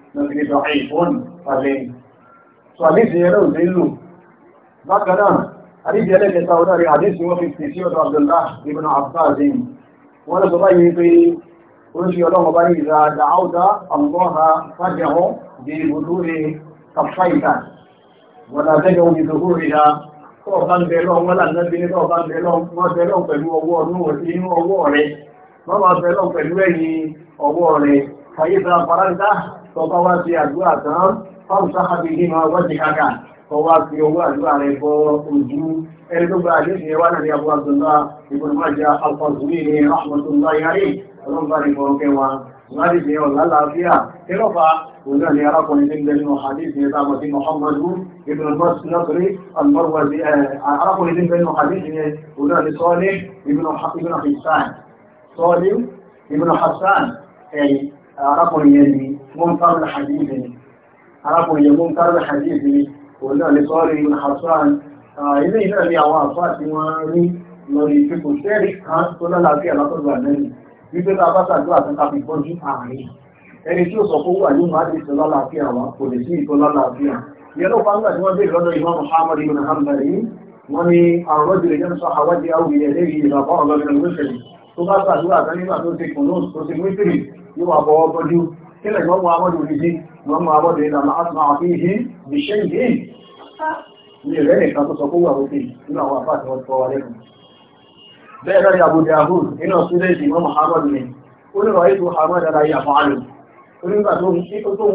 lórí lọ́rẹ́ ìbónì pàlẹ́ so àdíṣe ẹ̀rọ òdé lò bákan náà àdíṣe ẹlẹ́kẹta ọ̀dọ́rẹ́ àdíṣe wọ́n fi pè sí ọ̀dọ̀ Abdullah ibn Abbas wọ́n lọ́sọ báyìí pé oríṣi ọlọ́run bá ní ìlà dááúdá àmúgbọ́ha fájẹ̀họ́ di olóre kàfáìtà wọ́n dá tẹ́jọ́ omi tó kúrò ìlà tó ọba ń bẹ̀rọ wọ́n lànàbí ní ọba ń bẹ̀rọ pẹ̀lú ọwọ́ inú ọwọ́ rẹ̀ wọ́n máa bẹ̀rọ pẹ̀lú ẹ̀yìn ọwọ́ rẹ̀ fàyíta paráńtá tọ́pá wá sí àdúrà tán fáwọn sáfàbí ní ma wọ́dí kàkà kọ́ wá sí owó àdúrà rẹ̀ bọ́ ojú ẹni tó gba àdéhùn ẹwà náà ní Abu Abdullah ibn Majah al-Qazwini ní rahmatullahi alayhi ọlọ́mbà ní bọ̀ọ̀kẹ́ wa láti ní ọ̀lá láàáfíà kílọ́fà òun ní arákùnrin ní ilẹ̀ nínú hadith ní ìtàbọ̀ sí Muhammadu ibn al-Masri al-Marwazi arákùnrin ní ilẹ̀ nínú hadith ní òun ní Salih ibn Hassan Salih ibn Hassan arákùnrin yẹn ni منكر الحديث عرفوا هي منكر الحديث قلنا لصالح بن حصان ilé iná ni àwọn àfá tí wọ́n rí lórí pípò sẹ́rí kan tó lálàáfíà látọ̀gbà lẹ́yìn wípé tá a bá ṣàdúrà tó ká fi bọ́jú àárín ẹni tí ó sọ fún wà nínú àdìsọ lálàáfíà wa kò lè sí ìtọ́ lálàáfíà ìyẹn ló fa ń gbà tí wọ́n béèrè lọ́dọ̀ Imam Muhammad ibn Hanbali wọ́n ní àwọn rọ́jìlẹ̀ jẹ́ sọ àwájì àwùjẹ lẹ́yìn ìràpá ọ̀gọ́gẹ́rẹ́ wíṣẹ̀lì tó bá ṣàdúrà tán nígbà tó ti kùnú tó ti wíṣẹ̀lì yóò wà bọ́ bọ́jú كده الإمام أحمد وليه الإمام أحمد إن أنا أسمع فيه بشيء لذلك أتصفوه به إنه وفاته والصلاة عليكم بẹ́ẹ̀rẹ́ ni àbúdá ahùn iná súnlẹ̀sì mọ́ Muhammad ni olùrọ̀ ètò Muhammad ara yà fàálù onígbà tó ń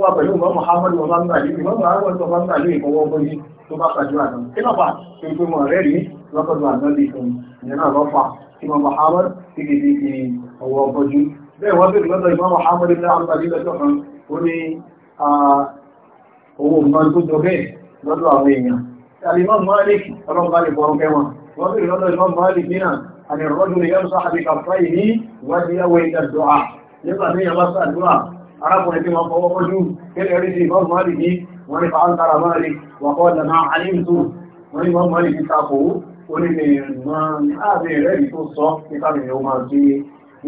wá pẹ̀lú mọ́ Muhammad wọn mọ́ Muhammad wọn bá ń gbà lórí ìfọwọ́ bóyí tó bá pàdé àná kí náà fà tó tó mọ̀ rẹ́ rí lọ́kọ̀dọ̀ àná lè fún ìyẹn náà Muhammad ti bẹ́ẹ̀ wọ́n bèèrè lọ́dọ̀ ìmọ́ Muhammad ibn Abdul lọ́jọ́ kan ó ní owó nǹkan tó jọ bẹ́ẹ̀ lọ́dọ̀ àwọn èèyàn alimọ́ Malik ọlọ́mbà lè fọ́rún kẹwọn wọ́n bèèrè lọ́dọ̀ ìmọ́ Malik nínà àni rọ́dún ni yọ́n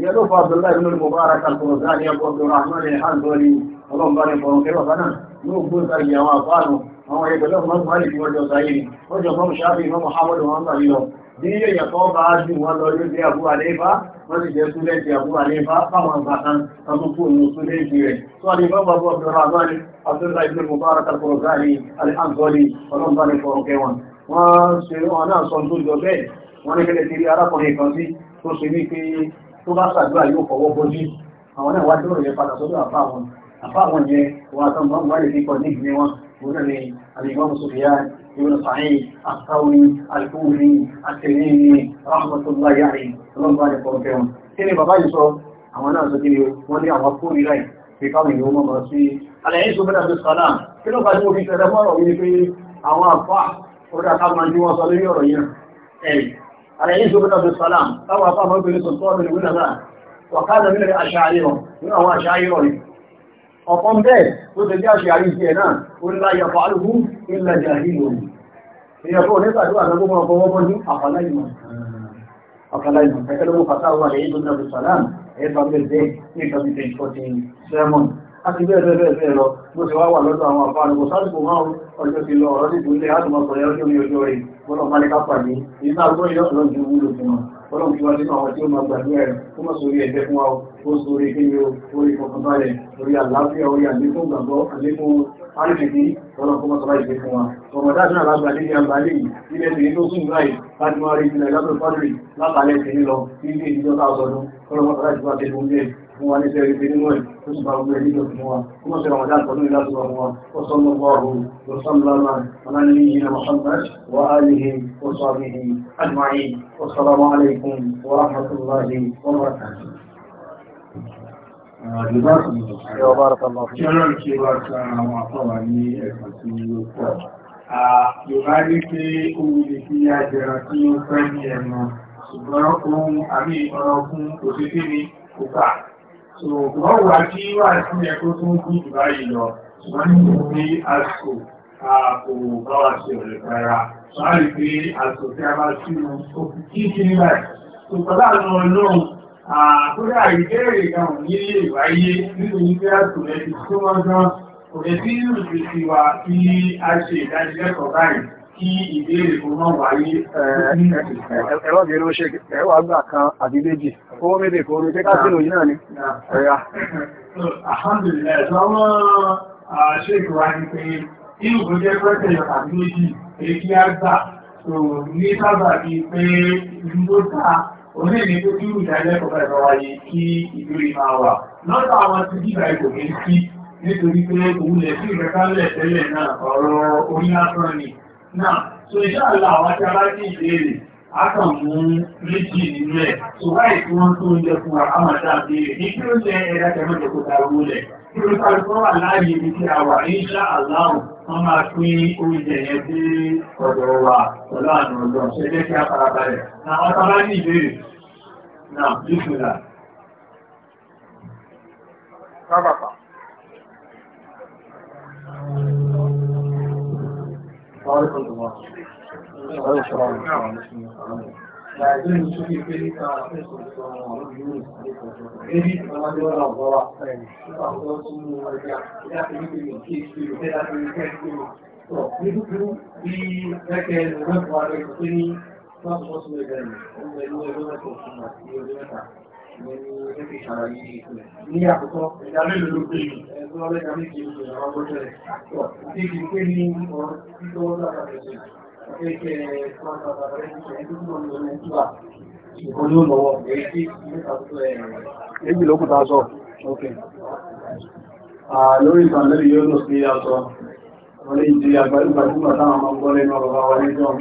ìyẹn ló fa Abdullahi ibn Mubarak al-Qur'ani Abdurrahman al-Hanbali ọlọ́run bá ní fọ̀rọ̀ kẹwàá kan náà ní ògbó sáyé àwọn àfáànù àwọn ẹgbẹ̀lẹ́ ọmọ mọ́lì tí wọ́n jọ sáyé ni wọ́n jọ mọ́mù ṣáàbì mọ́mù hamadu wọn bá lílọ bí iye ìyàtọ̀ bá jù wọn lọ ní ilé àbú àléfà wọ́n sì jẹ́ súlẹ̀tì àbú àléfà fáwọn àgbàkan àtúntò ní súlẹ̀tì rẹ̀ tó wà ní bàbá bú Abdurrahman Abdullahi ibn Mubarak al-Qur'ani al-Hanbali ọlọ́run bá kẹwàá wọ́n ṣe wọn náà sọ tó jọ bẹ́ẹ̀ wọ́n ní kẹ́lẹ̀ ti arákùnrin kan sí tó ṣe wípé tó bá ṣàdúrà yóò fọwọ́ bójú àwọn náà wájú rẹ̀ padà sọ́dọ̀ àfa wọn àfa wọn yẹn wọn àtọ́ mọ́ wọn lè kíkọ ní ìgbìmọ̀ wọn wọn náà ní alimọ́mù sọfìyà ibùdó sàáyìn àtàwí alkúwì àtẹ̀lẹ́yìn rahmatulahi àrí ọlọ́mọba ní kọ̀ọ̀kẹ́ wọn. kí ni bàbá yìí sọ àwọn náà sọ kí ni wọ́n ní àwọn kúrì láì fi káwọn ìlú mọ̀ mọ̀ sí alẹ́ yìí sọ bẹ́ẹ̀ àti sàlá kí ló bá ní mo fi tẹ̀lé mọ́rọ̀ pé àwọn àfa ó dá ká máa ní wọn sọ lórí ọ̀rọ̀ yẹn على يوسف بن عبد السلام أو أعطاه ربه سلطان من العلماء وقال من الأشاعرة من هو أشاعرة أقوم به وتجي أشاعري فينا ولا يفعله إلا جاهل يقول هذا هو أنا أقوم أقوم أفلا يمكن أفلا يمكن فكلمه فتاة الله بن عبد السلام عيد بن عبد الزيت 2014 sermon àti bẹ́ẹ̀ bẹ́ẹ̀ bẹ́ẹ̀ lọ bó ṣe wá wà lọ́dọ̀ àwọn àfáàní kò sásìkò máa ń ọjọ́ ti lọ ọ̀rọ̀ nígbò ilé àtùmọ̀ sọ̀rọ̀ ọjọ́ ní ọjọ́ rẹ̀ bọ́lọ̀ málékà pàdé èyí náà gbọ́ ìyọ́ ọ̀rọ̀ ju wúlò fún wọn bọ́lọ̀ fi wá nínú àwọn tí ó máa gbàdúrà rẹ̀ kó mọ̀ sórí ẹ̀jẹ̀ fún wa ó sórí kíni o orí ìfọ̀kànbalẹ̀ orí àlàáfíà orí àlékún gbàgbọ́ àlékún alìsìkí ọ̀rọ̀ kó mọ̀ sọ́lá ìgbé fún wa ọmọdé àti náà lágbàdé ní àgbàdé yìí ilẹ̀ tèmi tó sùn láì láti máa rí ìpínlẹ̀ وأن يبين تصبح بيدكم ومصر وذات قدوم الله سبحانه وصلى الله وسلم على نبينا محمد وآله وصحبه أجمعين والسلام عليكم ورحمة الله وبركاته. Bàbá Allah. Ṣọ́rọ̀ ṣe wá sára àwọn àpọ̀wà ní ẹ̀kùn tí ó pọ̀. Yorùbá ní pé ohun lè fi àjẹ̀rà tí ó fẹ́ ní ẹ̀mọ̀, ṣùgbọ́n ohun àmì ọ̀rọ̀ fún òṣèké ni kò fà ṣùgbọ́n wà tí wà sí ẹ̀kọ́ tó ń kú ìgbà yìí lọ ṣùgbọ́n ní kò ní àṣò àpò bá wà sí ọ̀rẹ́ rárá wọ́n pé àṣò tí a bá sí mu ó fi kí sí nígbà tó pẹ̀lú àwọn ọlọ́run àkórí àìbéèrè kan ò ní lè wáyé nítorí pé àṣò rẹ̀ ti tó wọ́n gan kò lè sí ìrùsì wa kí a ṣe ìdánilẹ́kọ̀ọ́ báyìí kí ìbéèrè fún náà wáyé ẹ̀rọ bí ló ṣe ẹwà gbà kan àti méjì owó méjì kò orí tẹ́ká sínú yìí náà ni ẹ̀yà alhamdulillah ìjọmọ́ ṣe ìwà ní pé inú kò jẹ́ pẹ́tẹ̀ àti méjì èkí àgbà tó ní sábà bí pé ìlú tó ta oní ní tó dúró ìdálẹ́kọ̀ọ́ bẹ̀rẹ̀ wáyé kí ìbéèrè máa wà lọ́dọ̀ àwọn ti bí ìbáyé kò ní sí nítorí pé òun lẹ̀ sí ìrẹ́kálẹ̀ tẹ́lẹ̀ náà ọ̀rọ̀ orí lásán ni náà so iṣẹ́ àlà àwọn tí a bá kí ìbéèrè a méjì nínú ẹ̀ so wáyé tí wọ́n tó ń jẹ fún wa a béèrè ní kí ló jẹ ẹ̀dá tẹ̀mọ́ jẹ kó lẹ̀ kí wà láàyè ibi tí a wà iṣẹ́ wa pẹ̀lú ṣe jẹ́ kí a farabalẹ̀ àwọn tí a bá Wàhálà ìgbà. Wàhálà ìṣòro àwọn ìṣòro àwọn ìṣòro àwọn ìṣòro. Ìgbàgbé ni ṣe fi pé ká fẹ́ sọ̀rọ̀ àwọn ìlú ìṣẹ́kọ̀ọ́. Ebi ọmọdé wọn náà bọ́ wa. Nípa ọ̀dọ́ tó mú ọjà, ìjà tó ní pé mi kí èsì rẹ̀ fẹ́ láti rí fẹ́ sí mi. Sọ ní kúkúrú bí rẹ́kẹ̀ ẹnu rẹ́pọ̀ àrẹ ìṣẹ́ ní wọ́n sọ sí ẹgbẹ̀rún, ó ń bẹ ní ọjọ́ mẹ́ta ní àkọ́kọ́ ẹ̀dá mélòó ló pé ẹ̀dọ́ ọlẹ́dá méjì ló pè àwọn ọjọ́ rẹ̀ pọ̀ tí kì í pé ní ọ̀rọ̀ títọ́ lára ẹ̀sẹ̀ ẹ̀kẹ́ pátá bàbá rẹ̀ ti ṣẹ̀yìn tó túnmọ̀ ní ọmọ ìtura ìbọn ló lọ́wọ́ èyí tí mẹ́ta tó ẹ̀ èyí ló kùtà sọ okay lórí ìtàn yóò lọ sí aṣọ wọlé ìdí àgbàlúgbàlúgbà táwọn ọmọ gbọ́lẹ́nu ọ̀rọ̀ wa wọlé náà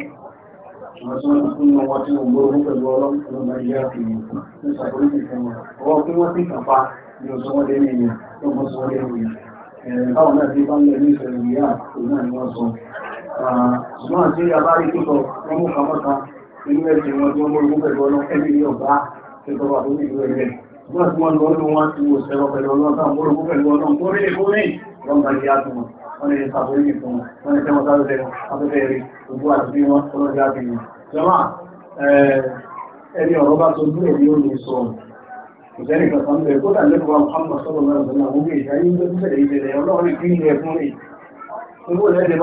Báwọn náà ti bá ń lẹ ní ìṣẹ̀lẹ̀ ìyá òun náà ni wọ́n sọ. Ṣùgbọ́n àti àbárí kíkọ̀ wọ́n mú kàmọ́ta inú ẹ̀sìn wọn tí wọ́n mú orúkú pẹ̀lú ọlọ́ ẹ̀mí ní ọ̀gá ìjọba tó ní ìlú ẹ̀rẹ́. Ṣùgbọ́n àti wọ́n lọ́ọ́ lọ́wọ́ wọn wọ́n lè ṣàbóyìn fún wọn wọ́n lè tẹ́wọ́n sáré afẹ́fẹ́ rí ògbó àti bí wọ́n tó lọ́jà bí wọn. jọba ẹni ọ̀rọ̀ bá sojú ẹ̀mí ó lè sọ kò sẹ́ni kankan bẹ̀rẹ̀ kó dàn lẹ́kọ̀ọ́ Muhammad sọ́dọ̀ mẹ́rin sọ́dọ̀ àwọn ọmọ kí ilẹ̀ fún rè owó lẹ́sẹ̀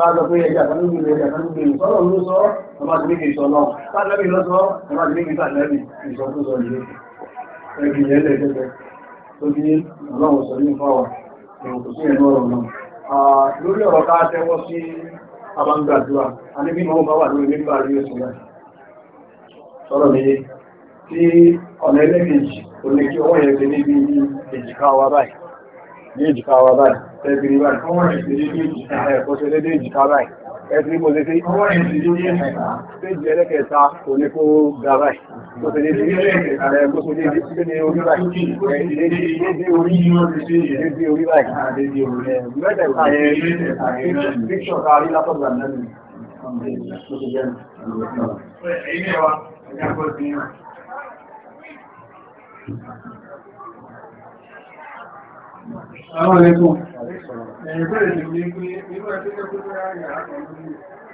bá lórí ọ̀rọ̀ ká tẹ́wọ́ sí abangbàdúrà a ní bí mọ́ bá wà lórí nígbà rí ẹ̀sùn náà sọ́rọ̀ mi tí ọ̀nà ẹlẹ́gbẹ̀ẹ́jì kò ní kí ọwọ́ yẹn ti níbi èjìká wa báyìí ní èjìká wa báyìí tẹ́bìrì báyìí ọwọ́ yẹn ti níbi èjìká báyìí ẹ̀ẹ́dì Àwọn ẹ̀kùn, ẹ̀yìn pẹ̀lẹ̀ ìgbé pé nígbà tí ó kẹ́kọ̀ọ́ yára yàrá kan lórí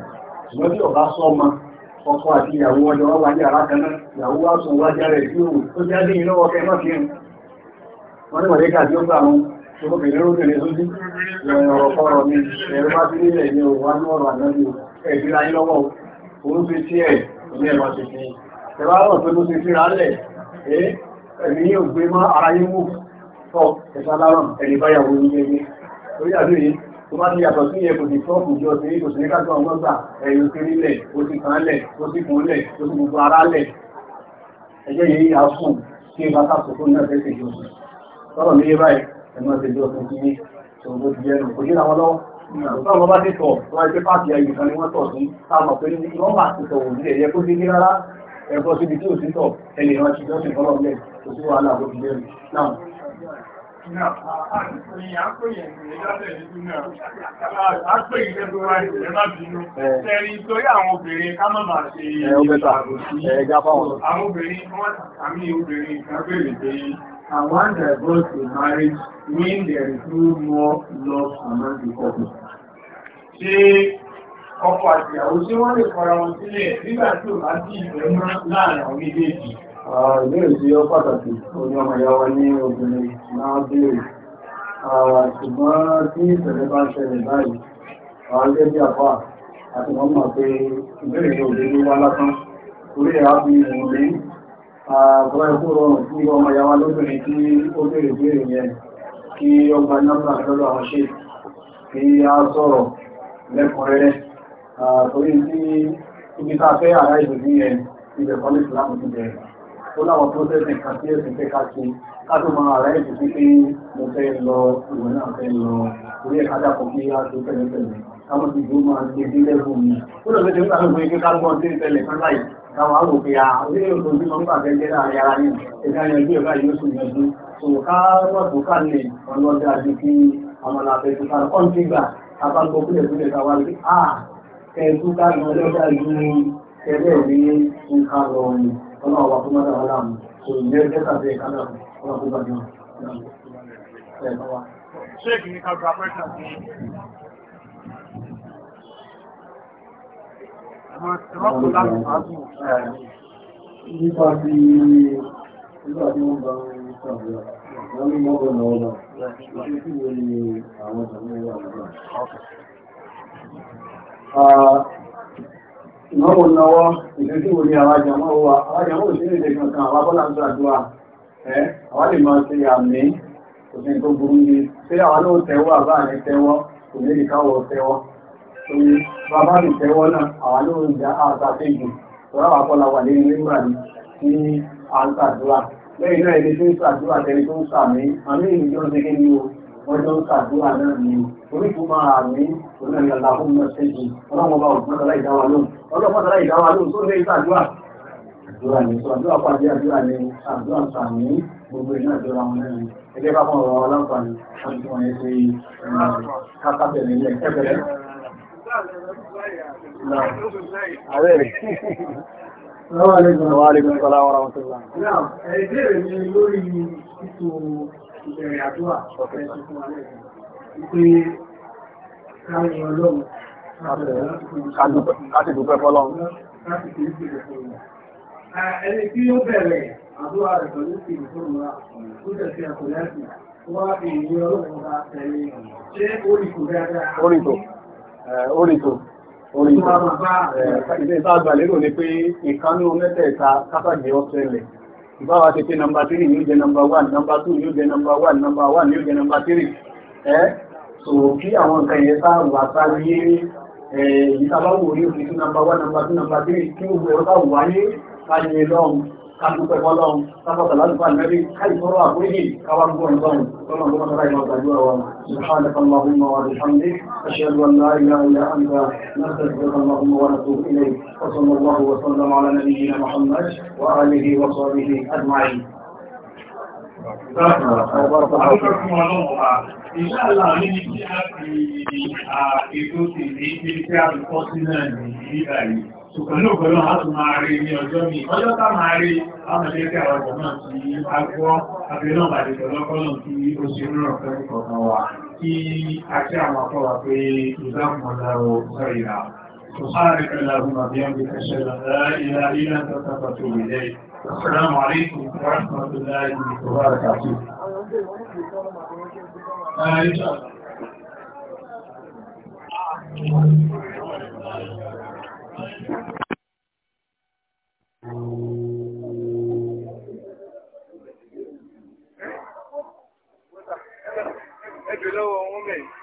ṣùgbọ́n ọba sọ ọmọ ọkọ àti ìyàwó ọjọ́ wá wáyé alákaná ìyàwó wá sùn wájá rẹ̀ tí òun tó jẹ́ ní ìlọ́wọ́ kẹ mọ́ kírun wọ́n ní wọ̀lé kàdí ó gbà wọn obìnrin lóbìnrin lójú ọ̀rọ̀ mi ẹ̀rọ tó bá ti yàtọ̀ sí yẹ kò sì tọ́ọ̀kù jọ sí kò sì ní kájọ ọgbọ́gbà ẹ̀yìn kiri lẹ̀ ó ti kàn lẹ̀ ó ti kún lẹ̀ ó ti gbogbo ara lẹ̀ ẹjẹ́ yìí yà fún kí bá ká sọ fún náà fẹ́ ṣe jọ sí sọ́rọ̀ mi yé báyìí ẹ̀mọ́ ṣe jọ fún kí ṣòro tó ti jẹ́nu kò ní àwọn lọ́wọ́ Ìgbàlọ́pàá ọmọ bá ni wọ́n tọ̀ sí, síbi tí ò sí tọ̀, ẹlẹ́yìn wọn ti jọ́sìn fọ́lọ́ọ̀lẹ̀, kò sí wàhálà bó ti jẹ́rìí. Náà. Ẹ̀rin torí àwọn obìnrin ká mọ́ máa ṣe ẹ̀ẹ́gá fáwọn. Àwọn obìnrin, wọ́n àmì obìnrin kan bèèrè pé àwọn àjẹ̀gbọ́ to marriage when there is no more love among the couple. Ṣé ọkọ àti ìyàwó ṣé wọ́n lè fara wọn sílẹ̀ nígbà tí ò bá sí ìfẹ́ mọ́ láàrin àwọn méjèèjì? ìbéèrè tí ó pàtàkì oní ọmọ ìyá wa ní obìnrin náà béèrè ṣùgbọ́n tí ìṣẹ̀lẹ̀ bá ṣẹlẹ̀ báyìí àwọn ilé bí àpá àti wọ́n mọ̀ pé ìbéèrè ní òde ní wá lásán orí ẹ̀ á fi ìrìn lé àbúrò ẹ̀kú rọrùn fún ọmọ ìyá wa lóbìnrin tí ó béèrè béèrè yẹn kí ọgbà nọ́mbà lọ́dọ̀ àwọn ṣe kí a sọ̀rọ̀ ó láwọn prọ́sẹ̀sì kan tí ẹ̀sìn fẹ́ ká ṣe ká tó máa rẹ̀ ètò sí pé mo fẹ́ lọ ìwé náà fẹ́ lọ orí ẹ̀ka dàpọ̀ kí á tó tẹ̀lẹ̀tẹ̀lẹ̀ káwọn ti dúró máa gbé dé lẹ́gùn mi ó lọ fẹ́ tẹ̀lé àwọn ìgbé kágbọ́n tí ń tẹ̀lẹ̀ kan láì káwọn á wò pé a orílẹ̀ èdè ojú lọ́nà bàbá ẹgbẹ́ láàrin ara ní ẹ̀ka yanjú ẹ̀ka yóò sì yanjú so ká wọ́n tó ká lè ọlọ́dẹ àti gbà àbágbó kúlẹ̀ kúlẹ̀ káwá lé à kẹ́ẹ̀tú ká lọ lọ́dẹ àti kẹ́ẹ̀lẹ́ òní ọmọ ọba tó mọ́ta wà láàmú kò ní ẹgbẹ́ tàbí ẹ̀ká náà wọ́n kó gbàjọ ṣé kìí ká gba pẹ́ta sí Nípa bí nígbà tí wọ́n bá ń sàbíyà, wọ́n ní mọ́bọ̀ lọ́wọ́ náà, wọ́n tí wọ́n ní àwọn ìjọba ìwà àgbà ìmọ̀wò náwọ́ ìdójú wo ni àwọn àjàmọ́ wa àwọn àjàmọ́ ò sí lè dẹ̀kan kan àwọn abọ́lá ń ṣàdúrà ẹ́ àwọn lè máa ṣe àmì kò sí tó burú ni ṣé àwọn náà tẹ́wọ́ àbá àní tẹ́wọ́ kò ní lè káwọ́ tẹ́wọ́ torí bàbá mi tẹ́wọ́ náà àwọn náà ń jà àtàkéjì tọ́lá wà kọ́lá wà ní nígbà tí à ń ṣàdúrà lẹ́yìn náà tó ń ṣàdúrà tẹni tó ń ṣàmì àmì ìjọ ń ṣe ni o ọjọ́ ṣàdúrà náà ni orí tó máa àmì onílẹ̀ làkúnmọ̀ ṣe jù ọlọ́mọba òṣùpá láìdáwà lóhùn ọlọ́pàá tàbí ìdáwà ló tó lé ìsàdúrà àdúrà ní sọ àdúrà pàdé àdúrà ní àdúrà sàmì gbogbo iná àdúrà wọn lẹ́nu ẹgbẹ́ bá mọ̀ ọ̀rọ̀ ọlọ́pàá àti wọn yẹn ṣe kápábẹ̀ nílẹ̀ ẹgbẹ̀rẹ̀. Àwọn àlejò wà lè gbọ́n sọ́lá wọ́n ráwọ́ tó lá. Ẹ̀ẹ́dẹ́rẹ̀ mi lórí ètò ìbẹ̀rẹ̀ àdúrà ọ̀fẹ́ tuntun alẹ́ ọlọ́run káti dúpẹ́ fọ́lọ́run. Ẹni tí ó bẹ̀rẹ̀ àdúrà rẹ̀ pẹ̀lú sí ìfòrúra, ó tẹ̀sí àkùnlẹ́sì, ó wá fi ìwé ọlọ́run bá tẹ̀lé. Ṣé ó rí kò dáadáa? Ó rí tò, ó rí tò, ó rí tò. Ìdí ìta àgbà lérò ni pé ìkánú mẹ́tẹ̀ẹ̀ta kátàgbé ọ̀sẹ̀lẹ̀. Ìbáwa ti pé nọmba 3 ni ó jẹ nọmba 1, nọmba 2 ni ó jẹ nọmba 1, nọmba 1 ni ó jẹ nọmba 3. Ẹ́ so kí àwọn nǹkan yẹn sáà wà sáà yé ìtàbáwò orí òfin tí nàmbà wá nàmbà tí nàmbà tí kí gbogbo ẹ̀rọ bá wà ní ayé lọ́run kàdúpẹ̀ fọ́lọ́run sábọ̀tà lálùfà lẹ́rí káìsọ́rọ̀ àkóyè káwà gbọ́ ìlọ́run lọ́nà tó mọ́tàrà ìmọ̀ gbàdúrà wa سبحانك اللهم وبحمدك أشهد أن لا إله إلا أنت نستغفرك اللهم ونتوب إليك وصلى الله وسلم على نبينا محمد وآله وصحبه أجمعين Àwọn akẹ́kọ̀ọ́ ọlọ́wọ́ wa, ìṣàlá ní kí a fi ètò sí ní ilé tí a fi kọ́ sí náà ní ìgbà yìí. Ṣùgbọ́n ní òpèrè wọn, a tún máa rí ní ọjọ́ mi. Ọjọ́ tá máa rí, a máa jẹ́ kí àwọn ọ̀pọ̀ náà ti agbọ́, àbẹ̀ náà bàjẹ́ tọ́lọ́kọ́lọ́ tí ó ṣe rírọ̀ fẹ́ kọ̀ọ̀kan wa. Kí a kí àwọn akọ́wà pé ìdáhùnmọ́lá o sọ́yìnà. Ṣùgbọ́n àrẹ́kẹ́lá ọmọ bí ọmọ bí ẹṣẹ́ lọ, ẹ̀rẹ́ ilẹ̀ ilẹ̀ tó tàbí ọ̀tọ̀ ìlẹ́yìn. السلام عليكم ورحمة الله وبركاته Ẹgbẹ̀lọ́wọ̀ wọn mẹ́rin.